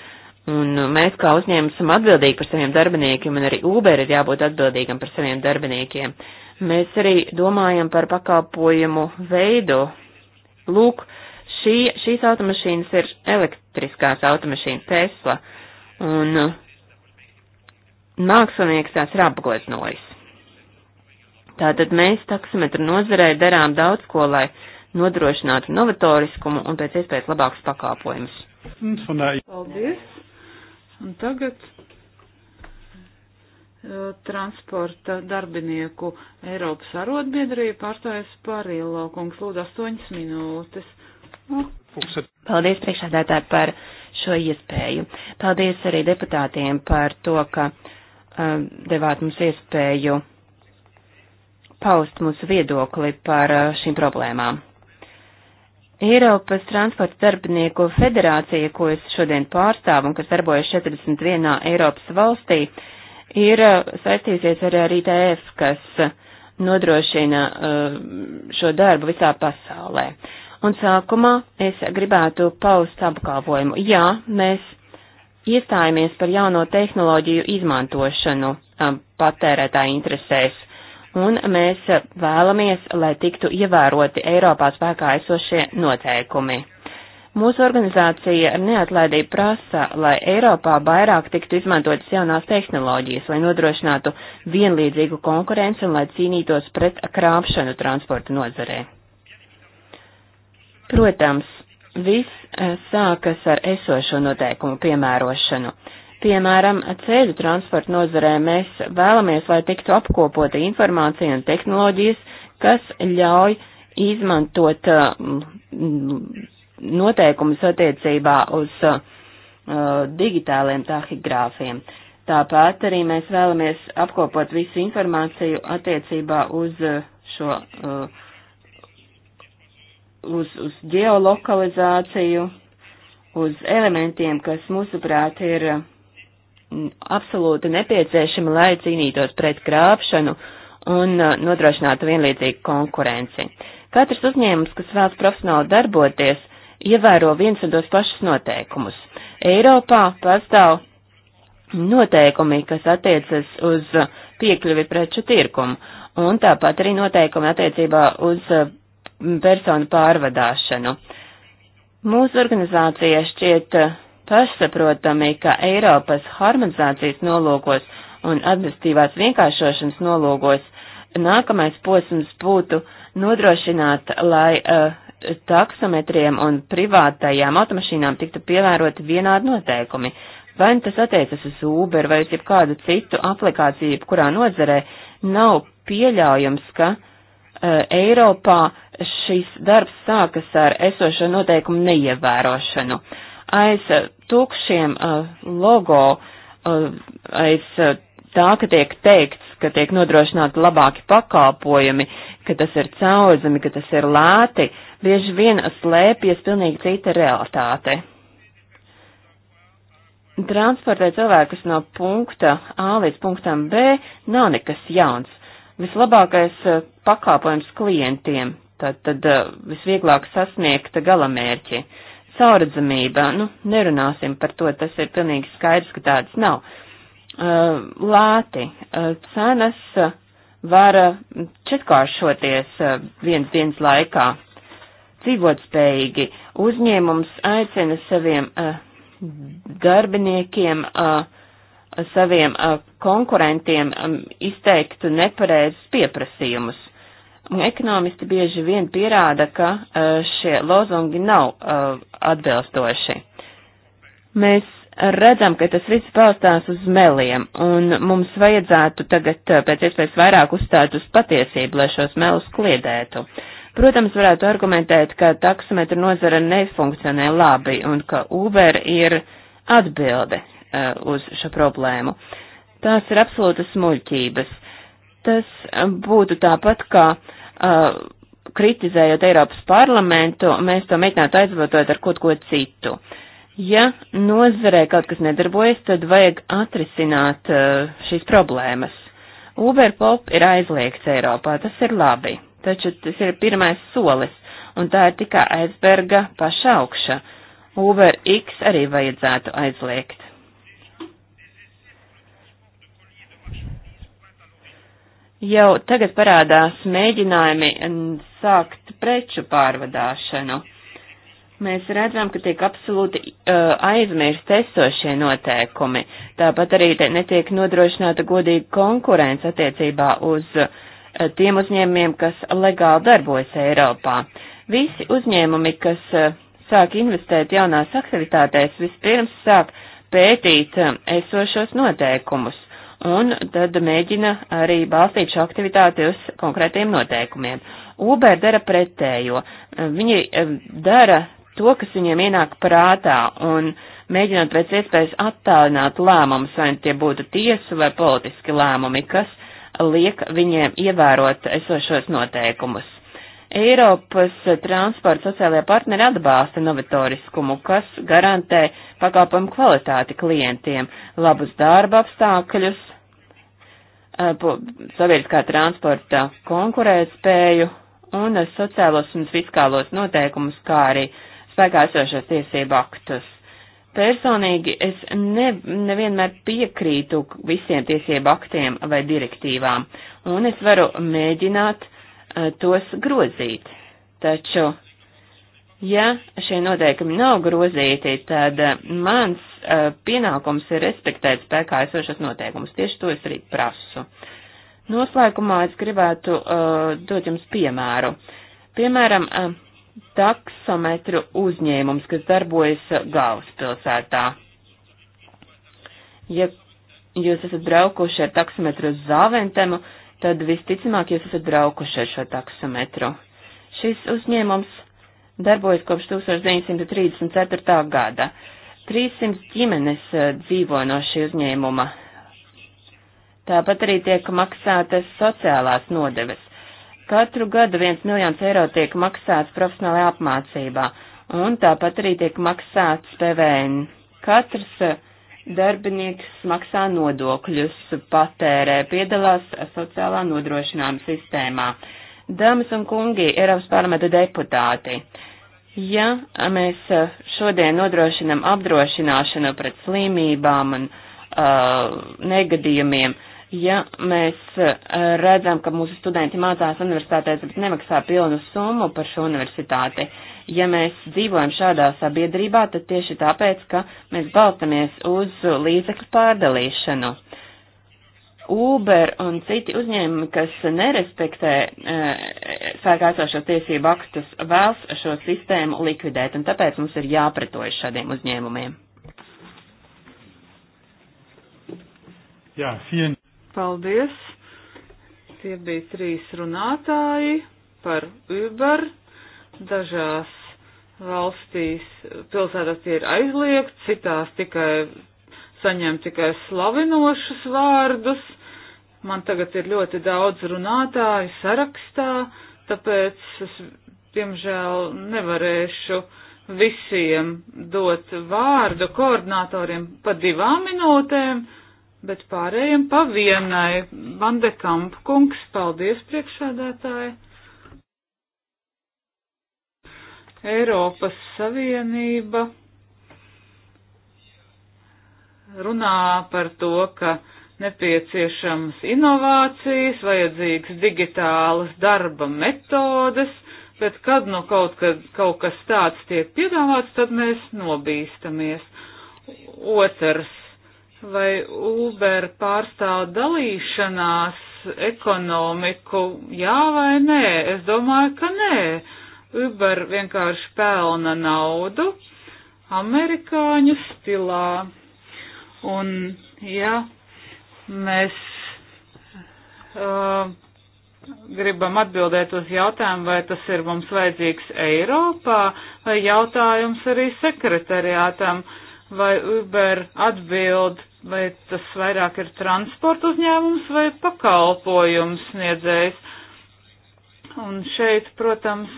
un mēs kā uzņēmums esam atbildīgi par saviem darbiniekiem, un arī Uber ir jābūt atbildīgam par saviem darbiniekiem. Uh, Mēs arī domājam par pakalpojumu veidu. Lūk, šī, šīs automašīnas ir elektriskās automašīnas Tesla, un mākslinieks tās ir apgleznojis. Tātad mēs taksometru nozarē darām daudz ko, lai nodrošinātu novatoriskumu un pēc iespējas labākus pakāpojumus. Paldies! Un tagad Uh, transporta darbinieku Eiropas arotbiedrība pārstājas Parīlo. Kungs, lūdzu, astoņas minūtes. Oh. Paldies priekšādātāji par šo iespēju. Paldies arī deputātiem par to, ka um, devāt mums iespēju paust mūsu viedokli par uh, šīm problēmām. Eiropas transporta darbinieku federācija, ko es šodien pārstāvu un kas darbojas 41. Eiropas valstī, uh, ir uh, saistīsies arī ar ITF, kas uh, nodrošina uh, šo darbu visā pasaulē. Un sākumā es gribētu paust apgalvojumu. Jā, mēs iestājāmies par jauno tehnoloģiju izmantošanu um, patērētāju interesēs, un mēs vēlamies, lai tiktu ievēroti Eiropā spēkā esošie noteikumi. Mūsu organizācija ar neatlaidību prasa, lai Eiropā vairāk tiktu izmantotas jaunās tehnoloģijas, lai nodrošinātu vienlīdzīgu konkurenci un lai cīnītos pret krāpšanu transporta nozarē. Protams, viss eh, sākas ar esošo noteikumu piemērošanu. Piemēram, ceļu transporta nozarē mēs vēlamies, lai tiktu apkopota informācija un tehnoloģijas, kas ļauj izmantot uh, noteikumus attiecībā uz uh, digitāliem tahigrāfiem. Tāpat arī mēs vēlamies apkopot visu informāciju attiecībā uz uh, šo, uh, uz, uz geolokalizāciju, uz elementiem, kas mūsuprāt ir uh, absolūti nepieciešami, lai cīnītos pret krāpšanu un uh, nodrošinātu vienlīdzīgu konkurenci. Katrs uzņēmums, kas vēlas profesionāli darboties, ievēro viens un tos pašus noteikumus. Eiropā pastāv noteikumi, kas attiecas uz piekļuvi preču tirkumu, un tāpat arī noteikumi attiecībā uz eh, personu pārvadāšanu. Mūsu organizācija šķiet eh, pašsaprotami, ka Eiropas harmonizācijas nolūkos un administratīvās vienkāršošanas nolūkos nākamais posms būtu nodrošināt, lai uh, taksometriem un privātajām automašīnām tiktu pievēroti vienādi noteikumi. Vai nu tas attiecas uz Uber vai uz jebkādu citu aplikāciju, kurā nodzerē nav pieļaujams, ka uh, Eiropā šis darbs sākas ar esošo noteikumu neievērošanu. Aiz uh, tukšiem uh, logo, uh, aiz uh, tā, ka tiek teikts, ka tiek nodrošināti labāki pakāpojumi, ka tas ir caurzemi, ka tas ir lēti, uh, bieži vien slēpjas pilnīgi cita realitāte. Transportēt cilvēkus no punkta A līdz punktam B nav nekas jauns. Vislabākais eh, pakāpojums klientiem, tad, tad eh, visvieglāk sasniegt galamērķi. Cauradzamība, nu, nerunāsim par to, tas ir pilnīgi skaidrs, ka tādas nav. Eh, lēti, cenas var mm, četkāršoties viens dienas laikā dzīvotspējīgi. Uzņēmums aicina saviem uh, darbiniekiem, uh, saviem uh, konkurentiem um, izteikt nepareizus pieprasījumus. Ekonomisti bieži vien pierāda, ka uh, šie lozungi nav uh, atbilstoši. Mēs redzam, ka tas viss balstās uz meliem, un mums vajadzētu tagad pēc iespējas vairāk uzstāt uz patiesību, lai šos melus kliedētu. Uh, Protams, varētu argumentēt, ka taksometra nozara nefunkcionē labi un ka Uber ir atbilde uh, uz šo problēmu. Tās ir absolūtas muļķības. Tas eh, būtu tāpat kā uh, kritizējot Eiropas parlamentu, mēs to mēģinātu aizvietot ar kaut ko citu. Ja nozarē kaut kas nedarbojas, tad vajag atrisināt uh, šīs problēmas. Uber pop ir aizliegts Eiropā, tas ir labi taču tas ir pirmais solis, un tā ir tikai aizberga paša augša. Uber X arī vajadzētu aizliegt. Jau tagad parādās mēģinājumi sākt preču pārvadāšanu. Mēs redzam, ka tiek absolūti uh, aizmirst esošie noteikumi. Tāpat arī netiek nodrošināta godīga konkurence attiecībā uz uh, tiem uzņēmumiem, kas legāli darbojas Eiropā. Visi uzņēmumi, kas eh, sāk investēt jaunās aktivitātēs, vispirms sāk pētīt eh, esošos noteikumus un tad mēģina arī balstīt šo aktivitāti uz konkrētiem noteikumiem. Uber dara pretējo. Viņi eh, dara to, kas viņiem ienāk prātā un mēģinot pēc iespējas attālināt lēmumus, vai tie būtu tiesu vai politiski lēmumi, kas uh, liek viņiem ievērot esošos noteikumus. Eiropas transporta sociālajā partneri atbalsta novatoriskumu, kas garantē pakalpojumu kvalitāti klientiem, labus darba apstākļus, sabiedriskā transporta konkurētspēju un sociālos un fiskālos noteikumus, kā arī spēkā esošos tiesību aktus personīgi es ne, nevienmēr piekrītu visiem tiesību aktiem vai direktīvām, un es varu mēģināt uh, tos grozīt. Taču, ja šie noteikumi nav grozīti, tad uh, mans uh, pienākums ir respektēt spēkā esošas noteikumus. Tieši to es arī prasu. Noslēgumā es gribētu uh, dot jums piemēru. Piemēram, uh, taksometru uzņēmums, kas darbojas galvaspilsētā. Ja jūs esat braukuši ar taksometru uz Zāventemu, tad visticamāk jūs esat braukuši ar šo taksometru. Šis uzņēmums darbojas kopš 1934. gada. 300 ģimenes eh, dzīvo no šī uzņēmuma. Tāpat arī tiek maksātas sociālās nodeves. Katru gadu viens miljons eiro tiek maksāts profesionālajā apmācībā, un tāpat arī tiek maksāts PVN. Katrs eh, darbinieks maksā nodokļus, patērē, piedalās sociālā nodrošinājuma sistēmā. Dāmas un kungi, Eiropas parlamenta deputāti, ja mēs eh, šodien nodrošinam apdrošināšanu pret slimībām un uh, negadījumiem, uh, Ja mēs eh, redzam, ka mūsu studenti mācās universitātēs, bet nemaksā pilnu summu par šo universitāti, ja mēs dzīvojam šādā sabiedrībā, tad tieši tāpēc, ka mēs balstamies uz līdzekļu pārdalīšanu. Uber un citi uzņēmumi, kas nerespektē e, spēkā esošo tiesību aktus, vēlas šo sistēmu likvidēt, un tāpēc mums ir jāpretojas šādiem uzņēmumiem. Jā, vielen. Paldies! Tie bija trīs runātāji par Uber. Dažās valstīs pilsētās tie ir aizliegts, citās tikai saņem tikai slavinošus vārdus. Man tagad ir ļoti daudz runātāju sarakstā, tāpēc es, diemžēl, nevarēšu visiem dot vārdu koordinatoriem pa divām minūtēm bet pārējiem pa vienai. Vandekamp kungs, paldies priekšādātāji. Eiropas Savienība runā par to, ka nepieciešams inovācijas, vajadzīgs digitālas darba metodes, bet kad nu kaut, kad, kaut kas tāds tiek piedāvāts, tad mēs nobīstamies. Otrs vai Uber pārstāv dalīšanās ekonomiku, jā vai nē? Es domāju, ka nē. Uber vienkārši pelna naudu amerikāņu stilā. Un, ja mēs uh, gribam atbildēt uz jautājumu, vai tas ir mums vajadzīgs Eiropā, vai jautājums arī sekretariātam. Uh, vai Uber atbild, vai tas vairāk ir transporta uzņēmums vai pakalpojums sniedzējs. Un šeit, protams,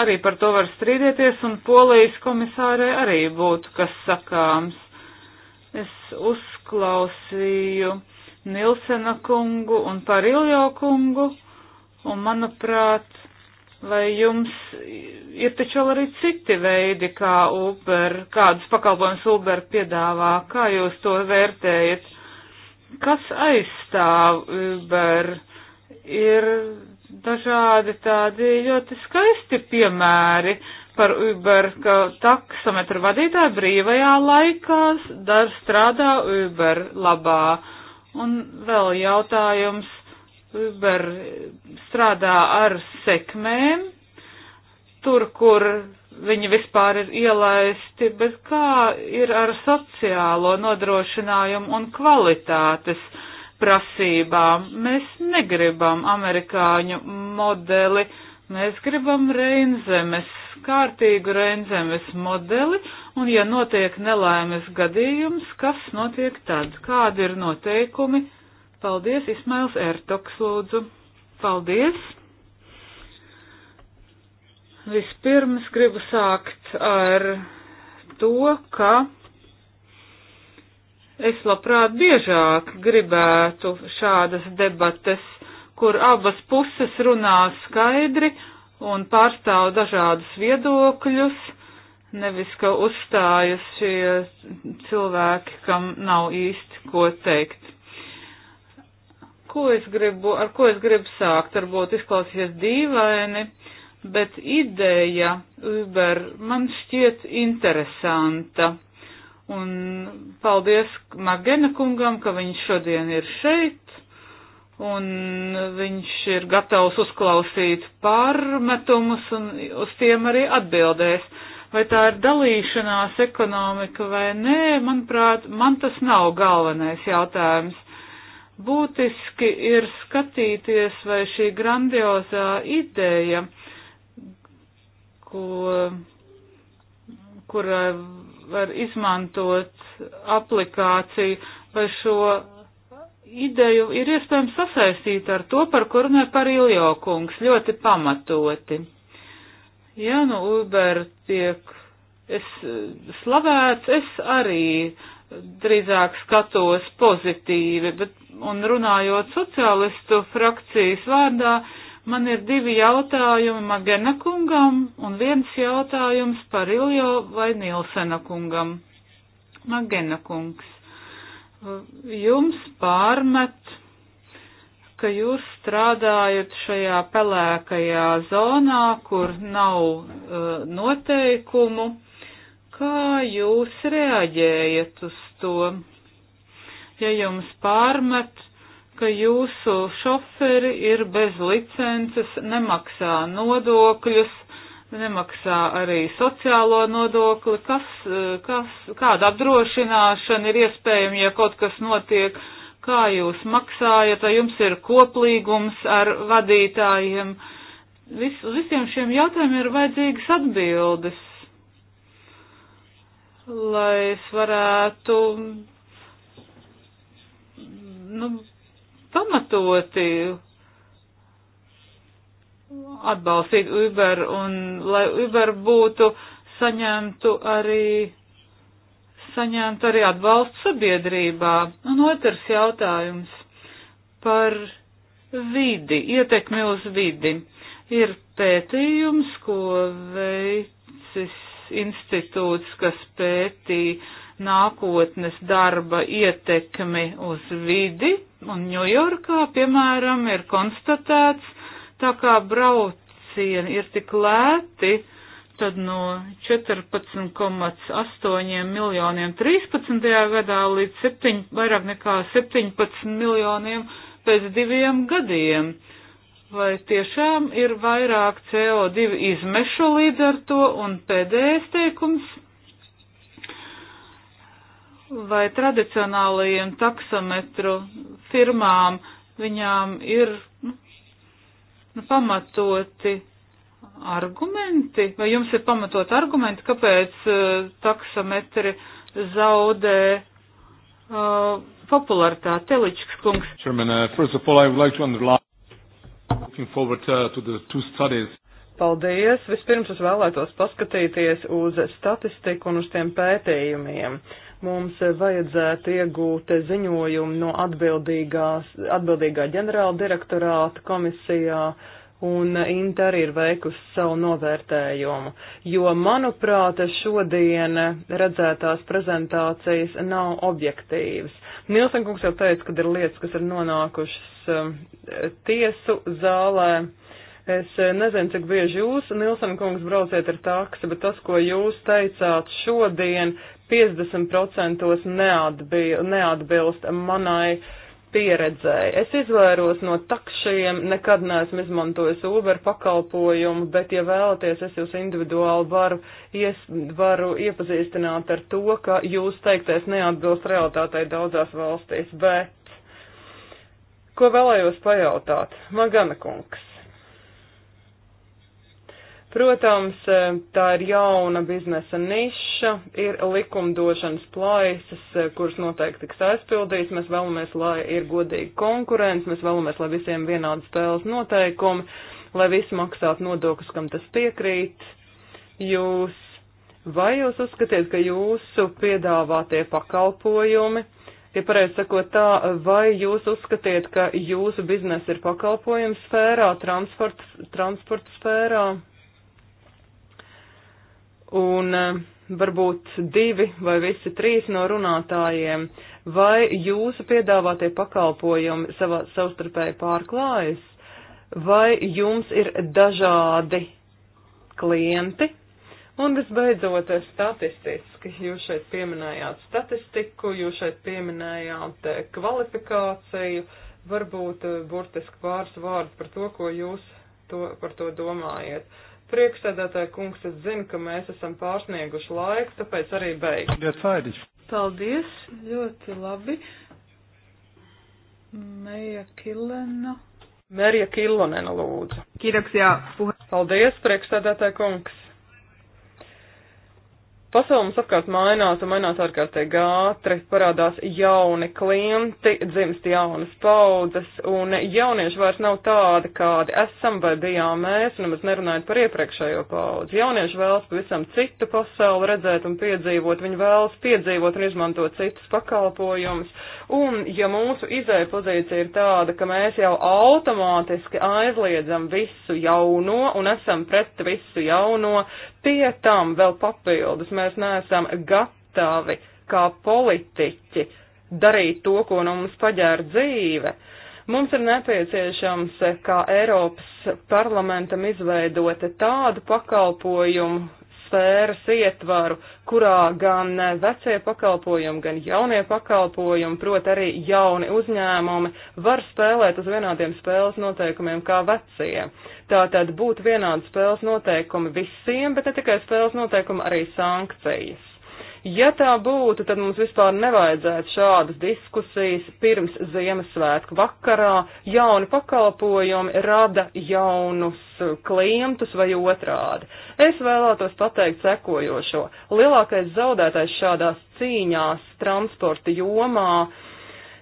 arī par to var strīdēties, un polijas komisārē arī būtu kas sakāms. Es uzklausīju Nilsena kungu un Pariljo kungu, un manuprāt, vai jums ir taču vēl arī citi veidi, kā Uber, kādus pakalpojumus Uber piedāvā, kā jūs to vērtējat? Kas aizstāv Uber? Ir dažādi tādi ļoti skaisti piemēri par Uber, ka taksometra vadītāja brīvajā laikā dar strādā Uber labā. Un vēl jautājums Uber strādā ar sekmēm, tur, kur viņi vispār ir ielaisti, bet kā ir ar sociālo nodrošinājumu un kvalitātes prasībām? Mēs negribam amerikāņu modeli, mēs gribam reinzemes, kārtīgu reinzemes modeli, un ja notiek nelaimes gadījums, kas notiek tad? Kādi ir noteikumi? Paldies, Ismails Ertoks, lūdzu. Paldies! Vispirms gribu sākt ar to, ka es labprāt biežāk gribētu šādas debates, kur abas puses runā skaidri un pārstāv dažādus viedokļus, nevis ka uzstājas šie cilvēki, kam nav īsti ko teikt. Ko es gribu, ar ko es gribu sākt? Varbūt izklausīsies dīvaini, bet ideja Uber man šķiet interesanta. Un paldies Magena kungam, ka viņš šodien ir šeit un viņš ir gatavs uzklausīt pārmetumus un uz tiem arī atbildēs. Vai tā ir dalīšanās ekonomika vai nē, manuprāt, man tas nav galvenais jautājums. Būtiski ir skatīties, vai šī grandiozā ideja, ko, kurā var izmantot aplikāciju, vai šo ideju ir iespējams sasaistīt ar to, par kur runāja Pariljo kungs, ļoti pamatoti. Ja nu Uber tiek es slavēts, es arī drīzāk skatos pozitīvi, bet, un runājot sociālistu frakcijas vārdā, man ir divi jautājumi Magena kungam un viens jautājums par Iljo vai Nilsena kungam. Magena kungs, jums pārmet, ka jūs strādājat šajā pelēkajā zonā, kur nav uh, noteikumu Kā jūs reaģējat uz to? Ja jums pārmet, ka jūsu šoferi ir bez licences, nemaksā nodokļus, nemaksā arī sociālo nodokli, kas, kas, kāda apdrošināšana ir iespējama, ja kaut kas notiek, kā jūs maksājat, vai jums ir koplīgums ar vadītājiem. Vis, uz visiem šiem jautājumiem ir vajadzīgas atbildes lai es varētu, nu, pamatoti atbalstīt Uber un lai Uber būtu saņemtu arī, saņemtu arī atbalstu sabiedrībā. Un otrs jautājums par vidi, ietekmi uz vidi. Ir pētījums, ko veicis institūts, kas pētī nākotnes darba ietekmi uz vidi, un Ņujorkā, piemēram, ir konstatēts, tā kā braucieni ir tik lēti, tad no 14,8 miljoniem 13. gadā līdz 7, vairāk nekā 17 miljoniem pēc diviem gadiem. Uh, vai tiešām ir vairāk CO2 izmešu līdz ar to, un pēdējais teikums, vai tradicionālajiem taksometru firmām viņām ir nu, nu pamatoti argumenti, vai jums ir pamatot argumenti, kāpēc uh, taksometri zaudē uh, popularitāti, Teličs kungs? Chairman, uh, first of all, I would like to underline looking forward uh, to the two studies. Paldies! Vispirms es vēlētos paskatīties uz statistiku un uz tiem pētījumiem. Mums vajadzētu iegūt ziņojumu no atbildīgā ģenerāla direktorāta komisijā un Inta arī ir veikusi savu novērtējumu, jo, manuprāt, šodien redzētās prezentācijas nav objektīvas. Nielsen kungs jau teica, ka ir lietas, kas ir nonākušas Um, tiesu zālē. Es uh, nezinu, cik bieži jūs, Nilsen kungs, brauciet ar taksi, bet tas, ko jūs teicāt šodien, 50% neatbil, neatbilst manai pieredzēji. Es izvairos no takšiem, nekad neesmu izmantojis Uber pakalpojumu, bet, ja vēlaties, es jūs individuāli varu, ies, varu iepazīstināt ar to, ka jūs teiktais neatbilst realitātei daudzās valstīs, bet Ko vēlējos pajautāt? Magana kungs. Protams, e, tā ir jauna biznesa niša, ir likumdošanas plaisas, e, kuras noteikti tiks aizpildīs. Mēs vēlamies, lai ir godīga konkurence, mēs vēlamies, lai visiem vienādas spēles noteikumi, lai visi maksātu nodokļus, kam tas piekrīt. Jūs, vai jūs uzskatiet, ka jūsu piedāvātie pakalpojumi ja pareizi sakot tā, vai jūs uzskatiet, ka jūsu biznes ir pakalpojums sfērā, transporta, transporta sfērā? Un eh, varbūt divi vai visi trīs no runātājiem, vai jūsu piedāvātie pakalpojumi savā savstarpēji pārklājas, vai jums ir dažādi klienti, Un visbeidzot, statistiski, jūs šeit pieminējāt statistiku, jūs šeit pieminējāt eh, kvalifikāciju, varbūt eh, burtiski pāris vārds par to, ko jūs to, par to domājat. Priekšsēdētāji kungs, es zinu, ka mēs esam pārsnieguši laiku, tāpēc arī beigšu. Paldies, ļoti labi. Meija Kilena. Mērija Kilonena lūdzu. Kiitoksia puhe. Paldies, priekšsēdētāji kungs. Pasaule mums apkārt mainās un mainās ārkārtīgi ātri, parādās jauni klienti, dzimst jaunas paudzes, un jaunieši vairs nav tādi, kādi esam vai bijām mēs, un nemaz nerunājot par iepriekšējo paudzi. Jaunieši vēlas pavisam citu pasauli redzēt un piedzīvot, viņi vēlas piedzīvot un izmantot citus pakalpojumus, un ja mūsu izēja pozīcija ir tāda, ka mēs jau automātiski aizliedzam visu jauno un esam pret visu jauno, Pie tam vēl papildus mēs neesam gatavi kā politiķi darīt to, ko no mums paģēra dzīve. Mums ir nepieciešams, kā Eiropas parlamentam, izveidot tādu pakalpojumu sfēras ietvaru, kurā gan vecie pakalpojumi, gan jaunie pakalpojumi, proti arī jauni uzņēmumi, var spēlēt uz vienādiem spēles noteikumiem kā vecie. Tātad būtu vienādi spēles noteikumi visiem, bet ne tikai spēles noteikumi, arī sankcijas. Ja tā būtu, tad mums vispār nevajadzētu šādas diskusijas pirms Ziemassvētku vakarā. Jauni pakalpojumi rada jaunus klientus vai otrādi. Es vēlētos pateikt sekojošo. Lielākais zaudētais šādās cīņās transporta jomā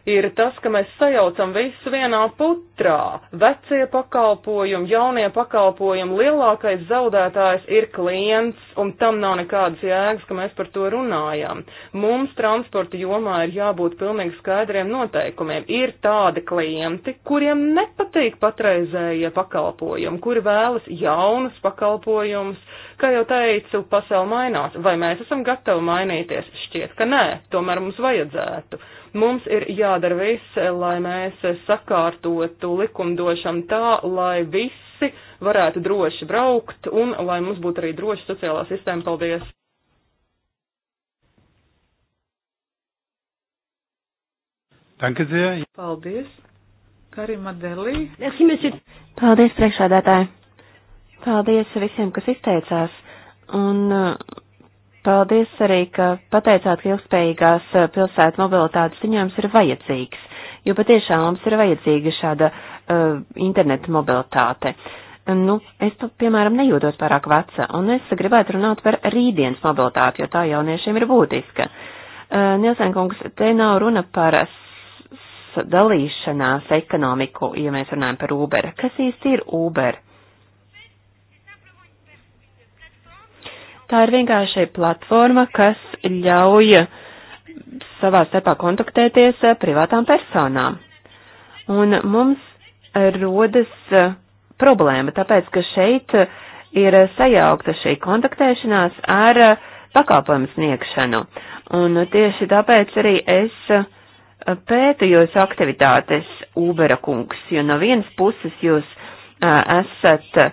ir tas, ka mēs sajaucam visu vienā putrā. Vecie pakalpojumi, jaunie pakalpojumi, lielākais zaudētājs ir klients, un tam nav nekādas jēgas, ka mēs par to runājam. Mums transporta jomā ir jābūt pilnīgi skaidriem noteikumiem. Ir tādi klienti, kuriem nepatīk patreizējie pakalpojumi, kuri vēlas jaunus pakalpojumus. Kā jau teicu, pasauli mainās. Vai mēs esam gatavi mainīties? Šķiet, ka nē, tomēr mums vajadzētu. Mums ir jādara viss, lai mēs sakārtotu likumdošanu tā, lai visi varētu droši braukt un lai mums būtu arī droši sociālā sistēma. Paldies! Danke sehr. Paldies. Karima Delī. Paldies, priekšādātāji. Paldies visiem, kas izteicās. Un uh, Paldies arī, ka pateicāt, ka ilgspējīgās eh, pilsētu mobilitātes ziņojums ir vajadzīgs, jo patiešām mums ir vajadzīga šāda uh, eh, interneta mobilitāte. Nu, es, tu, piemēram, nejūtos pārāk veca, un es gribētu runāt par rītdienas mobilitāti, jo tā jauniešiem ir būtiska. Uh, eh, Nielsenkungs, te nav runa par dalīšanās ekonomiku, ja mēs runājam par Uber. Kas īsti ir Uber? Tā ir vienkārši platforma, kas ļauj savā starpā kontaktēties privātām personām. Un mums rodas e, problēma, tāpēc, ka šeit ir sajaukta šī kontaktēšanās ar e, pakalpojumu sniegšanu. Un tieši tāpēc arī es e, pētu jūsu aktivitātes Ubera kungs, jo no vienas puses jūs esat uh,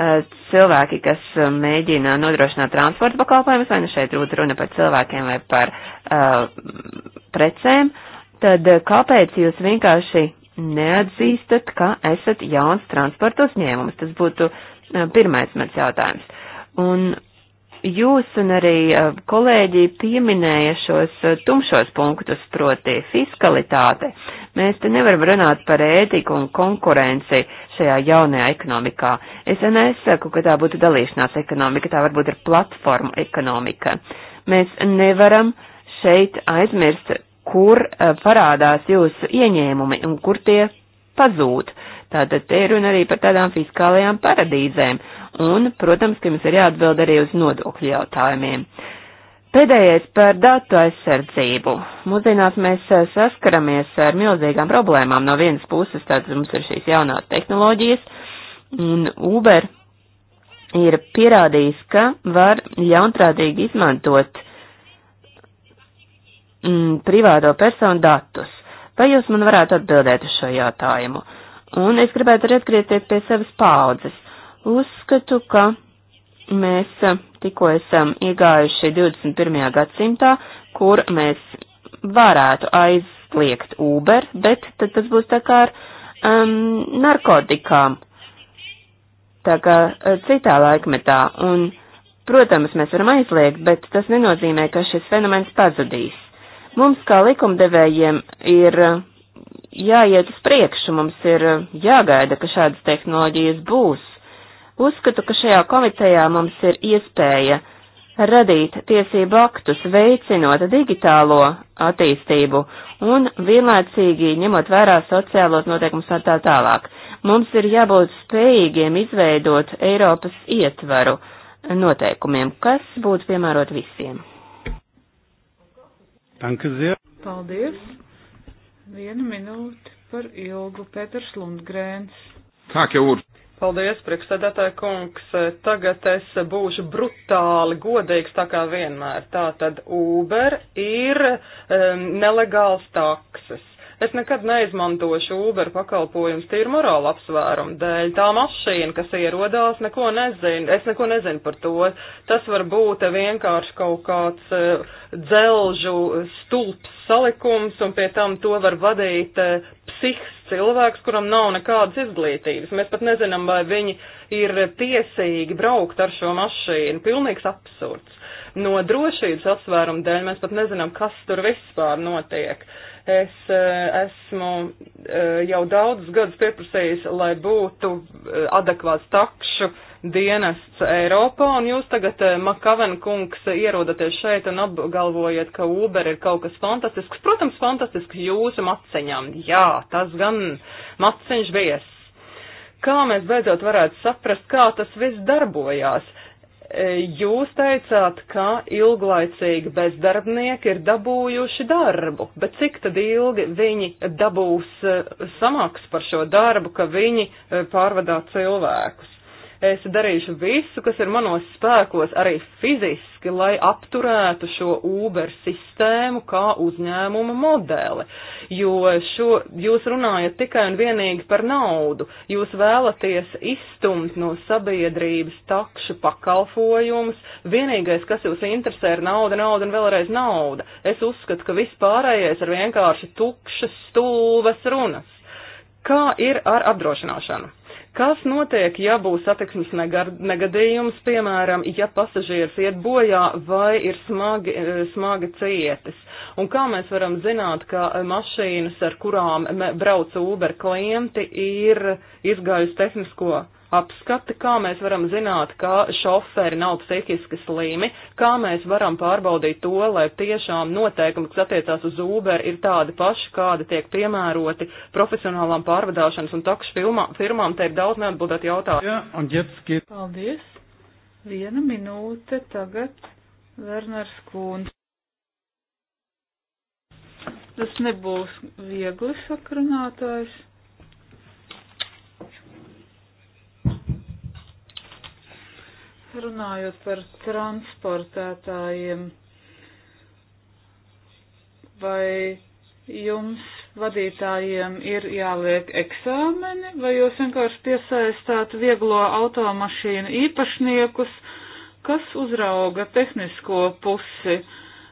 Eh, cilvēki, kas eh, mēģina nodrošināt transporta pakalpojumus, vai nu šeit rūt runa par cilvēkiem vai par uh, precēm, tad kāpēc jūs vienkārši neatzīstat, ka esat jauns transporta uzņēmums? Tas būtu pirmais mans jautājums. Un Jūs un arī eh, kolēģi pieminēja šos eh, tumšos punktus, proti fiskalitāte. Mēs te nevaram runāt par ētiku un konkurenci šajā jaunajā ekonomikā. Es nesaku, ka tā būtu dalīšanās ekonomika, tā varbūt ir platforma ekonomika. Mēs nevaram šeit aizmirst, kur eh, parādās jūsu ieņēmumi un kur tie pazūd. Uh, Tātad te ir runa arī par tādām fiskālajām paradīzēm, un, protams, ka mums ir jāatbild arī uz nodokļu jautājumiem. Pēdējais par datu aizsardzību. Mūsdienās mēs eh, saskaramies ar milzīgām problēmām. No vienas puses, tātad mums ir šīs jaunās tehnoloģijas, un Uber ir pierādījis, ka var ļaunprātīgi izmantot mm, privāto personu datus. Vai jūs man varētu atbildēt uz šo jautājumu? Uh, Un es gribētu arī atgriezties pie savas paudzes. Uzskatu, ka mēs eh, tikko esam iegājuši 21. gadsimtā, kur mēs varētu aizliegt Uber, bet tad tas būs tā kā ar um, narkotikām, tā kā eh, citā laikmetā. Un, protams, mēs varam aizliegt, bet tas nenozīmē, ka šis fenomens pazudīs. Mums, kā likumdevējiem, ir jāiet uz priekšu, mums ir eh, jāgaida, ka šādas tehnoloģijas būs. Uzskatu, ka šajā komitejā mums ir iespēja radīt tiesību aktus, veicinot digitālo attīstību un vienlaicīgi ņemot vērā sociālos noteikumus un tā tālāk. Mums ir jābūt spējīgiem izveidot Eiropas ietvaru noteikumiem, kas būtu piemērot visiem. Paldies! Viena minūte par ilgu Peters Lundgrēns. Kā jau ur? Paldies, priekšsēdētāja kungs. Tagad es būšu brutāli godīgs, tā kā vienmēr. Tātad Uber ir um, nelegāls takses. Es nekad neizmantošu Uber pakalpojumus tīri morāla apsvērumu dēļ. Tā mašīna, kas ierodās, neko nezinu. Es neko nezinu par to. Tas var būt vienkārši kaut kāds e, dzelžu stulps salikums, un pie tam to var vadīt e, psihs cilvēks, kuram nav nekādas izglītības. Mēs pat nezinām, vai viņi ir tiesīgi braukt ar šo mašīnu. Pilnīgs absurds. No drošības apsvērumu dēļ mēs pat nezinām, kas tur vispār notiek. Uh, Es eh, esmu eh, jau daudzus gadus pieprasījis, lai būtu eh, adekvāts takšu dienests Eiropā, un jūs tagad, Makaven kungs, ierodaties šeit un apgalvojat, ka Uber ir kaut kas fantastisks. Protams, fantastisks jūsu maceņām. Jā, tas gan maceņš bijis. Kā mēs beidzot varētu saprast, kā tas viss darbojās? E, jūs teicāt, ka ilglaicīgi bezdarbnieki ir dabūjuši darbu, bet cik tad ilgi viņi dabūs e, samaksu par šo darbu, ka viņi e, pārvadā cilvēkus? Es darīšu visu, kas ir manos spēkos, arī fiziski, lai apturētu šo Uber sistēmu kā uzņēmuma modeli. Jo šo, jūs runājat tikai un vienīgi par naudu. Jūs vēlaties izstumt no sabiedrības takšu pakalpojumus. Vienīgais, kas jūs interesē, ir nauda, nauda un vēlreiz nauda. Es uzskatu, ka viss pārējais ir vienkārši tukšas, stulvas runas. Kā ir ar apdrošināšanu? Kas notiek, ja būs satiksmes negadījums, piemēram, ja pasažieris iet bojā vai ir smagi, e, smagi cietis? Un kā mēs varam zināt, ka mašīnas, ar kurām brauc Uber klienti, ir izgājusi tehnisko apskati, kā mēs varam zināt, ka šoferi nav psihiski slimi, kā mēs varam pārbaudīt to, lai tiešām noteikumi, kas attiecās uz Uber, ir tādi paši, kādi tiek piemēroti profesionālām pārvadāšanas un takšu firmām. Te ir daudz neatbildēt jautājumu. Ja, get... Paldies. Viena minūte tagad. Werners Kūns. Tas nebūs viegli sakrunātājs. Runājot par transportētājiem, vai jums vadītājiem ir jāliek eksāmeni, vai jūs vienkārši piesaistāt vieglo automašīnu īpašniekus, kas uzrauga tehnisko pusi?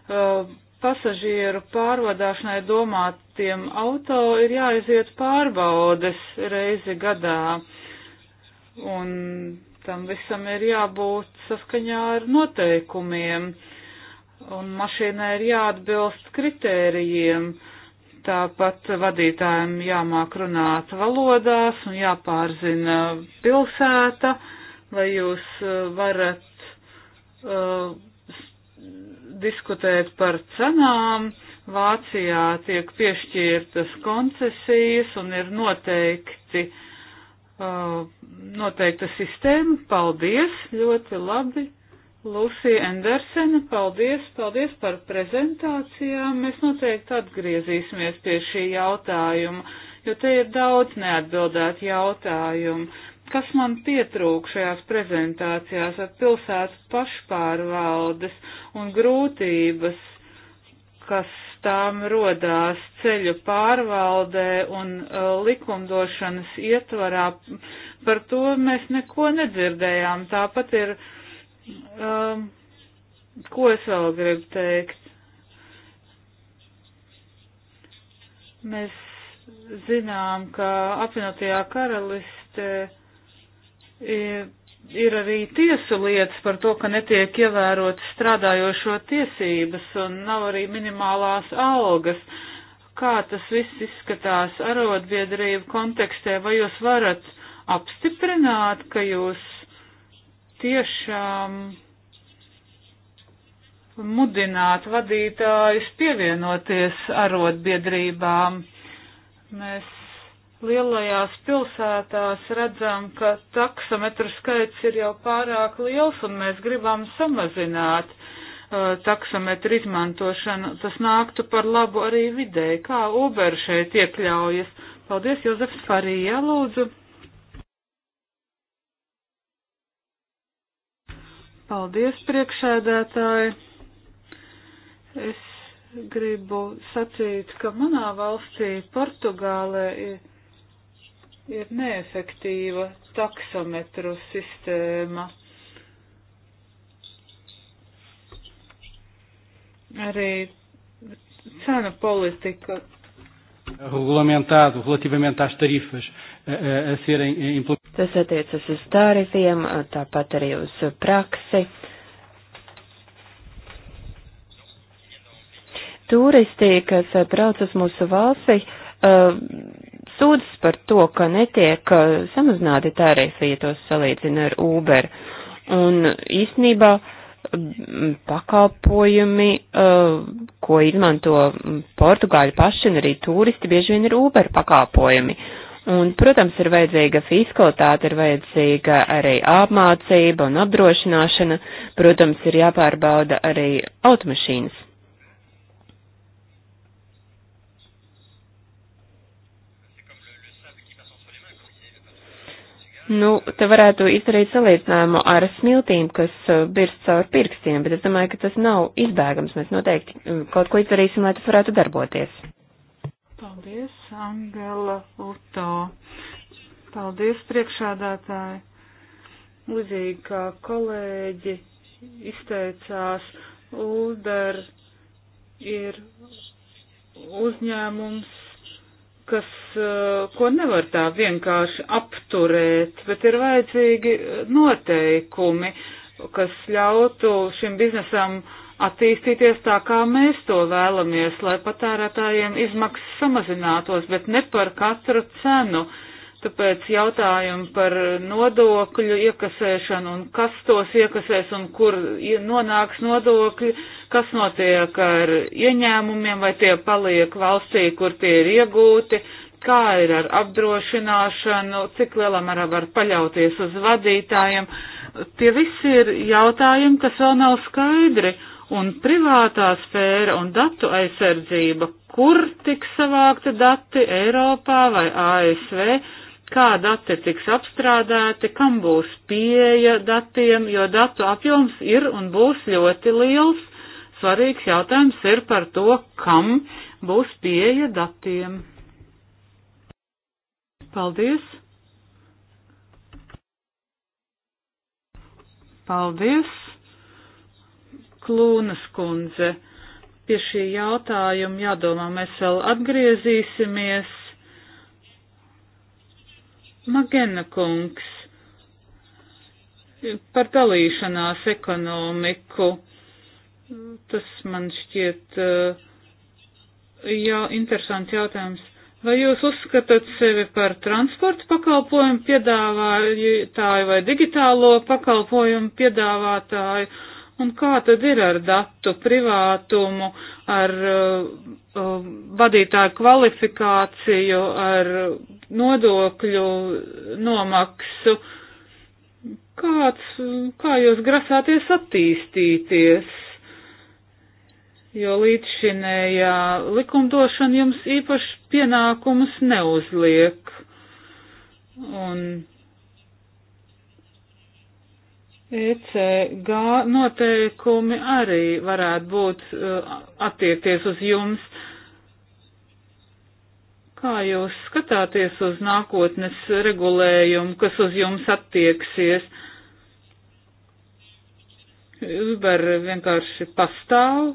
Uh, pasažieru pārvadāšanai domātiem auto ir jāiziet pārbaudes reizi gadā. Un Tam visam ir jābūt saskaņā ar noteikumiem, un mašīnai ir jāatbilst kritērijiem. Tāpat vadītājiem jāmāk runāt valodās un jāpārzina pilsēta, lai jūs uh, varat uh, diskutēt par cenām. Vācijā tiek piešķirtas koncesijas un ir noteikti uh, Uh, noteikta sistēma. Paldies, ļoti labi. Lūsija Endersena, paldies, paldies par prezentācijām. Mēs noteikti atgriezīsimies pie šī jautājuma, jo te ir daudz neatbildētu jautājumu. Kas man pietrūk šajās prezentācijās ar pilsētas pašpārvaldes un grūtības, kas tām rodās ceļu pārvaldē un uh, likumdošanas ietvarā. Par to mēs neko nedzirdējām. Tāpat ir, um, ko es vēl gribu teikt. Mēs zinām, ka apvienotajā karalistē. Uh, ir arī tiesu lietas par to, ka netiek ievērot strādājošo tiesības un nav arī minimālās algas. Kā tas viss izskatās arotbiedrību kontekstē, vai jūs varat apstiprināt, ka jūs tiešām mudināt vadītājus pievienoties arotbiedrībām? Mēs lielajās pilsētās redzam, ka taksometru skaits ir jau pārāk liels un mēs gribam samazināt uh, taksometru izmantošanu. Tas nāktu par labu arī videi. Kā Uber šeit iekļaujas? Paldies, Jozefs Farija, lūdzu. Paldies, priekšēdētāji. Es gribu sacīt, ka manā valstī, Portugālē, ir ir neefektīva taksometru sistēma. Arī cena politika. Regulamentado relativamente às tarifas a, eh, eh, a serem eh, implementadas. Tas attiecas uz tarifiem, tāpat arī uz praksi. Turisti, kas brauc uz mūsu valsti, uh, sūdzas par to, ka netiek samazināti tarifi, ja tos salīdzina ar Uber. Un īstenībā pakalpojumi, ko izmanto portugāļi paši un arī turisti, bieži vien ir Uber pakalpojumi. Un, protams, ir vajadzīga fiskalitāte, ir vajadzīga arī apmācība un apdrošināšana, protams, ir jāpārbauda arī automašīnas. Nu, te varētu izdarīt salīdzinājumu ar smiltīm, kas uh, birst caur pirkstiem, bet es domāju, ka tas nav izbēgams. Mēs noteikti um, kaut ko izdarīsim, lai tas varētu darboties. Paldies, Angela Uto. Paldies, priekšādātāji. Līdzīgi kā kolēģi izteicās, Ulder ir uzņēmums kas, eh, ko nevar tā vienkārši apturēt, bet ir vajadzīgi eh, noteikumi, kas ļautu šim biznesam attīstīties tā, kā mēs to vēlamies, lai patērētājiem izmaksas samazinātos, bet ne par katru cenu. Uh, Tāpēc jautājumi par nodokļu iekasēšanu un kas tos iekasēs un kur nonāks nodokļi, kas notiek ar ieņēmumiem, vai tie paliek valstī, kur tie ir iegūti, kā ir ar apdrošināšanu, cik lielā mērā var paļauties uz vadītājiem. Tie visi ir jautājumi, kas vēl nav skaidri. Un privātā sfēra un datu aizsardzība, kur tiks savākti dati Eiropā vai ASV, kā dati tiks apstrādēti, kam būs pieeja datiem, jo datu apjoms ir un būs ļoti liels. Svarīgs jautājums ir par to, kam būs pieeja datiem. Paldies! Paldies, Klūnas kundze. Pie šī jautājuma jādomā mēs vēl atgriezīsimies Magena kungs par dalīšanās ekonomiku. Tas man šķiet eh, jā, interesants jautājums. Vai jūs uzskatāt sevi par transporta pakalpojumu piedāvātāju vai digitālo pakalpojumu piedāvātāju? Un kā tad ir ar datu privātumu, ar uh, uh, vadītāju kvalifikāciju, ar nodokļu nomaksu? Kāds, kā jūs grasāties attīstīties? Jo līdzšinējā likumdošana jums īpaši pienākumus neuzliek. Un ECG noteikumi arī varētu būt uh, attiekties uz jums. Kā jūs skatāties uz nākotnes regulējumu, kas uz jums attieksies? Uber vienkārši pastāv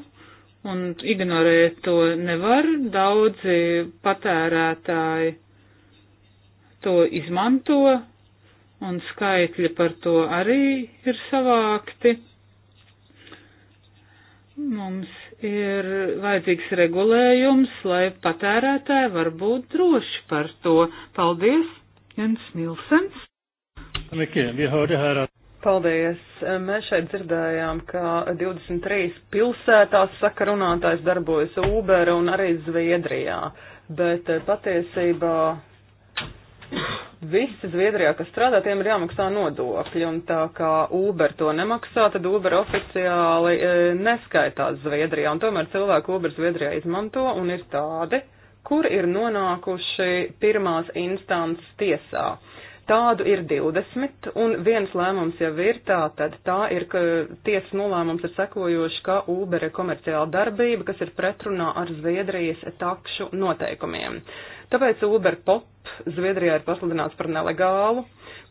un ignorēt to nevar. Daudzi patērētāji to izmanto, un skaitļi par to arī ir savākti. Mums ir vajadzīgs regulējums, lai patērētāji var būt droši par to. Paldies, Jens Nilsens. Paldies. Mēs šeit dzirdējām, ka 23 pilsētās saka runātājs darbojas Uber un arī Zviedrijā, bet eh, patiesībā Visi Zviedrijā, kas strādā, tiem ir jāmaksā nodokļi, un tā kā Uber to nemaksā, tad Uber oficiāli e, neskaitās Zviedrijā, un tomēr cilvēku Uber Zviedrijā izmanto, un ir tādi, kur ir nonākuši pirmās instances tiesā. Tādu ir 20, un viens lēmums jau ir tā, tad tā ir, ka tiesas nolēmums ir sekojoši, ka Uber ir komerciāla darbība, kas ir pretrunā ar Zviedrijas takšu noteikumiem. Uh, Tāpēc Uber Pop Zviedrijā ir pasludināts par nelegālu.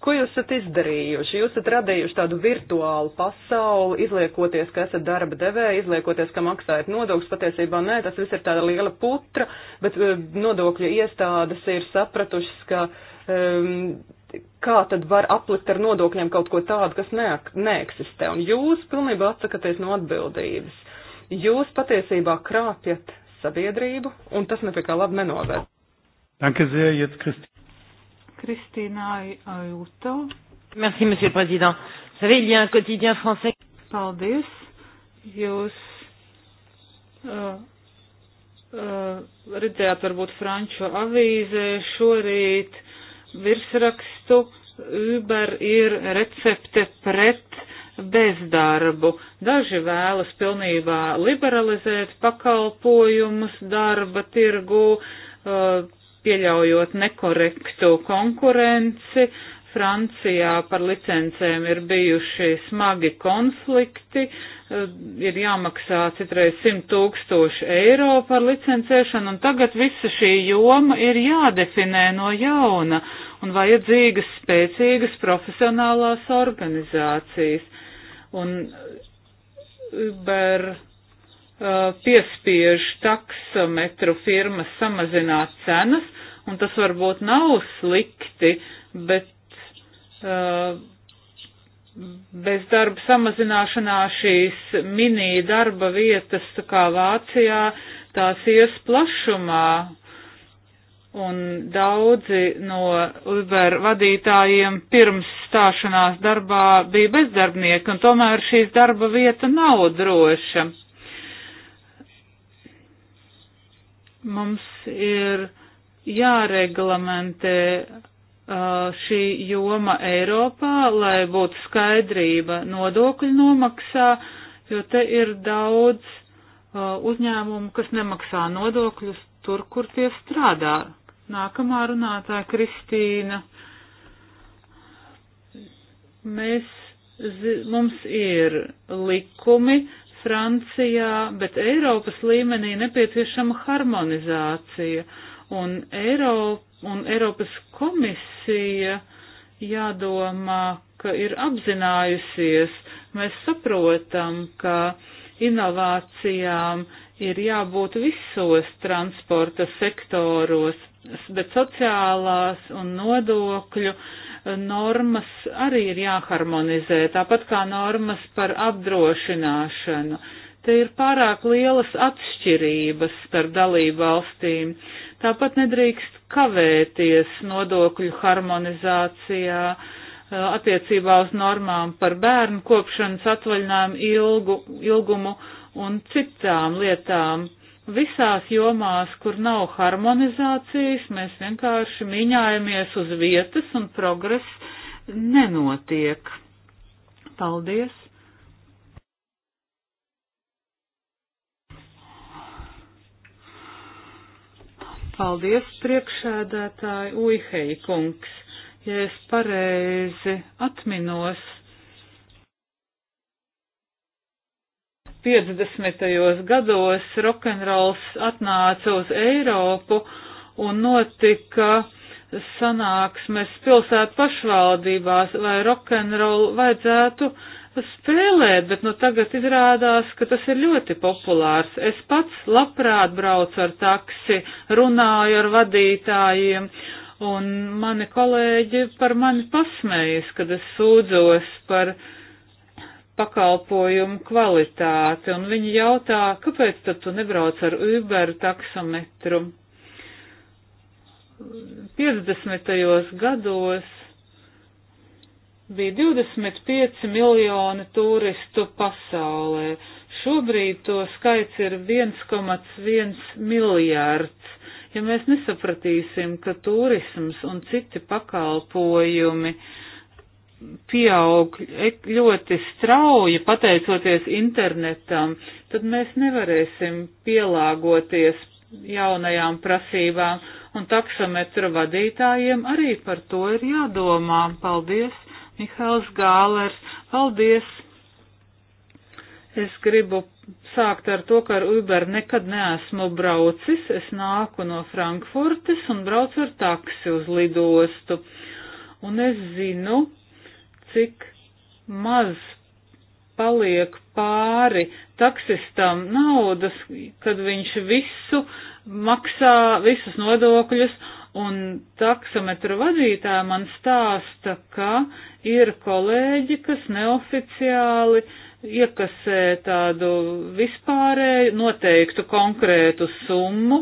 Ko jūs esat izdarījuši? Jūs esat radījuši tādu virtuālu pasauli, izliekoties, ka esat darba devēja, izliekoties, ka maksājat nodokļus. Patiesībā nē, tas viss ir tāda liela putra, bet eh, nodokļu iestādes ir sapratušas, ka. Um, kā tad var aplikt ar nodokļiem kaut ko tādu, kas ne, neeksistē. Un jūs pilnībā atsakaties no atbildības. Jūs patiesībā krāpjat sabiedrību, un tas nepie kā labi nenoved. Danke sehr, jetzt Christine. Christina Aiuto. Merci, Monsieur le Président. Vous savez, il y a un quotidien français. Paldies. Jūs uh, uh, redzējāt varbūt franču avīzē šorīt virsrakstu Uber ir recepte pret bezdarbu. Daži vēlas pilnībā liberalizēt pakalpojumus darba tirgu. Uh, pieļaujot nekorektu konkurenci. Francijā par licencēm ir bijuši smagi konflikti, eh, ir jāmaksā citreiz 100 tūkstoši eiro par licencēšanu, un tagad visa šī joma ir jādefinē no jauna un vajadzīgas spēcīgas profesionālās organizācijas. Un, eh, ber, Uh, piespiež taksometru firmas samazināt cenas, un tas varbūt nav slikti, bet uh, bez darba samazināšanā šīs mini darba vietas, tā kā Vācijā, tās ies plašumā. Un daudzi no Uber vadītājiem pirms stāšanās darbā bija bezdarbnieki, un tomēr šīs darba vieta nav droša. Mums ir jāreglamentē šī joma Eiropā, lai būtu skaidrība nodokļu nomaksā, jo te ir daudz uzņēmumu, kas nemaksā nodokļus tur, kur tie strādā. Nākamā runātāja Kristīna. Mēs, zi, mums ir likumi, Francijā, bet Eiropas līmenī nepieciešama harmonizācija. Un, Eiro, un Eiropas komisija jādomā, ka ir apzinājusies, mēs saprotam, ka inovācijām ir jābūt visos transporta sektoros, bet sociālās un nodokļu uh, normas arī ir jāharmonizē, tāpat kā normas par apdrošināšanu. Te ir pārāk lielas atšķirības starp dalību valstīm. Tāpat nedrīkst kavēties nodokļu harmonizācijā attiecībā uz normām par bērnu kopšanas atvaļinājumu ilgu, ilgumu un citām lietām Visās jomās, kur nav harmonizācijas, mēs vienkārši miņājamies uz vietas un progress nenotiek. Paldies! Paldies, priekšēdētāji Uihei kungs. Ja es pareizi atminos, 50. gados rokenrols atnāca uz Eiropu un notika sanāksmes pilsētu pašvaldībās, vai rokenrolu vajadzētu spēlēt, bet nu tagad izrādās, ka tas ir ļoti populārs. Es pats labprāt braucu ar taksi, runāju ar vadītājiem, un mani kolēģi par mani pasmējas, kad es sūdzos par pakalpojumu kvalitāti, un viņi jautā, kāpēc tad tu nebrauc ar Uber taksometru? 50. gados bija 25 miljoni turistu pasaulē. Šobrīd to skaits ir 1,1 miljārds. Ja mēs nesapratīsim, ka turisms un citi pakalpojumi uh, pieaug ļoti strauji pateicoties internetam, tad mēs nevarēsim pielāgoties jaunajām prasībām, un taksometra vadītājiem arī par to ir jādomā. Paldies, Mihāls Gālers, paldies! Es gribu sākt ar to, ka ar Uber nekad neesmu braucis, es nāku no Frankfurtes un braucu ar taksi uz lidostu. Un es zinu, cik maz paliek pāri taksistam naudas, kad viņš visu maksā, visus nodokļus, un taksometru vadītāja man stāsta, ka ir kolēģi, kas neoficiāli iekasē tādu vispārēju noteiktu konkrētu summu,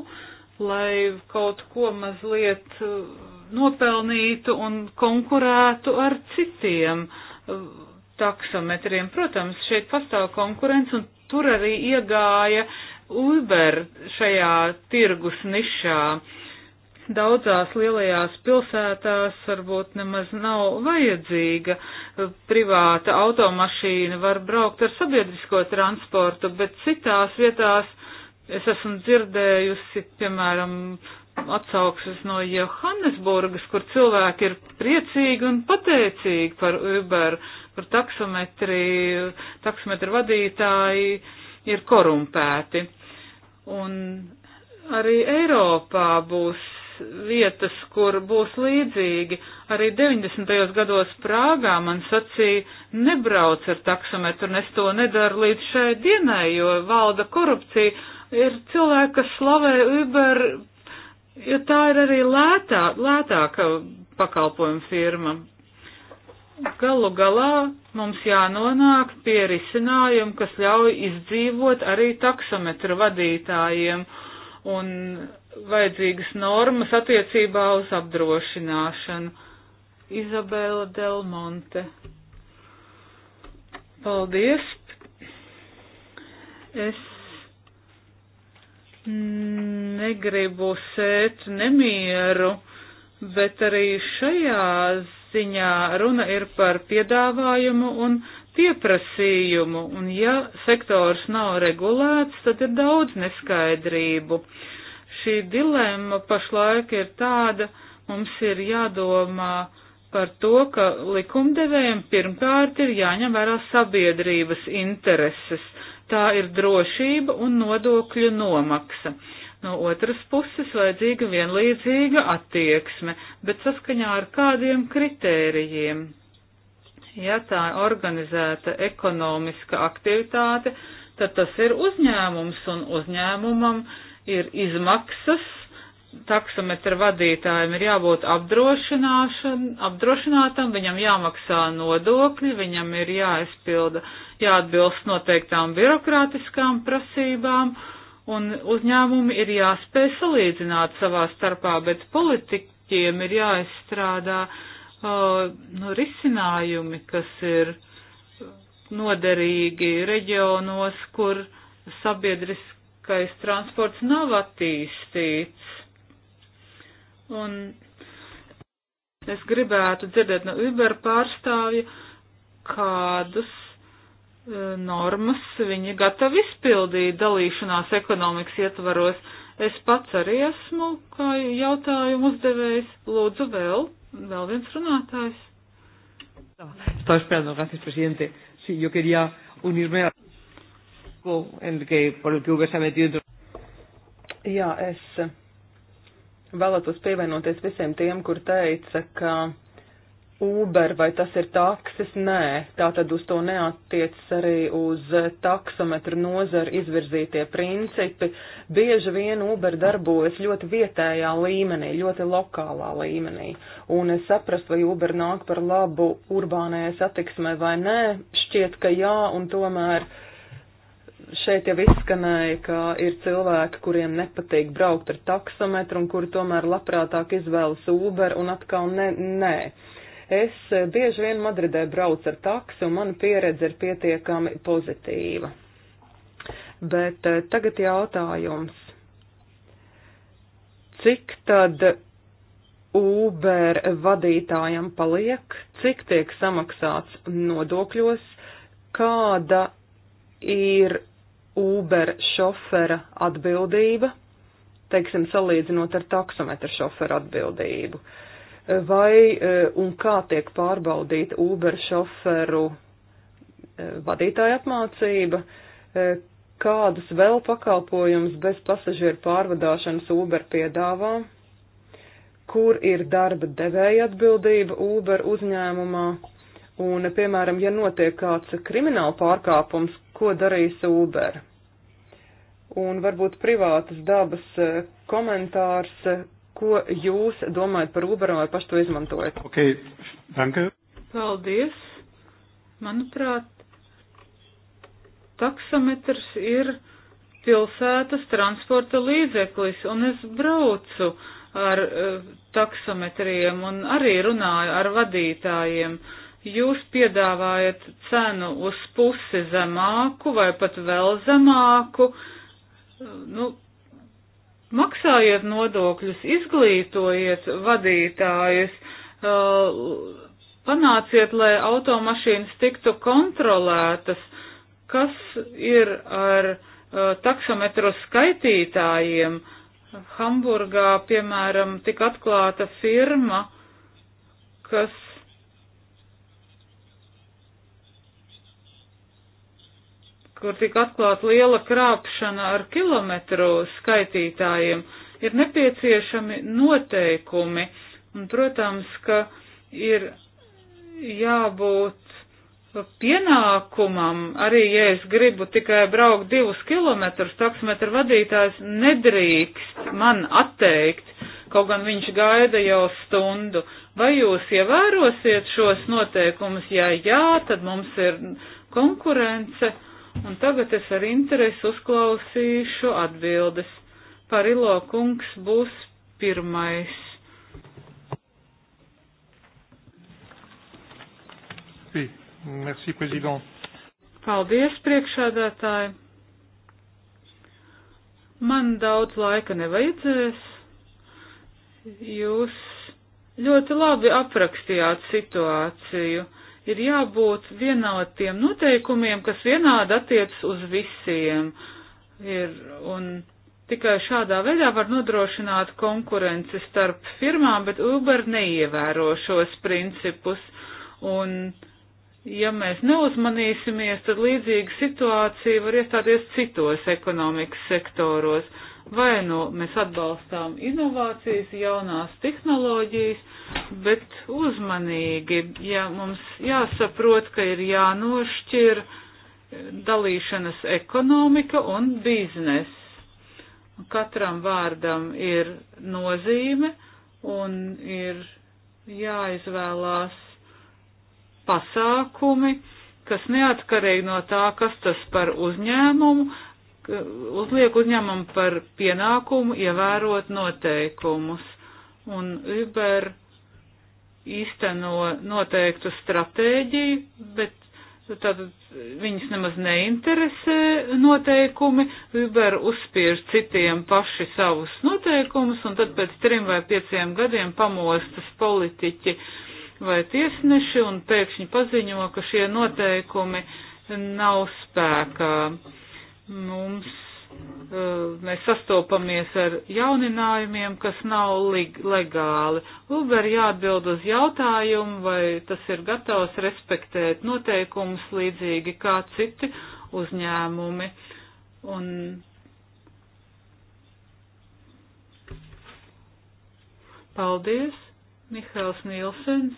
lai kaut ko mazliet nopelnītu un konkurētu ar citiem uh, taksometriem. Protams, šeit pastāv konkurence un tur arī iegāja Uber šajā tirgus nišā. Daudzās lielajās pilsētās varbūt nemaz nav vajadzīga uh, privāta automašīna, var braukt ar sabiedrisko transportu, bet citās vietās es esmu dzirdējusi, piemēram, atsauksmes no Johannesburgas, kur cilvēki ir priecīgi un pateicīgi par Uber, kur taksometri, taksometri vadītāji ir korumpēti. Un arī Eiropā būs vietas, kur būs līdzīgi. Arī 90. gados Prāgā man sacīja, nebrauc ar taksometru, un es to nedaru līdz šai dienai, jo valda korupcija. Ir cilvēki, kas slavē Uber jo tā ir arī lētā, lētāka pakalpojuma firma. Galu galā mums jānonāk pie risinājuma, kas ļauj izdzīvot arī taksometru vadītājiem un vajadzīgas normas attiecībā uz apdrošināšanu. Izabela Delmonte. Paldies! Es negribu sēt nemieru, bet arī šajā ziņā runa ir par piedāvājumu un pieprasījumu, un ja sektors nav regulēts, tad ir daudz neskaidrību. Šī dilemma pašlaik ir tāda, mums ir jādomā par to, ka likumdevējiem pirmkārt ir jāņem vērā sabiedrības intereses tā ir drošība un nodokļu nomaksa. No otras puses vajadzīga vienlīdzīga attieksme, bet saskaņā ar kādiem kritērijiem. Ja tā ir organizēta ekonomiska aktivitāte, tad tas ir uzņēmums un uzņēmumam ir izmaksas taksometra vadītājiem ir jābūt apdrošinātam, viņam jāmaksā nodokļi, viņam ir jāizpilda, jāatbilst noteiktām birokrātiskām prasībām, un uzņēmumi ir jāspēj salīdzināt savā starpā, bet politiķiem ir jāizstrādā uh, nu, risinājumi, kas ir noderīgi reģionos, kur sabiedriskais transports nav attīstīts Un es gribētu dzirdēt no Uber pārstāvja, kādas e, normas viņi gatavi izpildīt dalīšanās ekonomikas ietvaros. Es pats arī esmu, kā jautājumu uzdevējs, lūdzu vēl, vēl viens runātājs. Estaba esperando, gracias, presidente. Sí, yo quería unirme a en el que, por el que Uber se ha metido. Jā, es Vēlētos pievienoties visiem tiem, kur teica, ka Uber vai tas ir taksis? Nē, tā tad uz to neattiecas arī uz taksometru nozaru izvirzītie principi. Bieži vien Uber darbojas ļoti vietējā līmenī, ļoti lokālā līmenī. Un es saprast, vai Uber nāk par labu urbānajai satiksmai vai nē, šķiet, ka jā, un tomēr šeit jau izskanēja, ka ir cilvēki, kuriem nepatīk braukt ar taksometru un kuri tomēr labprātāk izvēlas Uber un atkal ne, nē. Es bieži vien Madridē braucu ar taksu un mana pieredze ir pietiekami pozitīva. Bet eh, tagad jautājums. Cik tad Uber vadītājam paliek, cik tiek samaksāts nodokļos, kāda ir Uber šofera atbildība, teiksim, salīdzinot ar taksometra šofera atbildību? Vai eh, un kā tiek pārbaudīta Uber šoferu eh, vadītāja apmācība? Eh, kādus vēl pakalpojumus bez pasažieru pārvadāšanas Uber piedāvā? Kur ir darba devēja atbildība Uber uzņēmumā? Un, piemēram, ja notiek kāds krimināla pārkāpums, ko darīs Uber. Un varbūt privātas dabas eh, komentārs, eh, ko jūs domājat par Uber vai paši to izmantojat? Ok, danke. Paldies. Manuprāt, taksometrs ir pilsētas transporta līdzeklis, un es braucu ar uh, taksometriem un arī runāju ar vadītājiem. Uh, jūs piedāvājat cenu uz pusi zemāku vai pat vēl zemāku. Nu, maksājiet nodokļus, izglītojiet vadītājus, uh, panāciet, lai automašīnas tiktu kontrolētas, kas ir ar uh, taksometru skaitītājiem. Hamburgā, piemēram, tika atklāta firma, kas kur tika atklāta liela krāpšana ar kilometru skaitītājiem, ir nepieciešami noteikumi. Un, protams, ka ir jābūt pienākumam, arī ja es gribu tikai braukt divus kilometrus, taksometra vadītājs nedrīkst man atteikt, kaut gan viņš gaida jau stundu. Vai jūs ievērosiet šos noteikumus? Ja jā, tad mums ir konkurence Un tagad es ar interesi uzklausīšu atbildes. Parilo kungs būs pirmais. Oui, merci, président. Paldies, priekšādātāji. Man daudz laika nevajadzēs. Jūs ļoti labi aprakstījāt situāciju ir jābūt vienotiem noteikumiem, kas vienādi attiecas uz visiem. Ir, un tikai šādā veidā var nodrošināt konkurenci starp firmām, bet Uber neievēro šos principus. Un, ja mēs neuzmanīsimies, tad līdzīga situācija var iestāties citos ekonomikas sektoros vai nu no mēs atbalstām inovācijas, jaunās tehnoloģijas, bet uzmanīgi, ja mums jāsaprot, ka ir jānošķir dalīšanas ekonomika un biznes. Katram vārdam ir nozīme un ir jāizvēlās pasākumi, kas neatkarīgi no tā, kas tas par uzņēmumu, uzliek uzņēmumam par pienākumu ievērot noteikumus. Un Uber īsteno noteiktu stratēģiju, bet tātad viņas nemaz neinteresē noteikumi, Uber uzspiež citiem paši savus noteikumus, un tad pēc trim vai pieciem gadiem pamostas politiķi vai tiesneši un pēkšņi paziņo, ka šie noteikumi nav spēkā mums, nu, eh, mēs sastopamies ar jauninājumiem, kas nav legāli. Uber jāatbild uz jautājumu, vai tas ir gatavs respektēt noteikumus līdzīgi kā citi uzņēmumi. Un Paldies, Mihails Nielsens.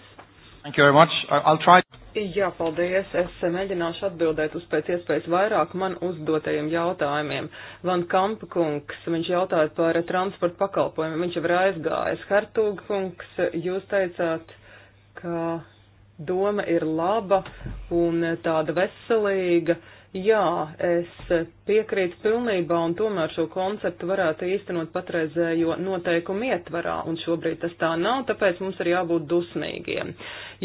Thank you very much. I'll try. Jā, paldies. Es mēģināšu atbildēt uz pēc iespējas vairāk man uzdotajiem jautājumiem. Van Kampa kungs, viņš jautāja par transporta pakalpojumiem, viņš jau ir aizgājis. Hartūga kungs, jūs teicāt, ka doma ir laba un tāda veselīga. Jā, es piekrītu pilnībā un tomēr šo konceptu varētu īstenot patreizējo noteikumu ietvarā, un šobrīd tas tā nav, tāpēc mums ir jābūt dusmīgiem.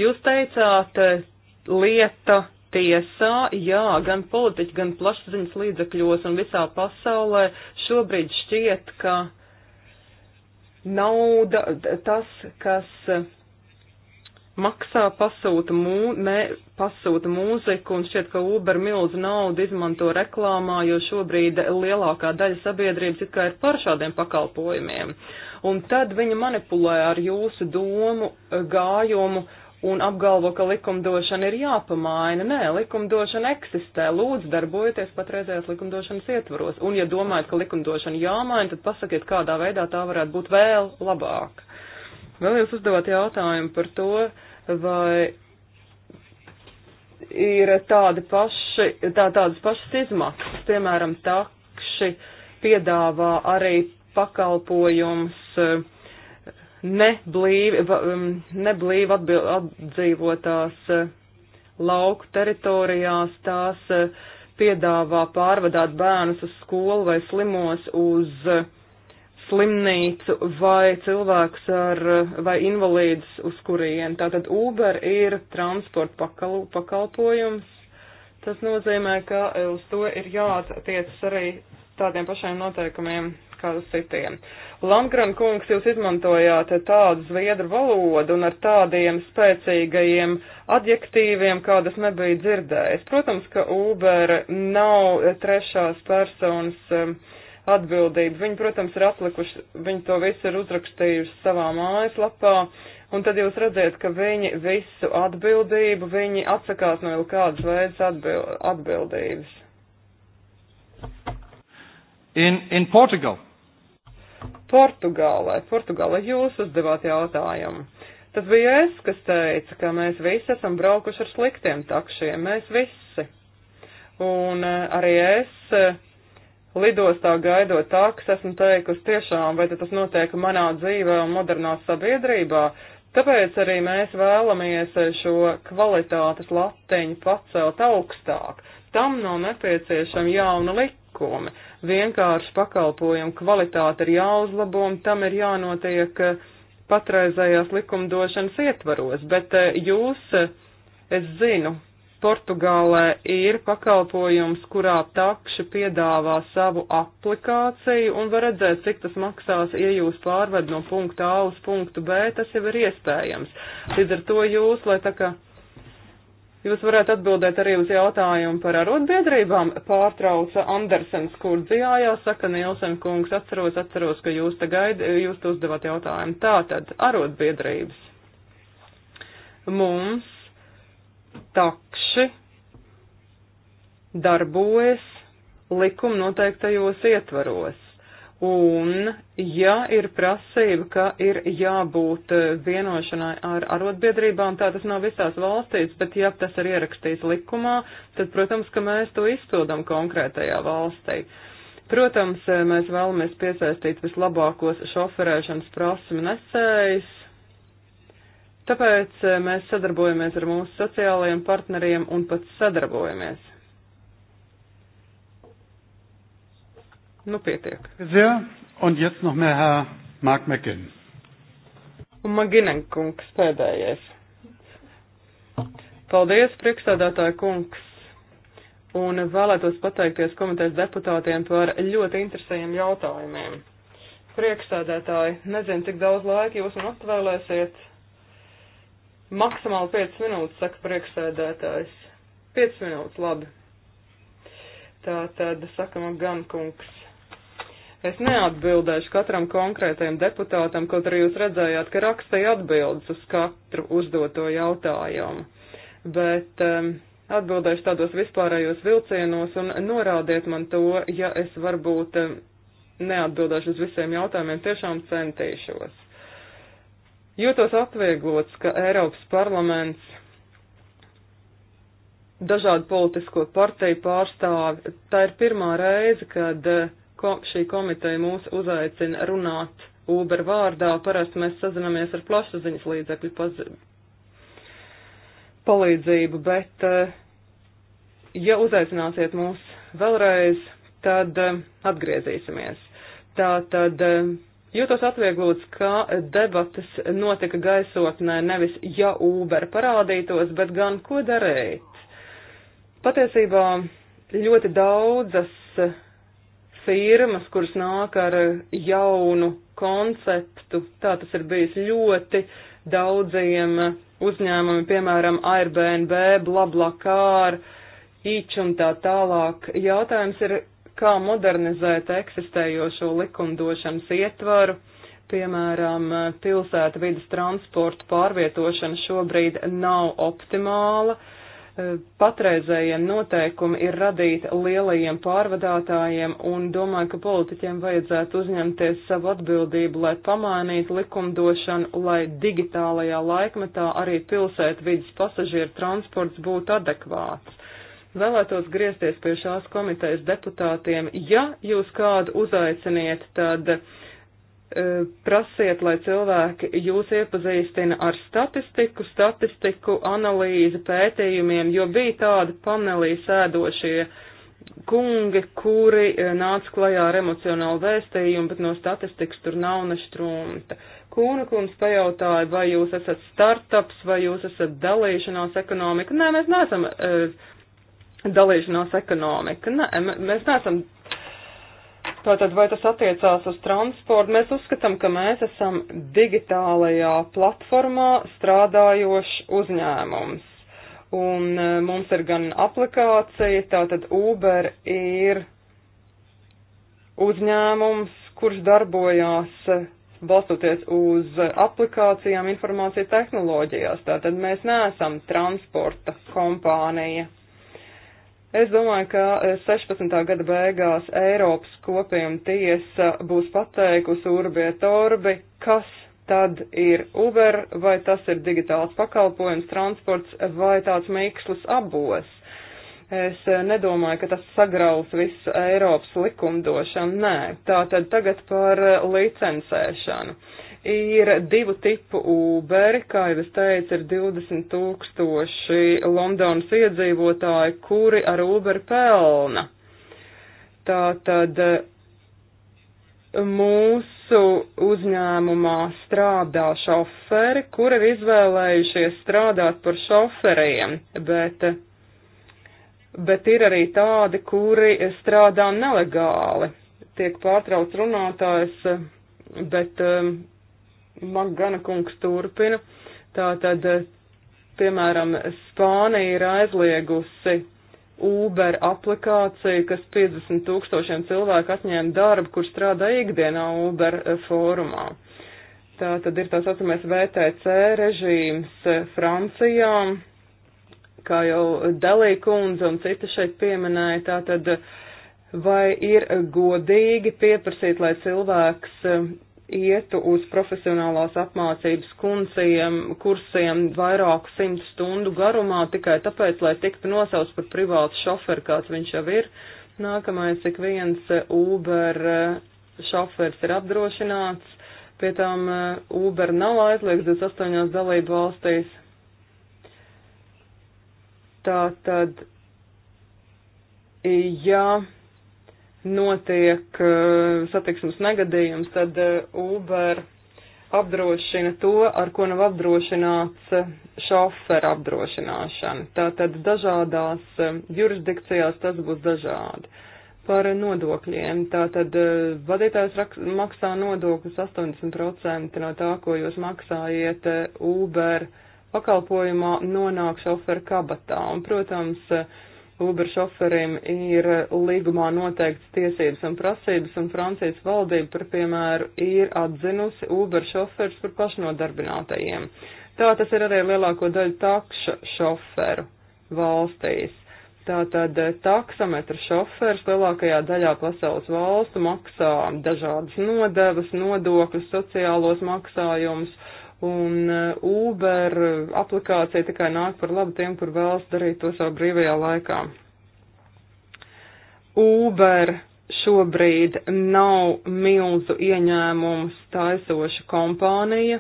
Jūs teicāt, lieta tiesā, jā, gan politiķi, gan plašsaziņas līdzekļos un visā pasaulē šobrīd šķiet, ka nauda, tas, kas maksā, pasūta, mū, ne, pasūta mūziku un šķiet, ka Uber milzu naudu izmanto reklāmā, jo šobrīd lielākā daļa sabiedrības it kā ir par šādiem pakalpojumiem. Un tad viņi manipulē ar jūsu domu gājumu un apgalvo, ka likumdošana ir jāpamaina. Nē, likumdošana eksistē. Lūdzu, darbojieties patreizējās likumdošanas ietvaros. Un, ja domājat, ka likumdošana jāmaina, tad pasakiet, kādā veidā tā varētu būt vēl labāka. Vēl jūs uzdevāt jautājumu par to, vai ir tādi paši, tā, tādas pašas izmaksas, piemēram, takši piedāvā arī pakalpojums uh, neblīvi, um, neblīvi atdzīvotās uh, lauku teritorijās, tās uh, piedāvā pārvadāt bērnus uz skolu vai slimos uz uh, slimnīcu vai cilvēkus ar, vai invalīdus uz kurien. Tātad Uber ir transporta pakal, pakalpojums. Tas nozīmē, ka uz to ir jāattiecas arī tādiem pašiem noteikumiem kā uz citiem. Landgren kungs, jūs izmantojāt tādu zviedru valodu un ar tādiem spēcīgajiem adjektīviem, kādas nebija dzirdējis. Protams, ka Uber nav trešās personas um, atbildība. Viņi, protams, ir atlikuši, viņi to visu ir uzrakstījuši savā mājaslapā. Un tad jūs redzat, ka viņi visu atbildību, viņi atsakās no jau kādas veidas atbild, atbildības. In, in Portugal. Portugālē. Portugālē jūs uzdevāt jautājumu. Tas bija es, kas teica, ka mēs visi esam braukuši ar sliktiem takšiem, mēs visi. Un eh, arī es eh, lidostā gaidot taks, esmu teikusi tiešām, vai tas notiek manā dzīvē un modernā sabiedrībā. Tāpēc arī mēs vēlamies eh, šo kvalitātes latiņu pacelt augstāk. Tam nav nepieciešama jauna likuma vienkārši pakalpojumu kvalitāte ir jāuzlabo un tam ir jānotiek eh, patreizējās likumdošanas ietvaros, bet eh, jūs, eh, es zinu, Portugālē ir pakalpojums, kurā takša piedāvā savu aplikāciju un var redzēt, cik tas maksās, ja jūs pārved no punkta A uz punktu B, tas jau ir iespējams. Līdz ar to jūs, lai tā kā Jūs varētu atbildēt arī uz jautājumu par arotbiedrībām, pārtrauca Andersens, kur dzījājā, saka Nielsen kungs, atceros, atceros, ka jūs te gaid, jūs te uzdevāt jautājumu. Tātad, arotbiedrības. Mums takši darbojas likuma noteiktajos ietvaros. Un, ja ir prasība, ka ir jābūt eh, vienošanai ar arotbiedrībām, tā tas nav visās valstīs, bet ja tas ir ierakstīts likumā, tad, protams, ka mēs to izpildam konkrētajā valstī. Protams, eh, mēs vēlamies piesaistīt vislabākos šoferēšanas prasmu nesējus, tāpēc eh, mēs sadarbojamies ar mūsu sociālajiem partneriem un pat sadarbojamies. Nu, pietiek. Un jetzt noch mehr Herr Mark McGinn. Un Maginen kungs pēdējais. Paldies, priekšstādātāja kungs. Un vēlētos pateikties komitejas deputātiem par ļoti interesējiem jautājumiem. Priekšstādātāji, nezinu, cik daudz laika jūs man atvēlēsiet. Maksimāli 5 minūtes, saka priekšsēdētājs. 5 minūtes, labi. Tā tad, sakam, gan kungs. Es neatbildēšu katram konkrētajam deputātam, kaut arī jūs redzējāt, ka rakstīja atbildes uz katru uzdoto jautājumu. Bet um, atbildēšu tādos vispārējos vilcienos un norādiet man to, ja es varbūt um, neatbildēšu uz visiem jautājumiem, tiešām centīšos. Jūtos atvieglots, ka Eiropas parlaments dažādu politisko partiju pārstāvi, tā ir pirmā reize, kad uh, ko šī komiteja mūs uzaicina runāt Uber vārdā. Parasti mēs sazinamies ar plašsaziņas līdzekļu paz... palīdzību, bet eh, ja uzaicināsiet mūs vēlreiz, tad eh, atgriezīsimies. Tā tad eh, jūtos atvieglots, ka debatas notika gaisotnē nevis ja Uber parādītos, bet gan ko darīt. Patiesībā ļoti daudzas firmas, kuras nāk ar eh, jaunu konceptu. Tā tas ir bijis ļoti daudziem eh, uzņēmumiem, piemēram, Airbnb, BlaBlaCar, Ič un tā tālāk. Jautājums ir, kā modernizēt eksistējošo likumdošanas ietvaru, piemēram, eh, pilsēta vidas transporta pārvietošana šobrīd nav optimāla. Uh, patreizējiem noteikumi ir radīti lielajiem pārvadātājiem un domāju, ka politiķiem vajadzētu uzņemties savu atbildību, lai pamainītu likumdošanu, lai digitālajā laikmetā arī pilsētvidas pasažieru transports būtu adekvāts. Vēlētos griezties pie šās komitejas deputātiem. Ja jūs kādu uzaiciniet, tad uh, E, prasiet, lai cilvēki jūs iepazīstina ar statistiku, statistiku, analīzi, pētījumiem, jo bija tādi panelī sēdošie kungi, kuri e, nāca klajā ar emocionālu vēstījumu, bet no statistikas tur nav ne štrumta. Kūna kungs pajautāja, vai jūs esat startups, vai jūs esat dalīšanās ekonomika. Nē, mēs neesam e, dalīšanās ekonomika. Nē, mēs neesam Tātad, vai tas attiecās uz transportu? Mēs uzskatām, ka mēs esam digitālajā platformā strādājošs uzņēmums. Un e, mums ir gan aplikācija, tātad Uber ir uzņēmums, kurš darbojās e, balstoties uz aplikācijām informācija tehnoloģijās. Tātad mēs neesam transporta kompānija. Es domāju, ka 16. Eh, gada beigās Eiropas kopiena tiesa būs pateikusi Urbie Torbi, kas tad ir Uber, vai tas ir digitāls pakalpojums, transports vai tāds mīkslis abos. Es eh, nedomāju, ka tas sagraus visu Eiropas likumdošanu, nē. Tātad tagad par eh, licencēšanu. Uh, ir divu tipu Uberi, kā jau es teicu, ir 20 tūkstoši Londonas iedzīvotāji, kuri ar Uber pelna. Tātad eh, mūsu uzņēmumā strādā šoferi, kuri ir izvēlējušies strādāt par šoferiem, bet, bet ir arī tādi, kuri strādā nelegāli. Tiek pārtrauc runātājs, bet eh, Magana kungs turpina. Tātad, piemēram, Spānija ir aizliegusi Uber aplikāciju, kas 50 tūkstošiem cilvēku atņēma darbu, kur strādā ikdienā Uber fórumā. Tā tad ir tā saucamais VTC režīms Francijā, kā jau Delī kundze un citi šeit pieminēja, tā tad vai ir godīgi pieprasīt, lai cilvēks ietu uz profesionālās apmācības kursiem, kursiem vairāku simtu stundu garumā tikai tāpēc, lai tiktu nosauts par privātu šoferu, kāds viņš jau ir. Nākamais, cik viens Uber šofers ir apdrošināts, pie tām eh, Uber nav aizliegts 28 dalību valstīs. Tā tad, ja notiek eh, satiksmes negadījums, tad eh, Uber apdrošina to, ar ko nav apdrošināts eh, šofera apdrošināšana. Tātad dažādās jurisdikcijās tas būs dažādi. Par nodokļiem. Tātad vadītājs maksā nodokļus 80% no tā, ko jūs maksājiet Uber pakalpojumā, nonāk šofera kabatā. Un, protams, Uber šoferim ir līgumā noteikts tiesības un prasības, un Francijas valdība, par piemēru, ir atzinusi Uber šoferus par pašnodarbinātajiem. Tā tas ir arī lielāko daļu takša šoferu valstīs. Tātad eh, taksometra šoferis lielākajā daļā pasaules valstu maksā dažādas nodevas, nodokļus, sociālos maksājumus un uh, Uber aplikācija tikai nāk par labu tiem, kur vēlas darīt to savā brīvajā laikā. Uber šobrīd nav milzu ieņēmumu staisoša kompānija.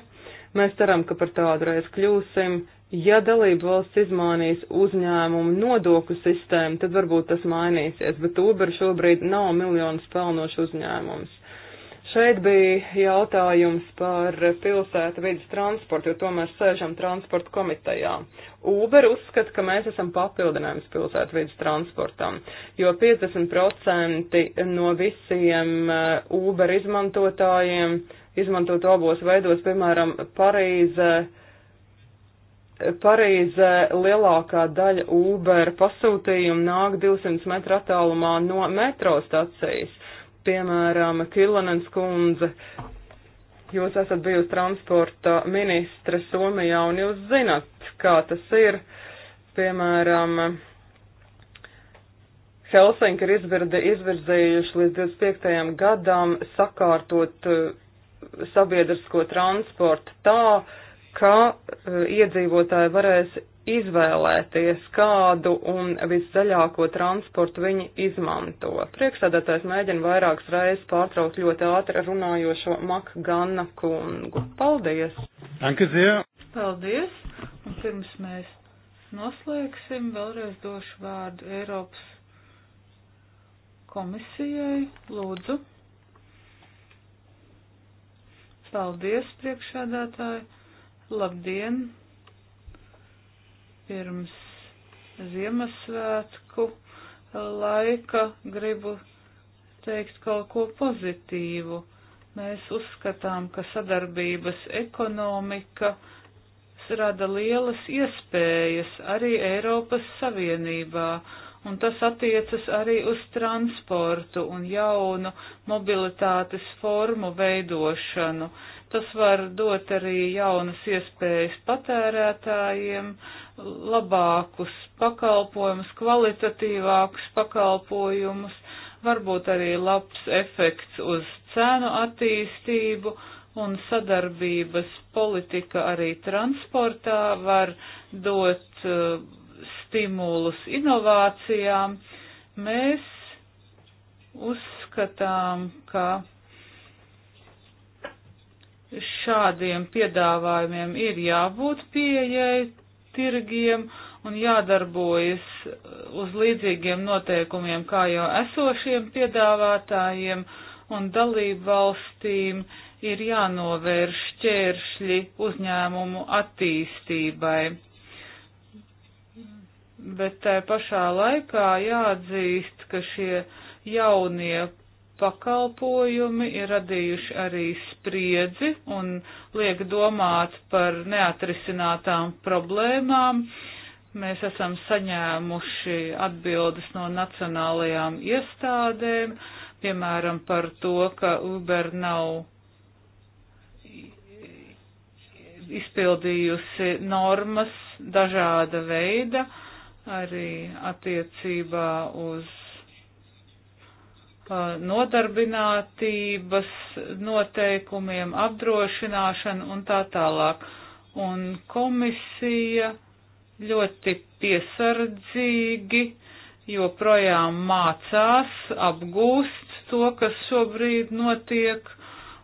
Mēs ceram, ka par tādu reiz kļūsim. Ja dalība valsts izmainīs uzņēmumu nodokļu sistēmu, tad varbūt tas mainīsies, bet Uber šobrīd nav miljonus pelnošs uzņēmums. Šeit bija jautājums par pilsētu vidus transportu, jo tomēr sēžam transporta komitejā. Uber uzskata, ka mēs esam papildinājums pilsētu vidus transportam, jo 50% no visiem eh, Uber izmantotājiem izmantot abos veidos, piemēram, Parīze. Parīzē lielākā daļa Uber pasūtījumu nāk 200 metru attālumā no metro stacijas Piemēram, Kilonens kundze, jūs esat bijusi transporta ministre Somijā un jūs zinat, kā tas ir. Piemēram, Helsinki ir izvirdi, izvirzējuši līdz 25. gadam sakārtot eh, sabiedrisko transportu tā, ka eh, iedzīvotāji varēs izvēlēties, kādu un viszaļāko transportu viņi izmanto. Priekšsēdētājs mēģina vairākas reizes pārtraukt ļoti ātri runājošo Makgana kungu. Paldies! Ankazie! Paldies! Un pirms mēs noslēgsim, vēlreiz došu vārdu Eiropas komisijai. Lūdzu! Paldies, priekšsēdētāji! Labdien! pirms Ziemassvētku laika gribu teikt kaut ko pozitīvu. Mēs uzskatām, ka sadarbības ekonomika rada lielas iespējas arī Eiropas Savienībā, un tas attiecas arī uz transportu un jaunu mobilitātes formu veidošanu. Tas var dot arī jaunas iespējas patērētājiem, uh, labākus pakalpojumus, kvalitatīvākus pakalpojumus, varbūt arī labs efekts uz cēnu attīstību un sadarbības politika arī transportā var dot uh, stimulus inovācijām. Mēs uzskatām, ka šādiem piedāvājumiem ir jābūt pieejai tirgiem un jādarbojas uh, uz līdzīgiem noteikumiem kā jau esošiem piedāvātājiem un dalību valstīm ir jānovērš ķēršļi uzņēmumu attīstībai. Bet tai pašā laikā jāatzīst, ka šie jaunie pakalpojumi ir radījuši arī spriedzi un liek domāt par neatrisinātām problēmām. Mēs esam saņēmuši atbildes no nacionālajām iestādēm, piemēram, par to, ka Uber nav izpildījusi normas dažāda veida, arī attiecībā uz nodarbinātības noteikumiem, apdrošināšanu un tā tālāk. Un komisija ļoti piesardzīgi joprojām mācās, apgūst to, kas šobrīd notiek,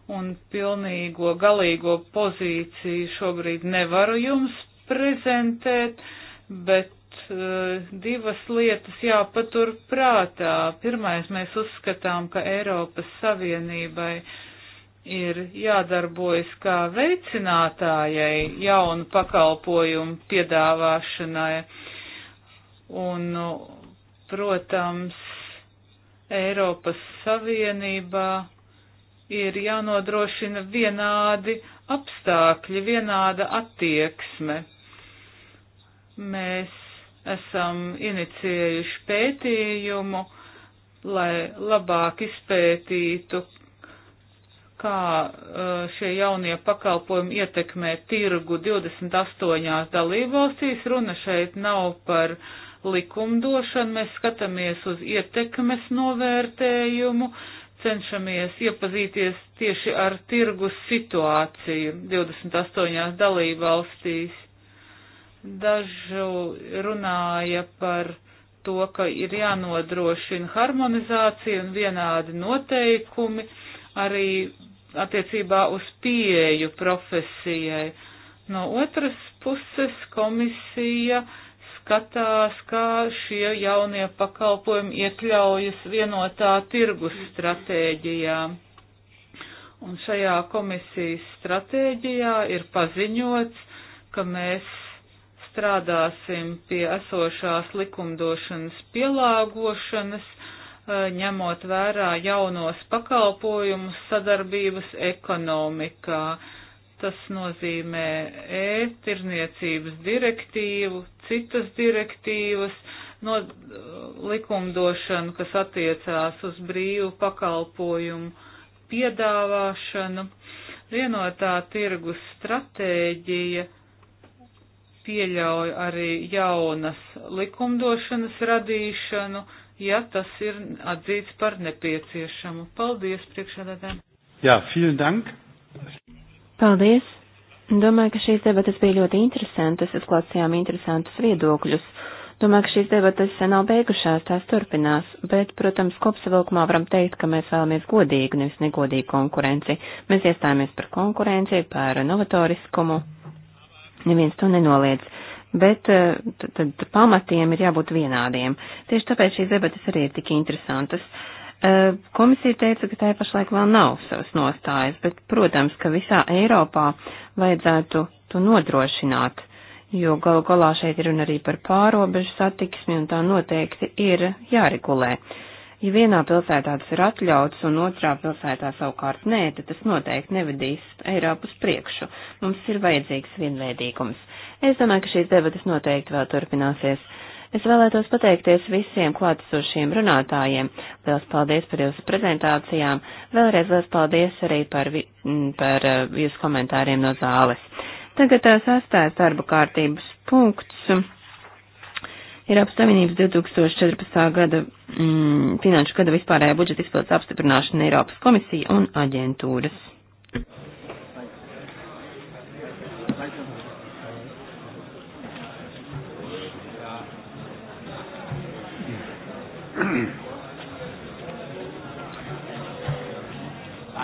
un pilnīgo galīgo pozīciju šobrīd nevaru jums prezentēt, bet Eh, divas lietas jāpatur prātā. Pirmais, mēs uzskatām, ka Eiropas Savienībai ir jādarbojas kā veicinātājai jaunu pakalpojumu piedāvāšanai. Un, protams, Eiropas Savienībā ir jānodrošina vienādi apstākļi, vienāda attieksme. Mēs esam inicijējuši pētījumu, lai labāk izpētītu, kā eh, šie jaunie pakalpojumi ietekmē tirgu 28 dalībvalstīs. Runa šeit nav par likumdošanu, mēs skatāmies uz ietekmes novērtējumu, cenšamies iepazīties tieši ar tirgus situāciju 28 dalībvalstīs. Dažu runāja par to, ka ir jānodrošina harmonizācija un vienādi noteikumi arī attiecībā uz pieeju profesijai. No otras puses komisija skatās, kā šie jaunie pakalpojumi iekļaujas vienotā tirgus stratēģijā. Un šajā komisijas stratēģijā ir paziņots, ka mēs strādāsim pie esošās likumdošanas pielāgošanas, eh, ņemot vērā jaunos pakalpojumus sadarbības ekonomikā. Tas nozīmē e-tirniecības direktīvu, citas direktīvas, no, eh, likumdošanu, kas attiecās uz brīvu pakalpojumu piedāvāšanu. Vienotā tirgus stratēģija pieļauj arī jaunas likumdošanas radīšanu, ja tas ir atzīts par nepieciešamu. Paldies, priekšādātājiem! Jā, vielen dank! Paldies! Domāju, ka šīs debatas bija ļoti interesantas, atklācījām interesantus viedokļus. Domāju, ka šīs debatas nav beigušās, tās turpinās, bet, protams, kopsavilkumā varam teikt, ka mēs vēlamies godīgu, nevis negodīgu konkurenci. Mēs iestājāmies par konkurenci, par novatoriskumu. Neviens to nenoliedz. Bet eh, tad, tad pamatiem ir jābūt vienādiem. Tieši tāpēc šīs debatas arī ir tik interesantas. Eh, komisija teica, ka tai pašlaik vēl nav savas nostājas, bet, protams, ka visā Eiropā vajadzētu to nodrošināt, jo galu galā šeit ir un arī par pārobežu satiksmi, un tā noteikti ir jāregulē. Uh, Ja vienā pilsētā tas ir atļauts un otrā pilsētā savukārt nē, tad tas noteikti nevedīs Eiropas priekšu. Mums ir vajadzīgs vienveidīgums. Es domāju, ka šīs debatas noteikti vēl turpināsies. Es vēlētos pateikties visiem klātesošiem runātājiem. Liels paldies par jūsu prezentācijām. Vēlreiz liels paldies arī par, vi, par eh, jūsu komentāriem no zāles. Tagad eh, sastais darba kārtības punkts Eiropas Savienības 2014. gada mm, finanšu gada vispārējā budžeta izpildes apstiprināšana Eiropas komisija un aģentūras.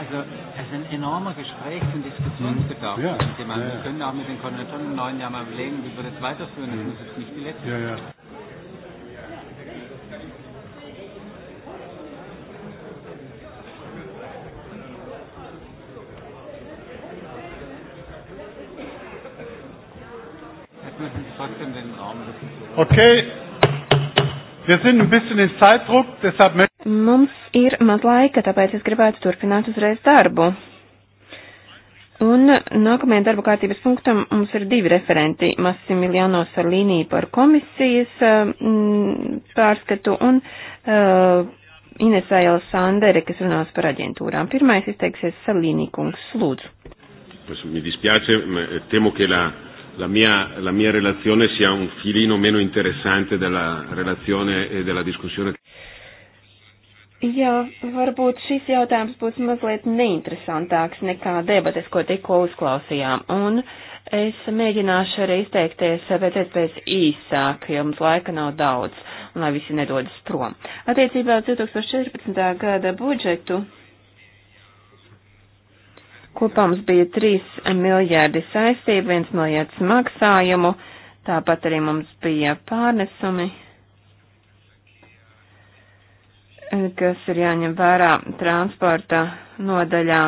Also es ist ein enormer Gesprächs- und Diskussionsbedarf mhm. ja, zu dem Thema. Ja, ja. Wir können auch mit den Koordinatoren im neuen Jahr mal überlegen, wie wir das weiterführen. Das mhm. muss jetzt nicht die letzte. Ja, ja. Okay. Wir sind ein bisschen in Zeitdruck, deshalb Mums ir maz laika, tāpēc es gribētu turpināt uzreiz darbu. Un nākamajam darba kārtības punktam mums ir divi referenti - Massimiliano Salīnī par komisijas eh, m, pārskatu un uh, eh, Inesā Jēla Sandere, kas runās par aģentūrām. Pirmais izteiksies Salīnī kungs, lūdzu. Pues, mi dispiace, temo, ka la la mia, la mia relazione sia un filino meno interessante della relazione e della discussione. Jā, varbūt šis jautājums būs mazliet neinteresantāks nekā debates, ko tikko uzklausījām. Un es mēģināšu arī izteikties pēc iespējas īsāk, jo mums laika nav daudz, un lai visi nedodas prom. Attiecībā uz 2014. gada budžetu Kopā mums bija 3 miljārdi saistību, 1 miljārds maksājumu, tāpat arī mums bija pārnesumi, kas ir jāņem vērā transporta nodaļā.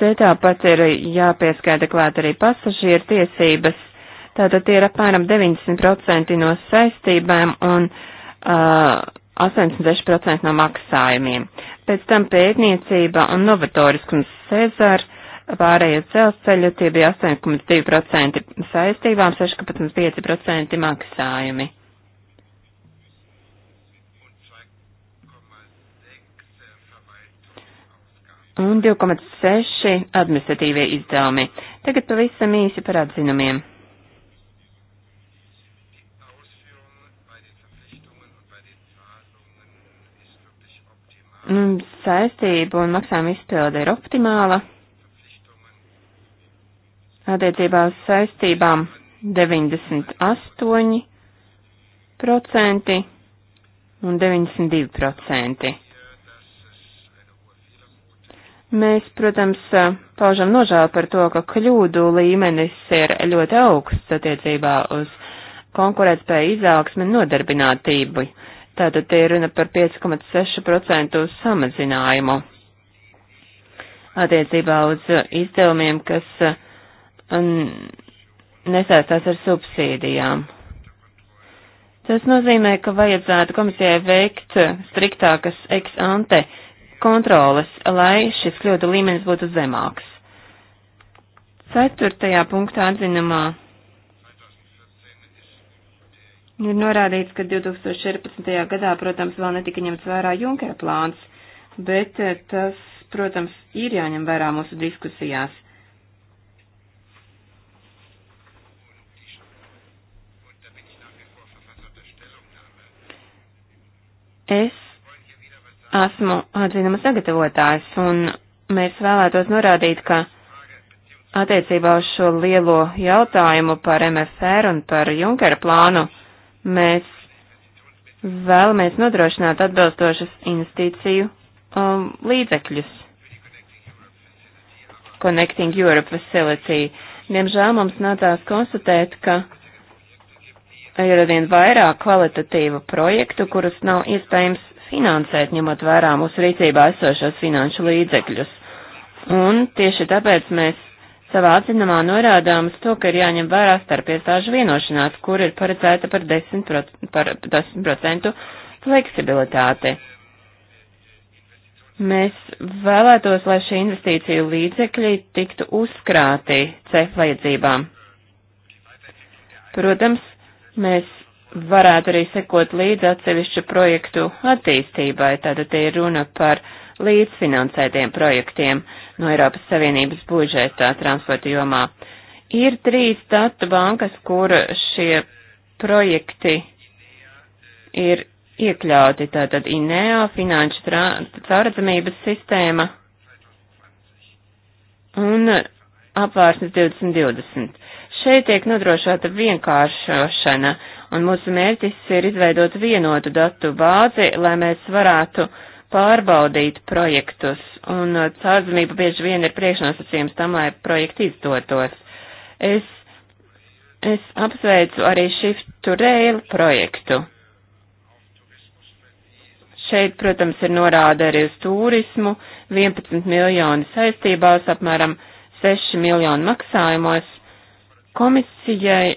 Te tāpat ir jāpieskaita klāt arī pasažieru tiesības. Tātad tie ir apmēram 90% no saistībām un uh, 86% no maksājumiem. Pēc tam pētniecība un novatoriskums Cezar, pārējie dzelzceļu, tie bija 8,2% saistībām, 6,5% maksājumi. Un 2,6 administratīvie izdevumi. Tagad pavisam īsi par atzinumiem. Mm, saistību un maksājuma izpilde ir optimāla. Attiecībā uz saistībām 98% un 92%. Mēs, protams, paužam nožēlu par to, ka kļūdu līmenis ir ļoti augsts attiecībā uz konkurētspēju izaugsmi un nodarbinātību. Uh, Tātad te ir runa par 5,6% samazinājumu attiecībā uz izdevumiem, kas um, nesaistās ar subsīdijām. Tas nozīmē, ka vajadzētu komisijai veikt striktākas ex ante kontroles, lai šis kļūdu līmenis būtu zemāks. Ceturtajā punktā atzinumā Ir norādīts, ka 2014. gadā, protams, vēl netika ņemts vērā Junkera plāns, bet eh, tas, protams, ir jāņem vērā mūsu diskusijās. Es esmu atzinama sagatavotājs, un mēs vēlētos norādīt, ka attiecībā uz šo lielo jautājumu par MFR un par Junkera plānu Mēs vēlamies nodrošināt atbilstošas investīciju um, līdzekļus. Connecting Europe Facility. Diemžēl mums nācās konstatēt, ka ir arvien vairāk kvalitatīvu projektu, kurus nav iespējams finansēt, ņemot vērā mūsu rīcībā esošos finanšu līdzekļus. Un tieši tāpēc mēs Savā atzinumā norādām uz to, ka ir jāņem vērā starp iestāžu vienošanās, kur ir paredzēta par 10%, par 10 fleksibilitāte. Mēs vēlētos, lai šie investīciju līdzekļi tiktu uzkrāti CEF vajadzībām. Protams, mēs varētu arī sekot līdz atsevišķu projektu attīstībai, tātad te ir runa par līdzfinansētiem projektiem. Uh, no Eiropas Savienības budžeta transporta jomā. Ir trīs datu bankas, kur šie projekti ir iekļauti. Tātad INEO, Finanšu caurredzamības sistēma un apvārsnes 2020. Šeit tiek nodrošināta vienkāršošana, un mūsu mērķis ir izveidot vienotu datu bāzi, lai mēs varētu uh, pārbaudīt projektus, un uh, caurdzamība bieži vien ir priekšnosacījums tam, lai projekti izdotos. Es, es apsveicu arī Shift to Rail projektu. Šeit, protams, ir norāda arī uz turismu, 11 miljoni saistībās, apmēram 6 miljoni maksājumos. Komisijai,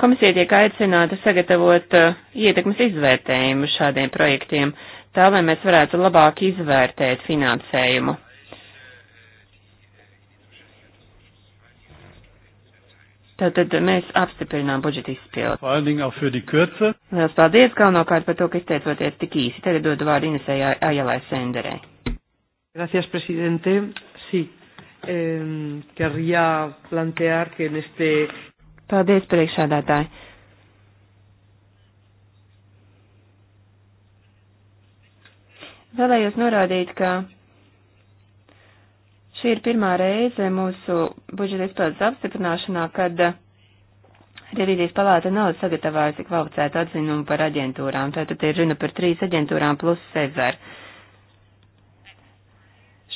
komisija tiek aicināta sagatavot uh, ietekmes izvērtējumu šādiem projektiem. Uh, tā lai mēs varētu labāk izvērtēt finansējumu. Tātad mēs apstiprinām budžeta izpildi. Lielas paldies galvenokārt par to, ka izteicoties tik īsi. Tagad dodu vārdu Inesai Ajalai Senderei. Gracias, presidente. Sí, eh, querría plantear que en este. Paldies, priekšādātāji. Vēlējos norādīt, ka šī ir pirmā reize mūsu budžeta izpildes apstiprināšanā, kad revīzijas palāta nav sagatavājusi kvalificētu atzinumu par aģentūrām. Tātad ir runa par trīs aģentūrām plus Cezar.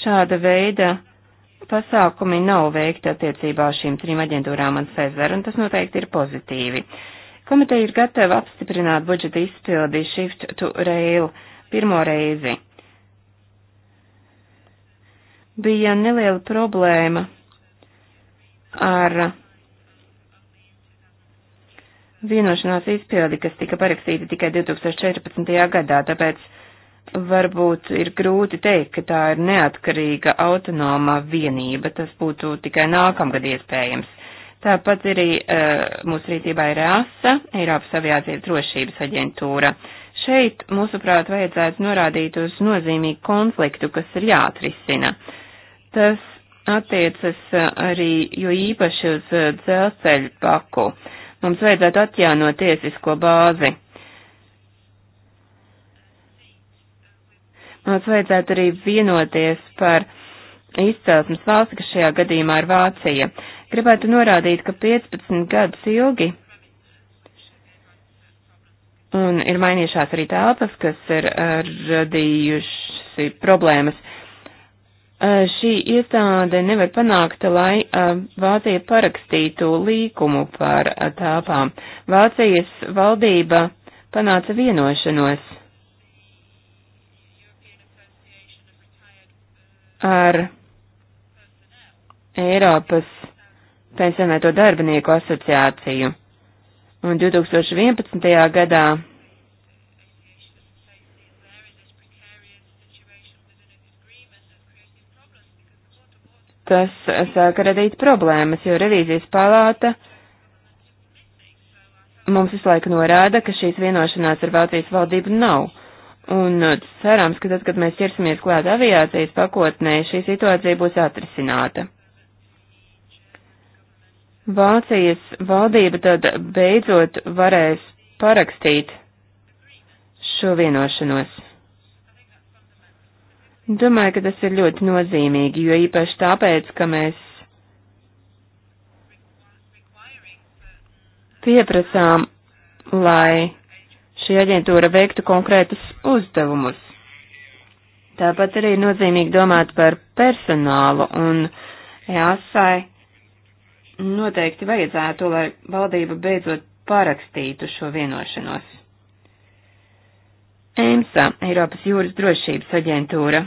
Šāda veida pasākumi nav veikti attiecībā uz šīm trim aģentūrām un Cezar, un tas noteikti ir pozitīvi. Komiteja ir gatava apstiprināt budžeta izpildi Shift to Rail pirmo reizi bija neliela problēma ar vienošanās izpildi, kas tika parakstīta tikai 2014. gadā, tāpēc varbūt ir grūti teikt, ka tā ir neatkarīga autonoma vienība, tas būtu tikai nākamgad iespējams. Tāpat arī uh, mūsu rīcībā ir ASA, Eiropas aviācijas drošības aģentūra. Šeit, mūsuprāt, vajadzētu norādīt uz nozīmīgu konfliktu, kas ir jāatrisina. Uh, Tas attiecas uh, arī jo īpaši uz uh, dzelzceļu paku. Mums vajadzētu atjaunot tiesisko bāzi. Mums vajadzētu arī vienoties par izcelsmes valsti, kas šajā gadījumā ir Vācija. Gribētu norādīt, ka 15 gadus ilgi un ir mainījušās arī telpas, kas ir uh, radījuši problēmas Eh, šī iestāde nevar panākt, lai eh, Vācija parakstītu līkumu par eh, tāpām. Vācijas valdība panāca vienošanos ar Eiropas pensionēto darbinieku asociāciju. Un 2011. gadā tas sāka radīt problēmas, jo revīzijas palāta mums visu laiku norāda, ka šīs vienošanās ar Vācijas valdību nav. Un uh, cerams, ka tad, kad mēs ķersimies klāt aviācijas pakotnē, šī situācija būs atrisināta. Vācijas valdība tad beidzot varēs parakstīt šo vienošanos. Domāju, ka tas ir ļoti nozīmīgi, jo īpaši tāpēc, ka mēs pieprasām, lai šī aģentūra veiktu konkrētus uzdevumus. Tāpat arī ir nozīmīgi domāt par personālu un jāsai e noteikti vajadzētu, lai valdība beidzot parakstītu šo vienošanos. EMSA, Eiropas jūras drošības aģentūra.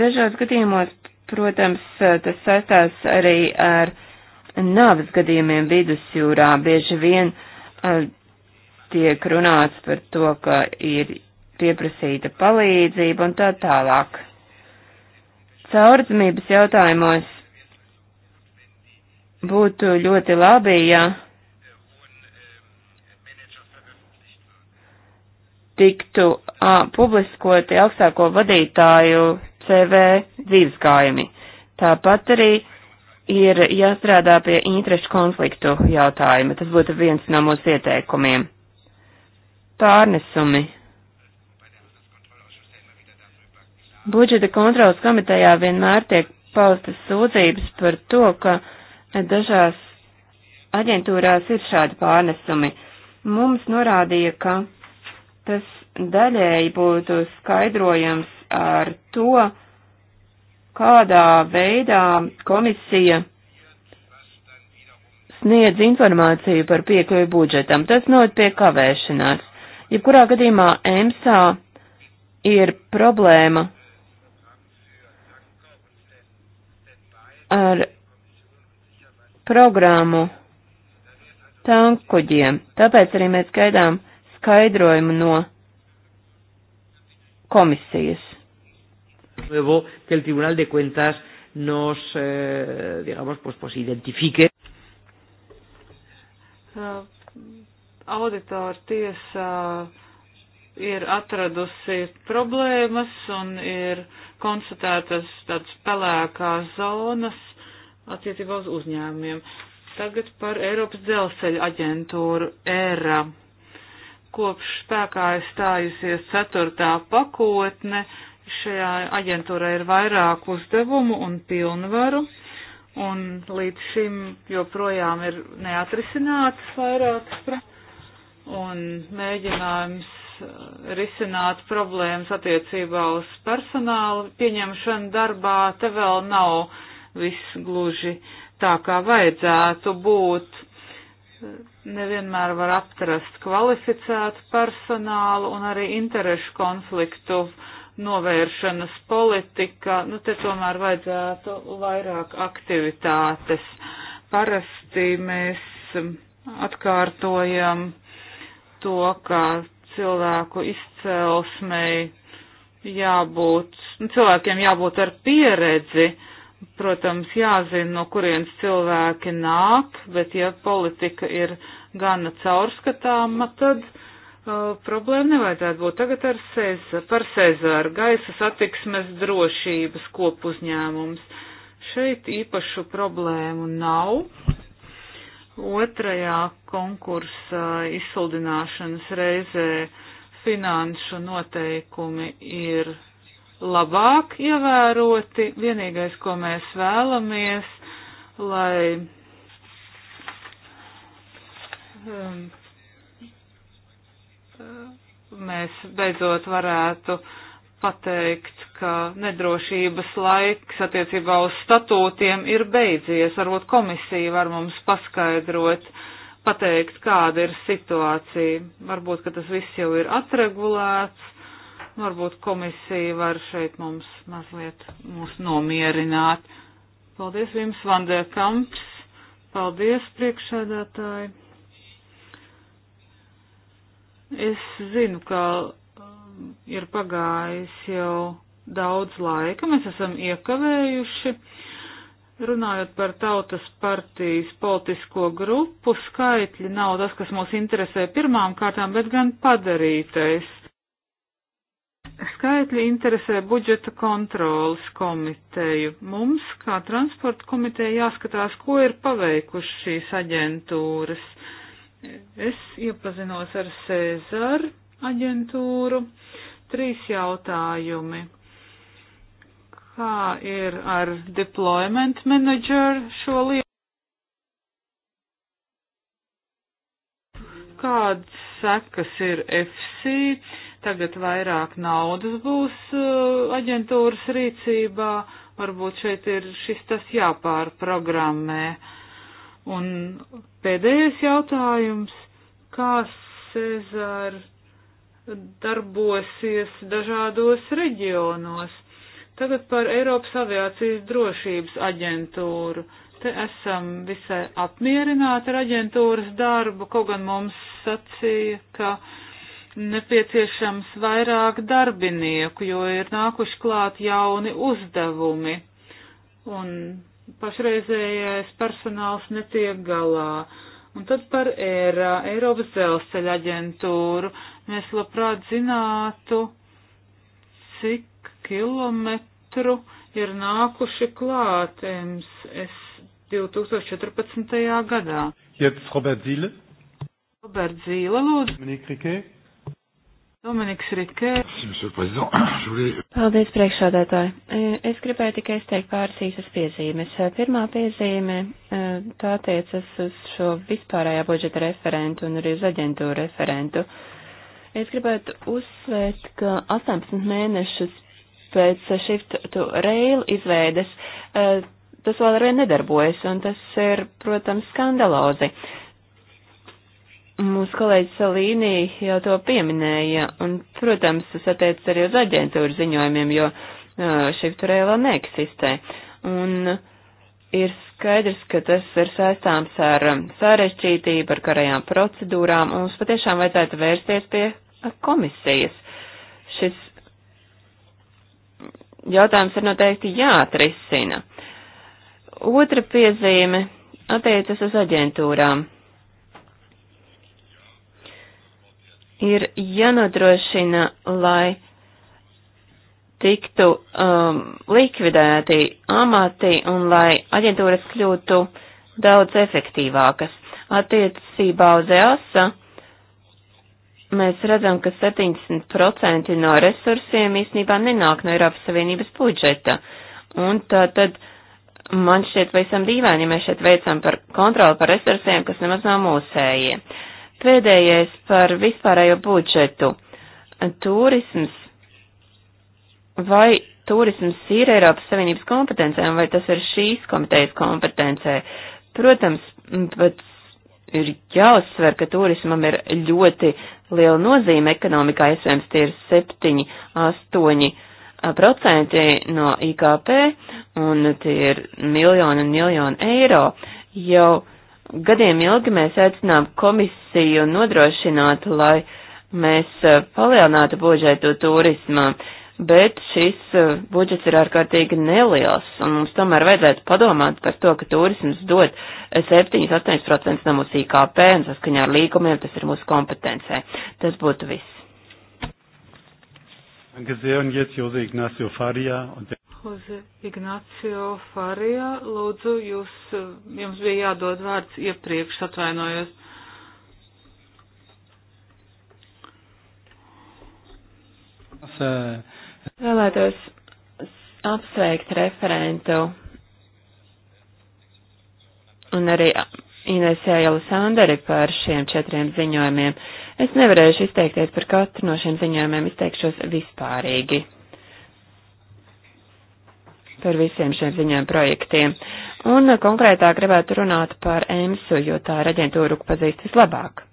Dažos gadījumos, protams, tas saistās arī ar nāves gadījumiem vidusjūrā. Bieži vien uh, tiek runāts par to, ka ir pieprasīta palīdzība un tā tālāk. Caurdzamības jautājumos būtu ļoti labi, ja tiktu a, publiskoti augstāko vadītāju CV dzīves gājumi. Tāpat arī ir jāstrādā pie interešu konfliktu jautājuma. Tas būtu viens no mūsu ieteikumiem. Pārnesumi. Budžeta kontrolas komitejā vienmēr tiek paustas sūdzības par to, ka dažās aģentūrās ir šādi pārnesumi. Mums norādīja, ka Tas daļēji būtu skaidrojams ar to, kādā veidā komisija sniedz informāciju par piekļuvi budžetam. Tas noved pie kavēšanās. Jebkurā gadījumā EMSA ir problēma ar programmu tankuģiem. Tāpēc arī mēs gaidām skaidrojumu no komisijas. Luego, que el Tribunal de Cuentas nos, eh, digamos, pues, pues identifique. Uh, eh, auditora tiesā eh, ir atradusi problēmas un ir konstatētas tādas pelēkās zonas attiecībā uz uzņēmumiem. Tagad par Eiropas dzelzceļa aģentūru ERA kopš spēkā ir stājusies ceturtā pakotne, šajā aģentūrā ir vairāk uzdevumu un pilnvaru, un līdz šim joprojām ir neatrisināts vairākas, un mēģinājums uh, risināt problēmas attiecībā uz personālu pieņemšanu darbā, te vēl nav viss gluži tā, kā vajadzētu būt nevienmēr var aptrast kvalificētu personālu un arī interešu konfliktu novēršanas politika. Nu, te tomēr vajadzētu vairāk aktivitātes. Parasti mēs atkārtojam to, ka cilvēku izcelsmei jābūt, nu, cilvēkiem jābūt ar pieredzi, protams, jāzina, no kurienes cilvēki nāk, bet ja politika ir gana caurskatāma, tad uh, problēma nevajadzētu būt. Tagad ar Cezar, par Cezaru gaisa satiksmes drošības kopuzņēmums. Šeit īpašu problēmu nav. Otrajā konkursa izsludināšanas reizē finanšu noteikumi ir labāk ievēroti. Vienīgais, ko mēs vēlamies, lai um, mēs beidzot varētu pateikt, ka nedrošības laiks attiecībā uz statūtiem ir beidzies. Varbūt komisija var mums paskaidrot, pateikt, kāda ir situācija. Varbūt, ka tas viss jau ir atregulēts Varbūt komisija var šeit mums mazliet mūs nomierināt. Paldies, Vims Vandēkamps. Paldies, priekšsēdētāji. Es zinu, ka um, ir pagājis jau daudz laika. Mēs esam iekavējuši. Runājot par tautas partijas politisko grupu, skaitļi nav tas, kas mūs interesē pirmām kārtām, bet gan padarītais Skaitļi interesē budžeta kontrolas komiteju. Mums, kā transporta komiteja, jāskatās, ko ir paveikuši šīs aģentūras. Es iepazinos ar Cēzaru aģentūru. Trīs jautājumi. Kā ir ar deployment manager šo lietu? Kādas sekas ir FC? tagad vairāk naudas būs uh, aģentūras rīcībā, varbūt šeit ir šis tas jāpārprogrammē. Un pēdējais jautājums, kā Cezar darbosies dažādos reģionos? Tagad par Eiropas aviācijas drošības aģentūru. Te esam visai apmierināti ar aģentūras darbu, kaut gan mums sacīja, ka uh, nepieciešams vairāk darbinieku, jo ir nākuši klāt jauni uzdevumi un pašreizējais personāls netiek galā. Un tad par ERA, Eiropas dzelzceļa aģentūru. Mēs labprāt zinātu, cik kilometru ir nākuši klāt MS 2014. gadā. Jetzt Robert Zīle. Robert Zīle, lūdzu. Dominique Riquet. Dominiks Rikē. Paldies, priekšādētāji. Eh, es gribēju tikai izteikt pāris īsas piezīmes. Eh, pirmā piezīme, eh, tā tiecas uz šo vispārējā budžeta referentu un arī uz aģentūru referentu. Es gribētu uzsvērt, ka 18 mēnešus pēc Shift to Rail izveides tas vēl arvien nedarbojas, un tas ir, protams, skandalozi. Mūsu kolēģis Salīnī jau to pieminēja, un, protams, tas attiecas arī uz aģentūru ziņojumiem, jo šiftu reālā neeksistē. Un ir skaidrs, ka tas ir saistāms ar sarežģītību, ar karajām procedūrām, un mums patiešām vajadzētu vērsties pie komisijas. Šis jautājums ir noteikti jāatrisina. Otra piezīme attiecas uz aģentūrām. ir jānodrošina, lai tiktu um, likvidēti amati un lai aģentūras kļūtu daudz efektīvākas. Attiecībā uz EASA mēs redzam, ka 70% no resursiem īsnībā nenāk no Eiropas Savienības budžeta. Un tā tad man šķiet visam dīvaini, ja mēs šeit veicam par kontroli par resursiem, kas nemaz nav mūsējie. Uh, Pēdējais par vispārējo budžetu. Turisms. Vai turisms ir Eiropas Savienības kompetencē un vai tas ir šīs komitejas kompetencē? Protams, pats ir jāuzsver, ka turismam ir ļoti liela nozīme ekonomikā, iespējams, tie ir 7, 8 procenti no IKP, un tie ir miljoni un miljoni eiro. Jau gadiem ilgi mēs aicinām komisiju nodrošināt, lai mēs eh, palielinātu budžetu turismam, bet šis eh, budžets ir ārkārtīgi neliels, un mums tomēr vajadzētu padomāt par to, ka turisms dod 7-8% no mūsu IKP, un saskaņā ar līgumiem tas ir mūsu kompetencē. Tas būtu viss. Danke sehr und jetzt Jose Ignacio Faria und der uz Ignācio Farijā. Lūdzu, jūs, jums bija jādod vārds iepriekš, atvainojos. Vēlētos apsveikt referentu un arī Inesēju Sanderi par šiem četriem ziņojumiem. Es nevarēšu izteikties par katru no šiem ziņojumiem, izteikšos vispārīgi par visiem šiem ziņām projektiem. Un eh, konkrētāk gribētu runāt par EMSU, jo tā ir aģentūra, ko pazīst vislabāk.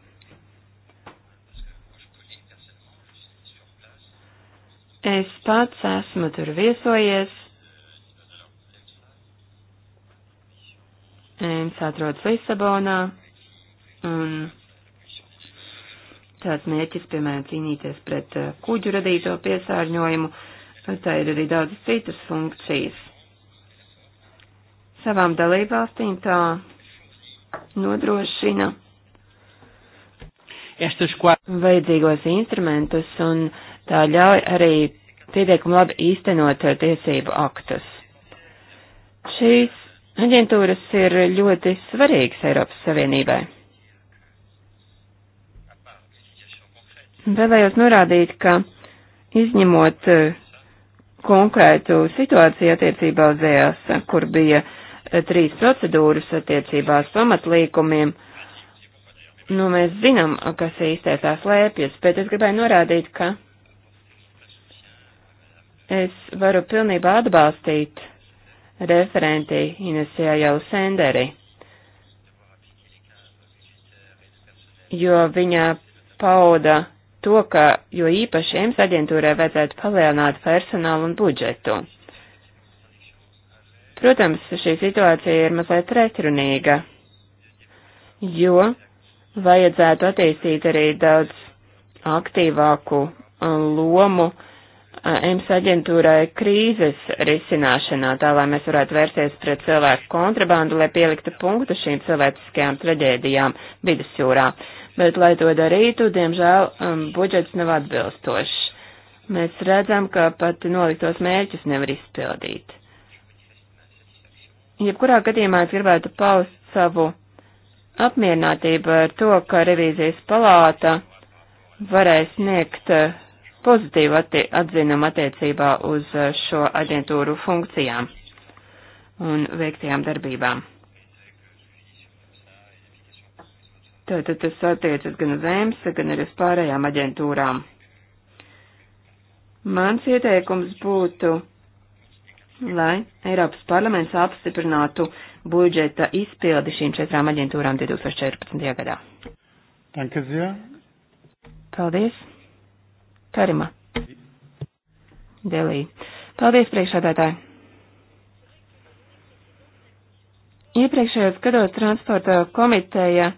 Es pats esmu tur viesojies. EMS atrodas Lisabonā. Un tāds mērķis, piemēram, cīnīties pret eh, kuģu radīto piesārņojumu bet tā ir arī daudz citas funkcijas. Savām dalībvalstīm tā nodrošina vajadzīgos instrumentus un tā ļauj arī pietiekami labi īstenot tiesību aktus. Šīs aģentūras ir ļoti svarīgas Eiropas Savienībai. Vēlējos norādīt, ka izņemot eh, konkrētu situāciju attiecībā uz EAS, kur bija eh, trīs procedūras attiecībās pamatlīkumiem. Nu, mēs zinām, kas īstais tās lēpjas, bet es gribēju norādīt, ka es varu pilnībā atbalstīt referenti Inesijā jau Senderi, jo viņa pauda to, ka jo īpaši EMS aģentūrai vajadzētu palielināt personālu un budžetu. Protams, šī situācija ir mazliet pretrunīga, jo vajadzētu attīstīt arī daudz aktīvāku uh, lomu uh, EMS aģentūrai krīzes risināšanā, tā lai mēs varētu vērsties pret cilvēku kontrabandu, lai pieliktu punktu šīm cilvēciskajām traģēdijām vidusjūrā bet, lai to darītu, diemžēl um, budžets nav atbilstošs. Mēs redzam, ka pat noliktos mērķus nevar izpildīt. Jebkurā gadījumā es gribētu paust savu apmierinātību ar to, ka revīzijas palāta varēs sniegt uh, pozitīvu atti atzinumu attiecībā uz uh, šo aģentūru funkcijām un veiktajām darbībām. Tātad tas attiecas gan uz EMSA, gan arī uz pārējām aģentūrām. Mans ieteikums būtu, lai Eiropas parlaments apstiprinātu budžeta izpildi šīm četrām aģentūrām 2014. gadā. Tankazijā. Paldies. Karima. Delī. Paldies, priekšādātāji. Iepriekšējos gados transporta komiteja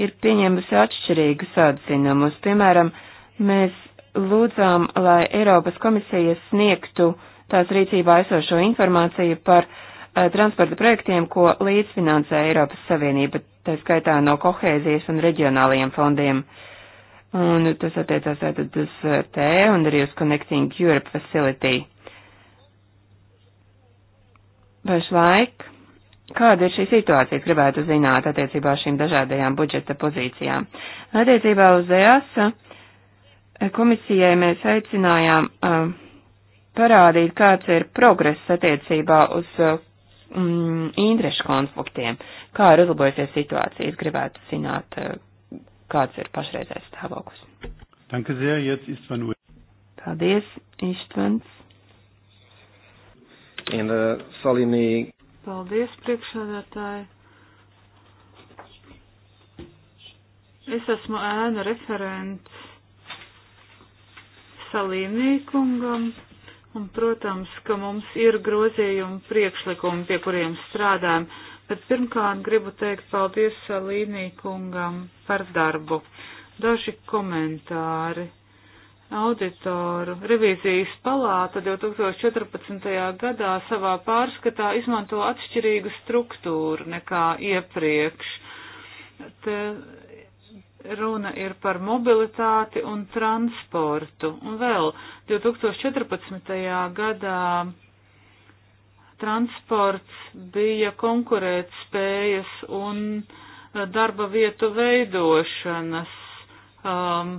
ir pieņēmusi atšķirīgus atzinumus. Piemēram, mēs lūdzām, lai Eiropas komisija sniegtu tās rīcībā esošo informāciju par uh, transporta projektiem, ko līdzfinansē Eiropas Savienība, tā skaitā no kohēzijas un reģionālajiem fondiem. Un tas attiecās tātad uz eh, T un arī uz Connecting Europe Facility. Pašlaik Kāda ir šī situācija, gribētu zināt, attiecībā uz šīm dažādajām budžeta pozīcijām? Attiecībā uz EASA eh, komisijai mēs aicinājām uh, parādīt, kāds ir progress attiecībā uz uh, mm, interešu konfliktiem, kā ir uzlabojusies situācija. Es gribētu zināt, uh, kāds ir pašreizējais stāvoklis. Danke sehr, jetzt Istvan Uel. Paldies, Istvans. And uh, Salini Paldies, priekšsēdētāji. Es esmu ēnu referents salīnīkungam, un, protams, ka mums ir grozījumi priekšlikumi, pie kuriem strādājam, bet pirmkārt gribu teikt paldies salīnīkungam par darbu. Daži komentāri auditoru. Revīzijas palāta 2014. gadā savā pārskatā izmanto atšķirīgu struktūru nekā iepriekš. Te runa ir par mobilitāti un transportu. Un vēl 2014. gadā transports bija konkurētspējas un darba vietu veidošanas um,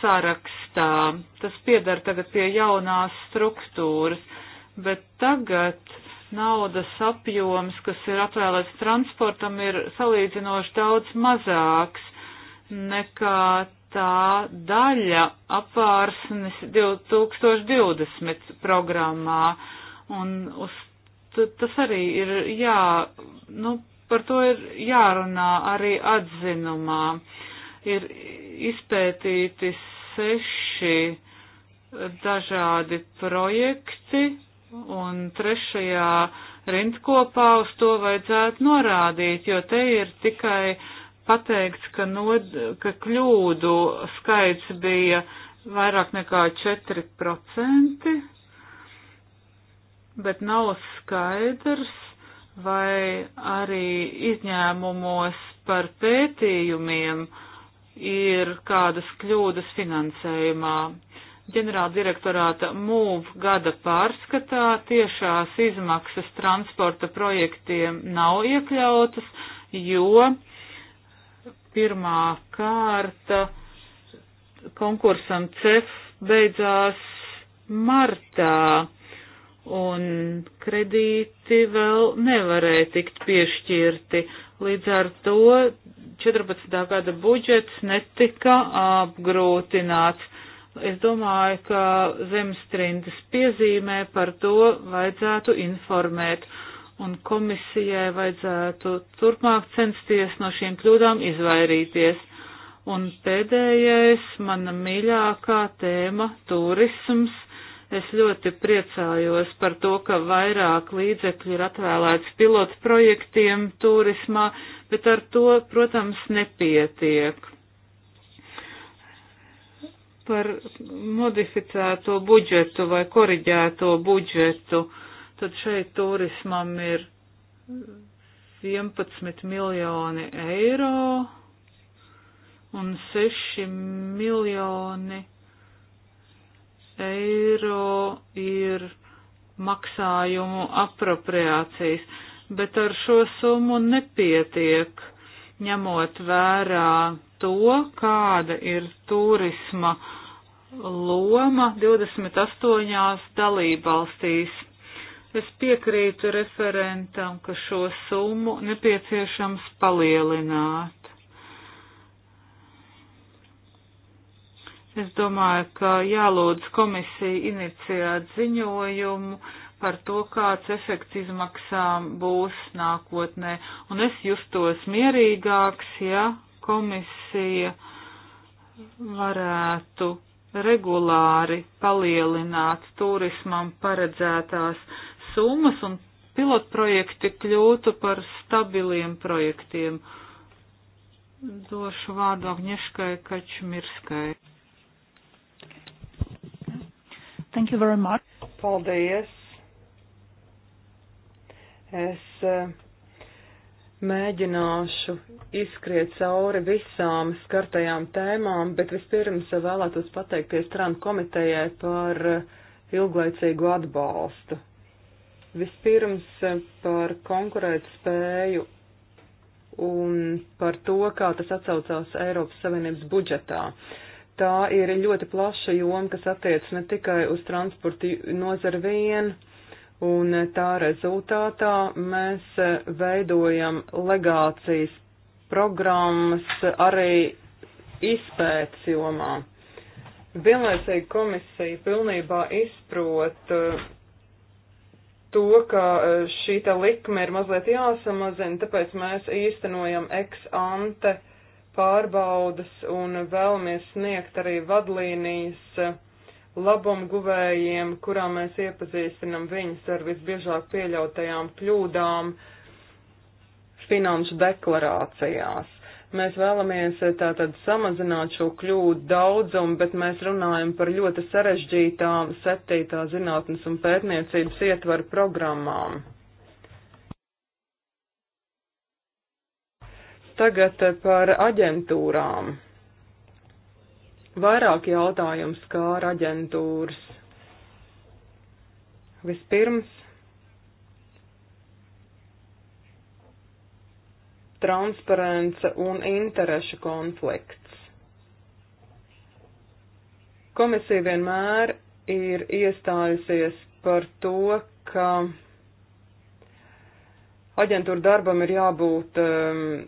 sarakstā. Tas piedara tagad pie jaunās struktūras, bet tagad naudas apjoms, kas ir atvēlēts transportam, ir salīdzinoši daudz mazāks nekā tā daļa apvārsnes 2020 programmā. Un uz, tas arī ir jā, nu, par to ir jārunā arī atzinumā. Uh, ir izpētīti seši dažādi projekti, un trešajā rindkopā uz to vajadzētu norādīt, jo te ir tikai pateikts, ka, nod, ka kļūdu skaits bija vairāk nekā 4%, bet nav skaidrs, vai arī izņēmumos par pētījumiem uh, ir kādas kļūdas finansējumā. Ģenerāla direktorāta MUV gada pārskatā tiešās izmaksas transporta projektiem nav iekļautas, jo pirmā kārta konkursam CEF beidzās martā, un kredīti vēl nevarēja tikt piešķirti. Līdz ar to 14. gada budžets netika apgrūtināts. Es domāju, ka zemestrindas piezīmē par to vajadzētu informēt, un komisijai vajadzētu turpmāk censties no šīm kļūdām izvairīties. Un pēdējais, mana mīļākā tēma - turisms. Es ļoti priecājos par to, ka vairāk līdzekļu ir atvēlēts pilotu projektiem turismā, bet ar to, protams, nepietiek. Par modificēto budžetu vai koriģēto budžetu, tad šeit turismam ir 11 miljoni eiro un 6 miljoni eiro ir maksājumu apropriācijas bet ar šo summu nepietiek, ņemot vērā to, kāda ir turisma loma 28 dalībvalstīs. Es piekrītu referentam, ka šo summu nepieciešams palielināt. Es domāju, ka jālūdz komisija iniciēt ziņojumu, par to, kāds efekts izmaksām būs nākotnē. Un es justos mierīgāks, ja komisija varētu regulāri palielināt turismam paredzētās summas un pilotprojekti kļūtu par stabiliem projektiem. Došu vārdu Agnieszkai Kačmirskai. Thank you very much. Paldies Es e, mēģināšu izskriet cauri visām skartajām tēmām, bet vispirms vēlētos pateikties Tran komitejai par e, ilglaicīgu atbalstu. Vispirms e, par konkurētspēju un par to, kā tas atsaucās Eiropas Savienības budžetā. Tā ir ļoti plaša joma, kas attiec ne tikai uz transportu nozari vienu, un tā rezultātā mēs veidojam legācijas programmas arī izpētes jomā. Vienlaicīgi komisija pilnībā izprot uh, to, ka uh, šī ta likme ir mazliet jāsamazina, tāpēc mēs īstenojam ex ante pārbaudas un vēlamies sniegt arī vadlīnijas uh, labumguvējiem, kurā mēs iepazīstinam viņus ar visbiežāk pieļautajām kļūdām finanšu deklarācijās. Mēs vēlamies eh, tātad samazināt šo kļūdu daudzumu, bet mēs runājam par ļoti sarežģītām septītā zinātnes un pētniecības ietvaru programmām. Tagad eh, par aģentūrām vairāk jautājumu skāra aģentūras. Vispirms transparence un interešu konflikts. Komisija vienmēr ir iestājusies par to, ka aģentūra darbam ir jābūt um,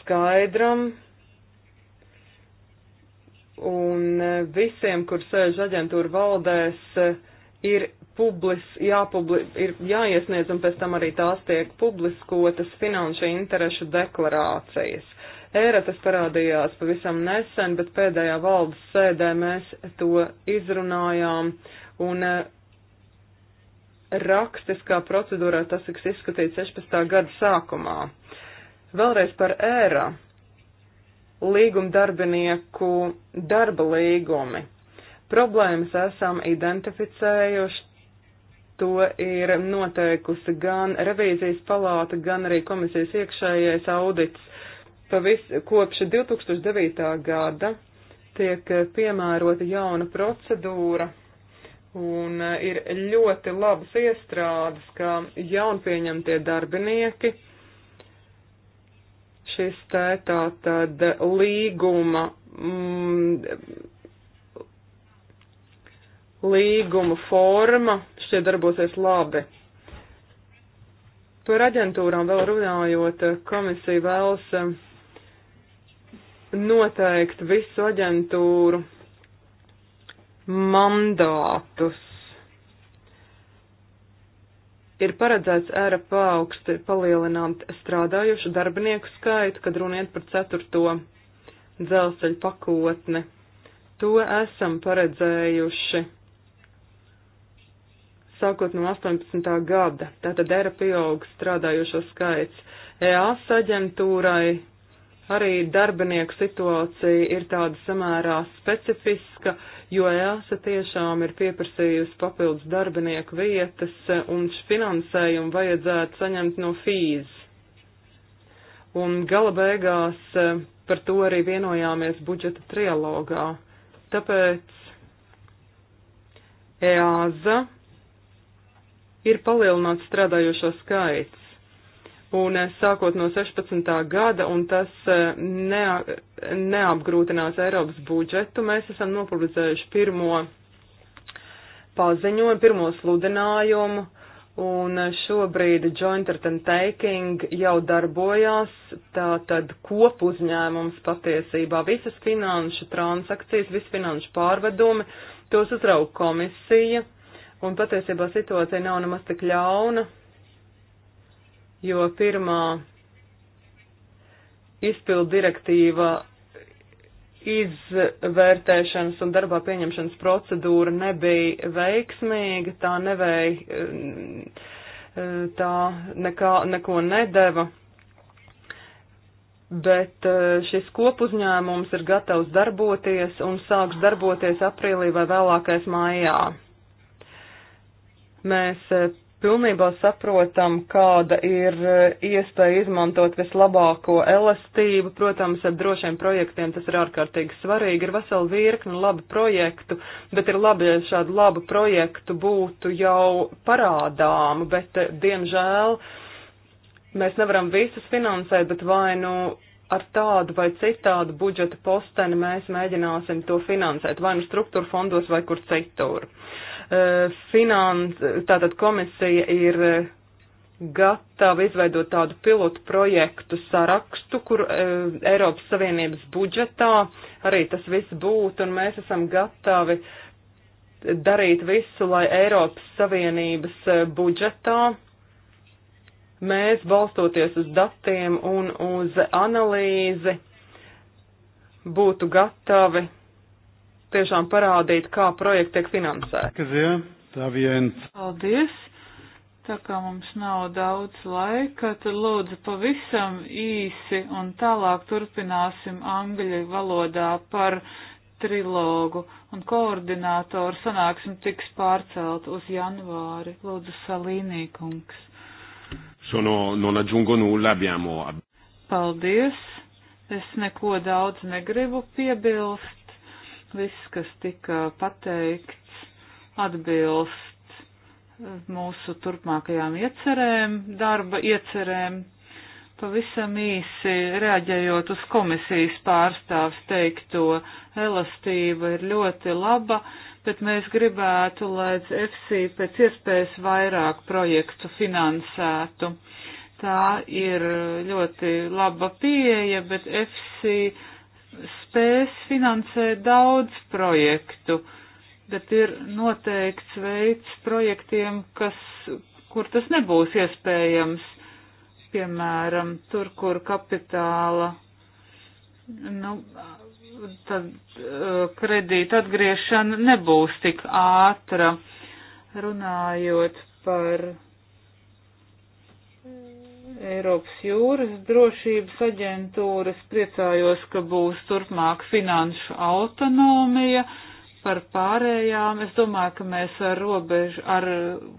skaidram, un e, visiem, kur sēž aģentūra valdēs, e, ir, publis, jāpubli, ir jāiesniedz un pēc tam arī tās tiek publiskotas finanšu interešu deklarācijas. Ēra tas parādījās pavisam nesen, bet pēdējā valdes sēdē mēs to izrunājām un e, rakstiskā procedūrā tas tiks izskatīts 16. gada sākumā. Vēlreiz par ēra līgumdarbinieku darba līgumi. Problēmas esam identificējuši, to ir noteikusi gan revīzijas palāta, gan arī komisijas iekšējais audits. Pavis, kopš 2009. gada tiek piemērota jauna procedūra un ir ļoti labas iestrādes, kā jaunpieņemtie darbinieki šis te tā tad līguma, mm, līguma forma šķiet darbosies labi. Par aģentūrām vēl runājot, komisija vēlas eh, noteikt visu aģentūru mandātus ir paredzēts ēra paaugsti palielināt strādājušu darbinieku skaitu, kad runiet par ceturto dzelzceļu pakotni. To esam paredzējuši sākot no 18. gada. Tātad ēra pieaug strādājušo skaits. EAS aģentūrai arī darbinieku situācija ir tāda samērā specifiska jo EASA tiešām ir pieprasījusi papildus darbinieku vietas un finansējumu vajadzētu saņemt no fīz. Un gala beigās eh, par to arī vienojāmies budžeta trialogā. Tāpēc EASA ir palielināts strādājošo skaits un eh, sākot no 16. gada, un tas eh, ne, neapgrūtinās Eiropas budžetu, mēs esam nopublicējuši pirmo paziņojumu, pirmo sludinājumu, un eh, šobrīd Joint and Taking jau darbojās, tā tad kopu uzņēmums patiesībā visas finanšu transakcijas, visas finanšu pārvedumi, tos uzrauga komisija, un patiesībā situācija nav nemaz tik ļauna, jo pirmā izpildu direktīva izvērtēšanas un darbā pieņemšanas procedūra nebija veiksmīga, tā nevēja, eh, tā nekā, neko nedeva. Bet eh, šis kopuzņēmums ir gatavs darboties un sāks darboties aprīlī vai vēlākais mājā. Mēs eh, pilnībā saprotam, kāda ir e, iespēja izmantot vislabāko elastību. Protams, ar drošiem projektiem tas ir ārkārtīgi svarīgi. Ir vesela virkne labu projektu, bet ir labi, ja šādu labu projektu būtu jau parādām, bet, e, diemžēl, mēs nevaram visus finansēt, bet vai nu ar tādu vai citādu budžeta posteni mēs mēģināsim to finansēt, vai nu struktūra fondos vai kur citur. Uh, Eh, finans, tātad komisija ir eh, gatava izveidot tādu pilotu projektu sarakstu, kur e, Eiropas Savienības budžetā arī tas viss būtu, un mēs esam gatavi darīt visu, lai Eiropas Savienības budžetā mēs balstoties uz datiem un uz analīzi būtu gatavi tiešām parādīt, kā projekti tiek finansēti. Paldies! Tā kā mums nav daudz laika, tad lūdzu pavisam īsi un tālāk turpināsim angļu valodā par trilogu un koordinātoru sanāksim tiks pārcelt uz janvāri. Lūdzu, Salīnī kungs. Sono, non aggiungo nulla, abbiamo. Paldies. Es neko daudz negribu piebilst. Viss, kas tika pateikts, atbilst eh, mūsu turpmākajām iecerēm, darba iecerēm. Pavisam īsi reaģējot uz komisijas pārstāvs teikto, elastība ir ļoti laba, bet mēs gribētu, lai FC pēc iespējas vairāk projektu finansētu. Tā ir ļoti laba pieeja, bet FC spēs finansēt daudz projektu, bet ir noteikts veids projektiem, kas, kur tas nebūs iespējams, piemēram, tur, kur kapitāla, nu, tad eh, kredīta atgriešana nebūs tik ātra, runājot par Eiropas jūras drošības aģentūras. Priecājos, ka būs turpmāk finanšu autonomija par pārējām. Es domāju, ka mēs ar, robežu, ar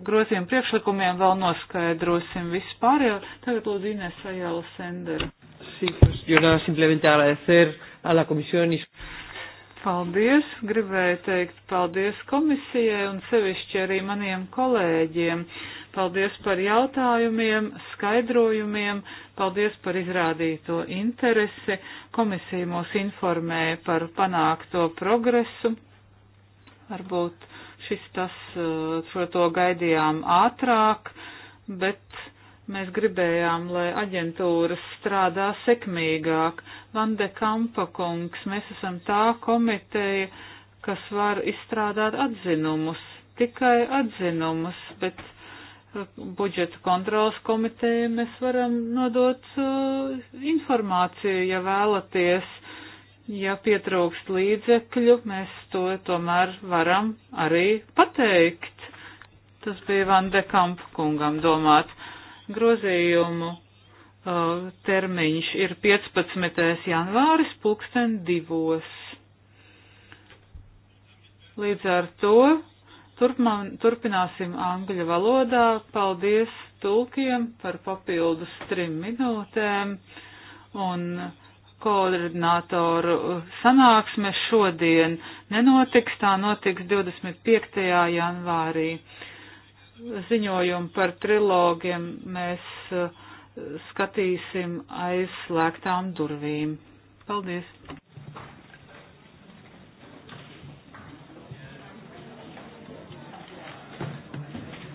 groziem priekšlikumiem vēl noskaidrosim visu pārējo. Tagad lūdzu Ines Ajala Sendera. Paldies, gribēju teikt paldies komisijai un sevišķi arī maniem kolēģiem Paldies par jautājumiem, skaidrojumiem, paldies par izrādīto interesi. Komisija mūs informēja par panākto progresu. Varbūt šis tas, eh, šo to gaidījām ātrāk, bet mēs gribējām, lai aģentūras strādā sekmīgāk. Vande Kampa kungs, mēs esam tā komiteja, kas var izstrādāt atzinumus, tikai atzinumus, bet budžeta kontrolas komiteja mēs varam nodot uh, informāciju, ja vēlaties, ja pietrūkst līdzekļu, mēs to tomēr varam arī pateikt. Tas bija Van de Kamp kungam domāts. Grozījumu uh, termiņš ir 15. janvāris pulksten divos. Līdz ar to Turpman, turpināsim angļu valodā. Paldies tulkiem par papildus trim minūtēm. Un koordinātoru sanāksme šodien nenotiks, tā notiks 25. janvārī. Ziņojumu par trilogiem mēs uh, skatīsim aizslēgtām durvīm. Paldies!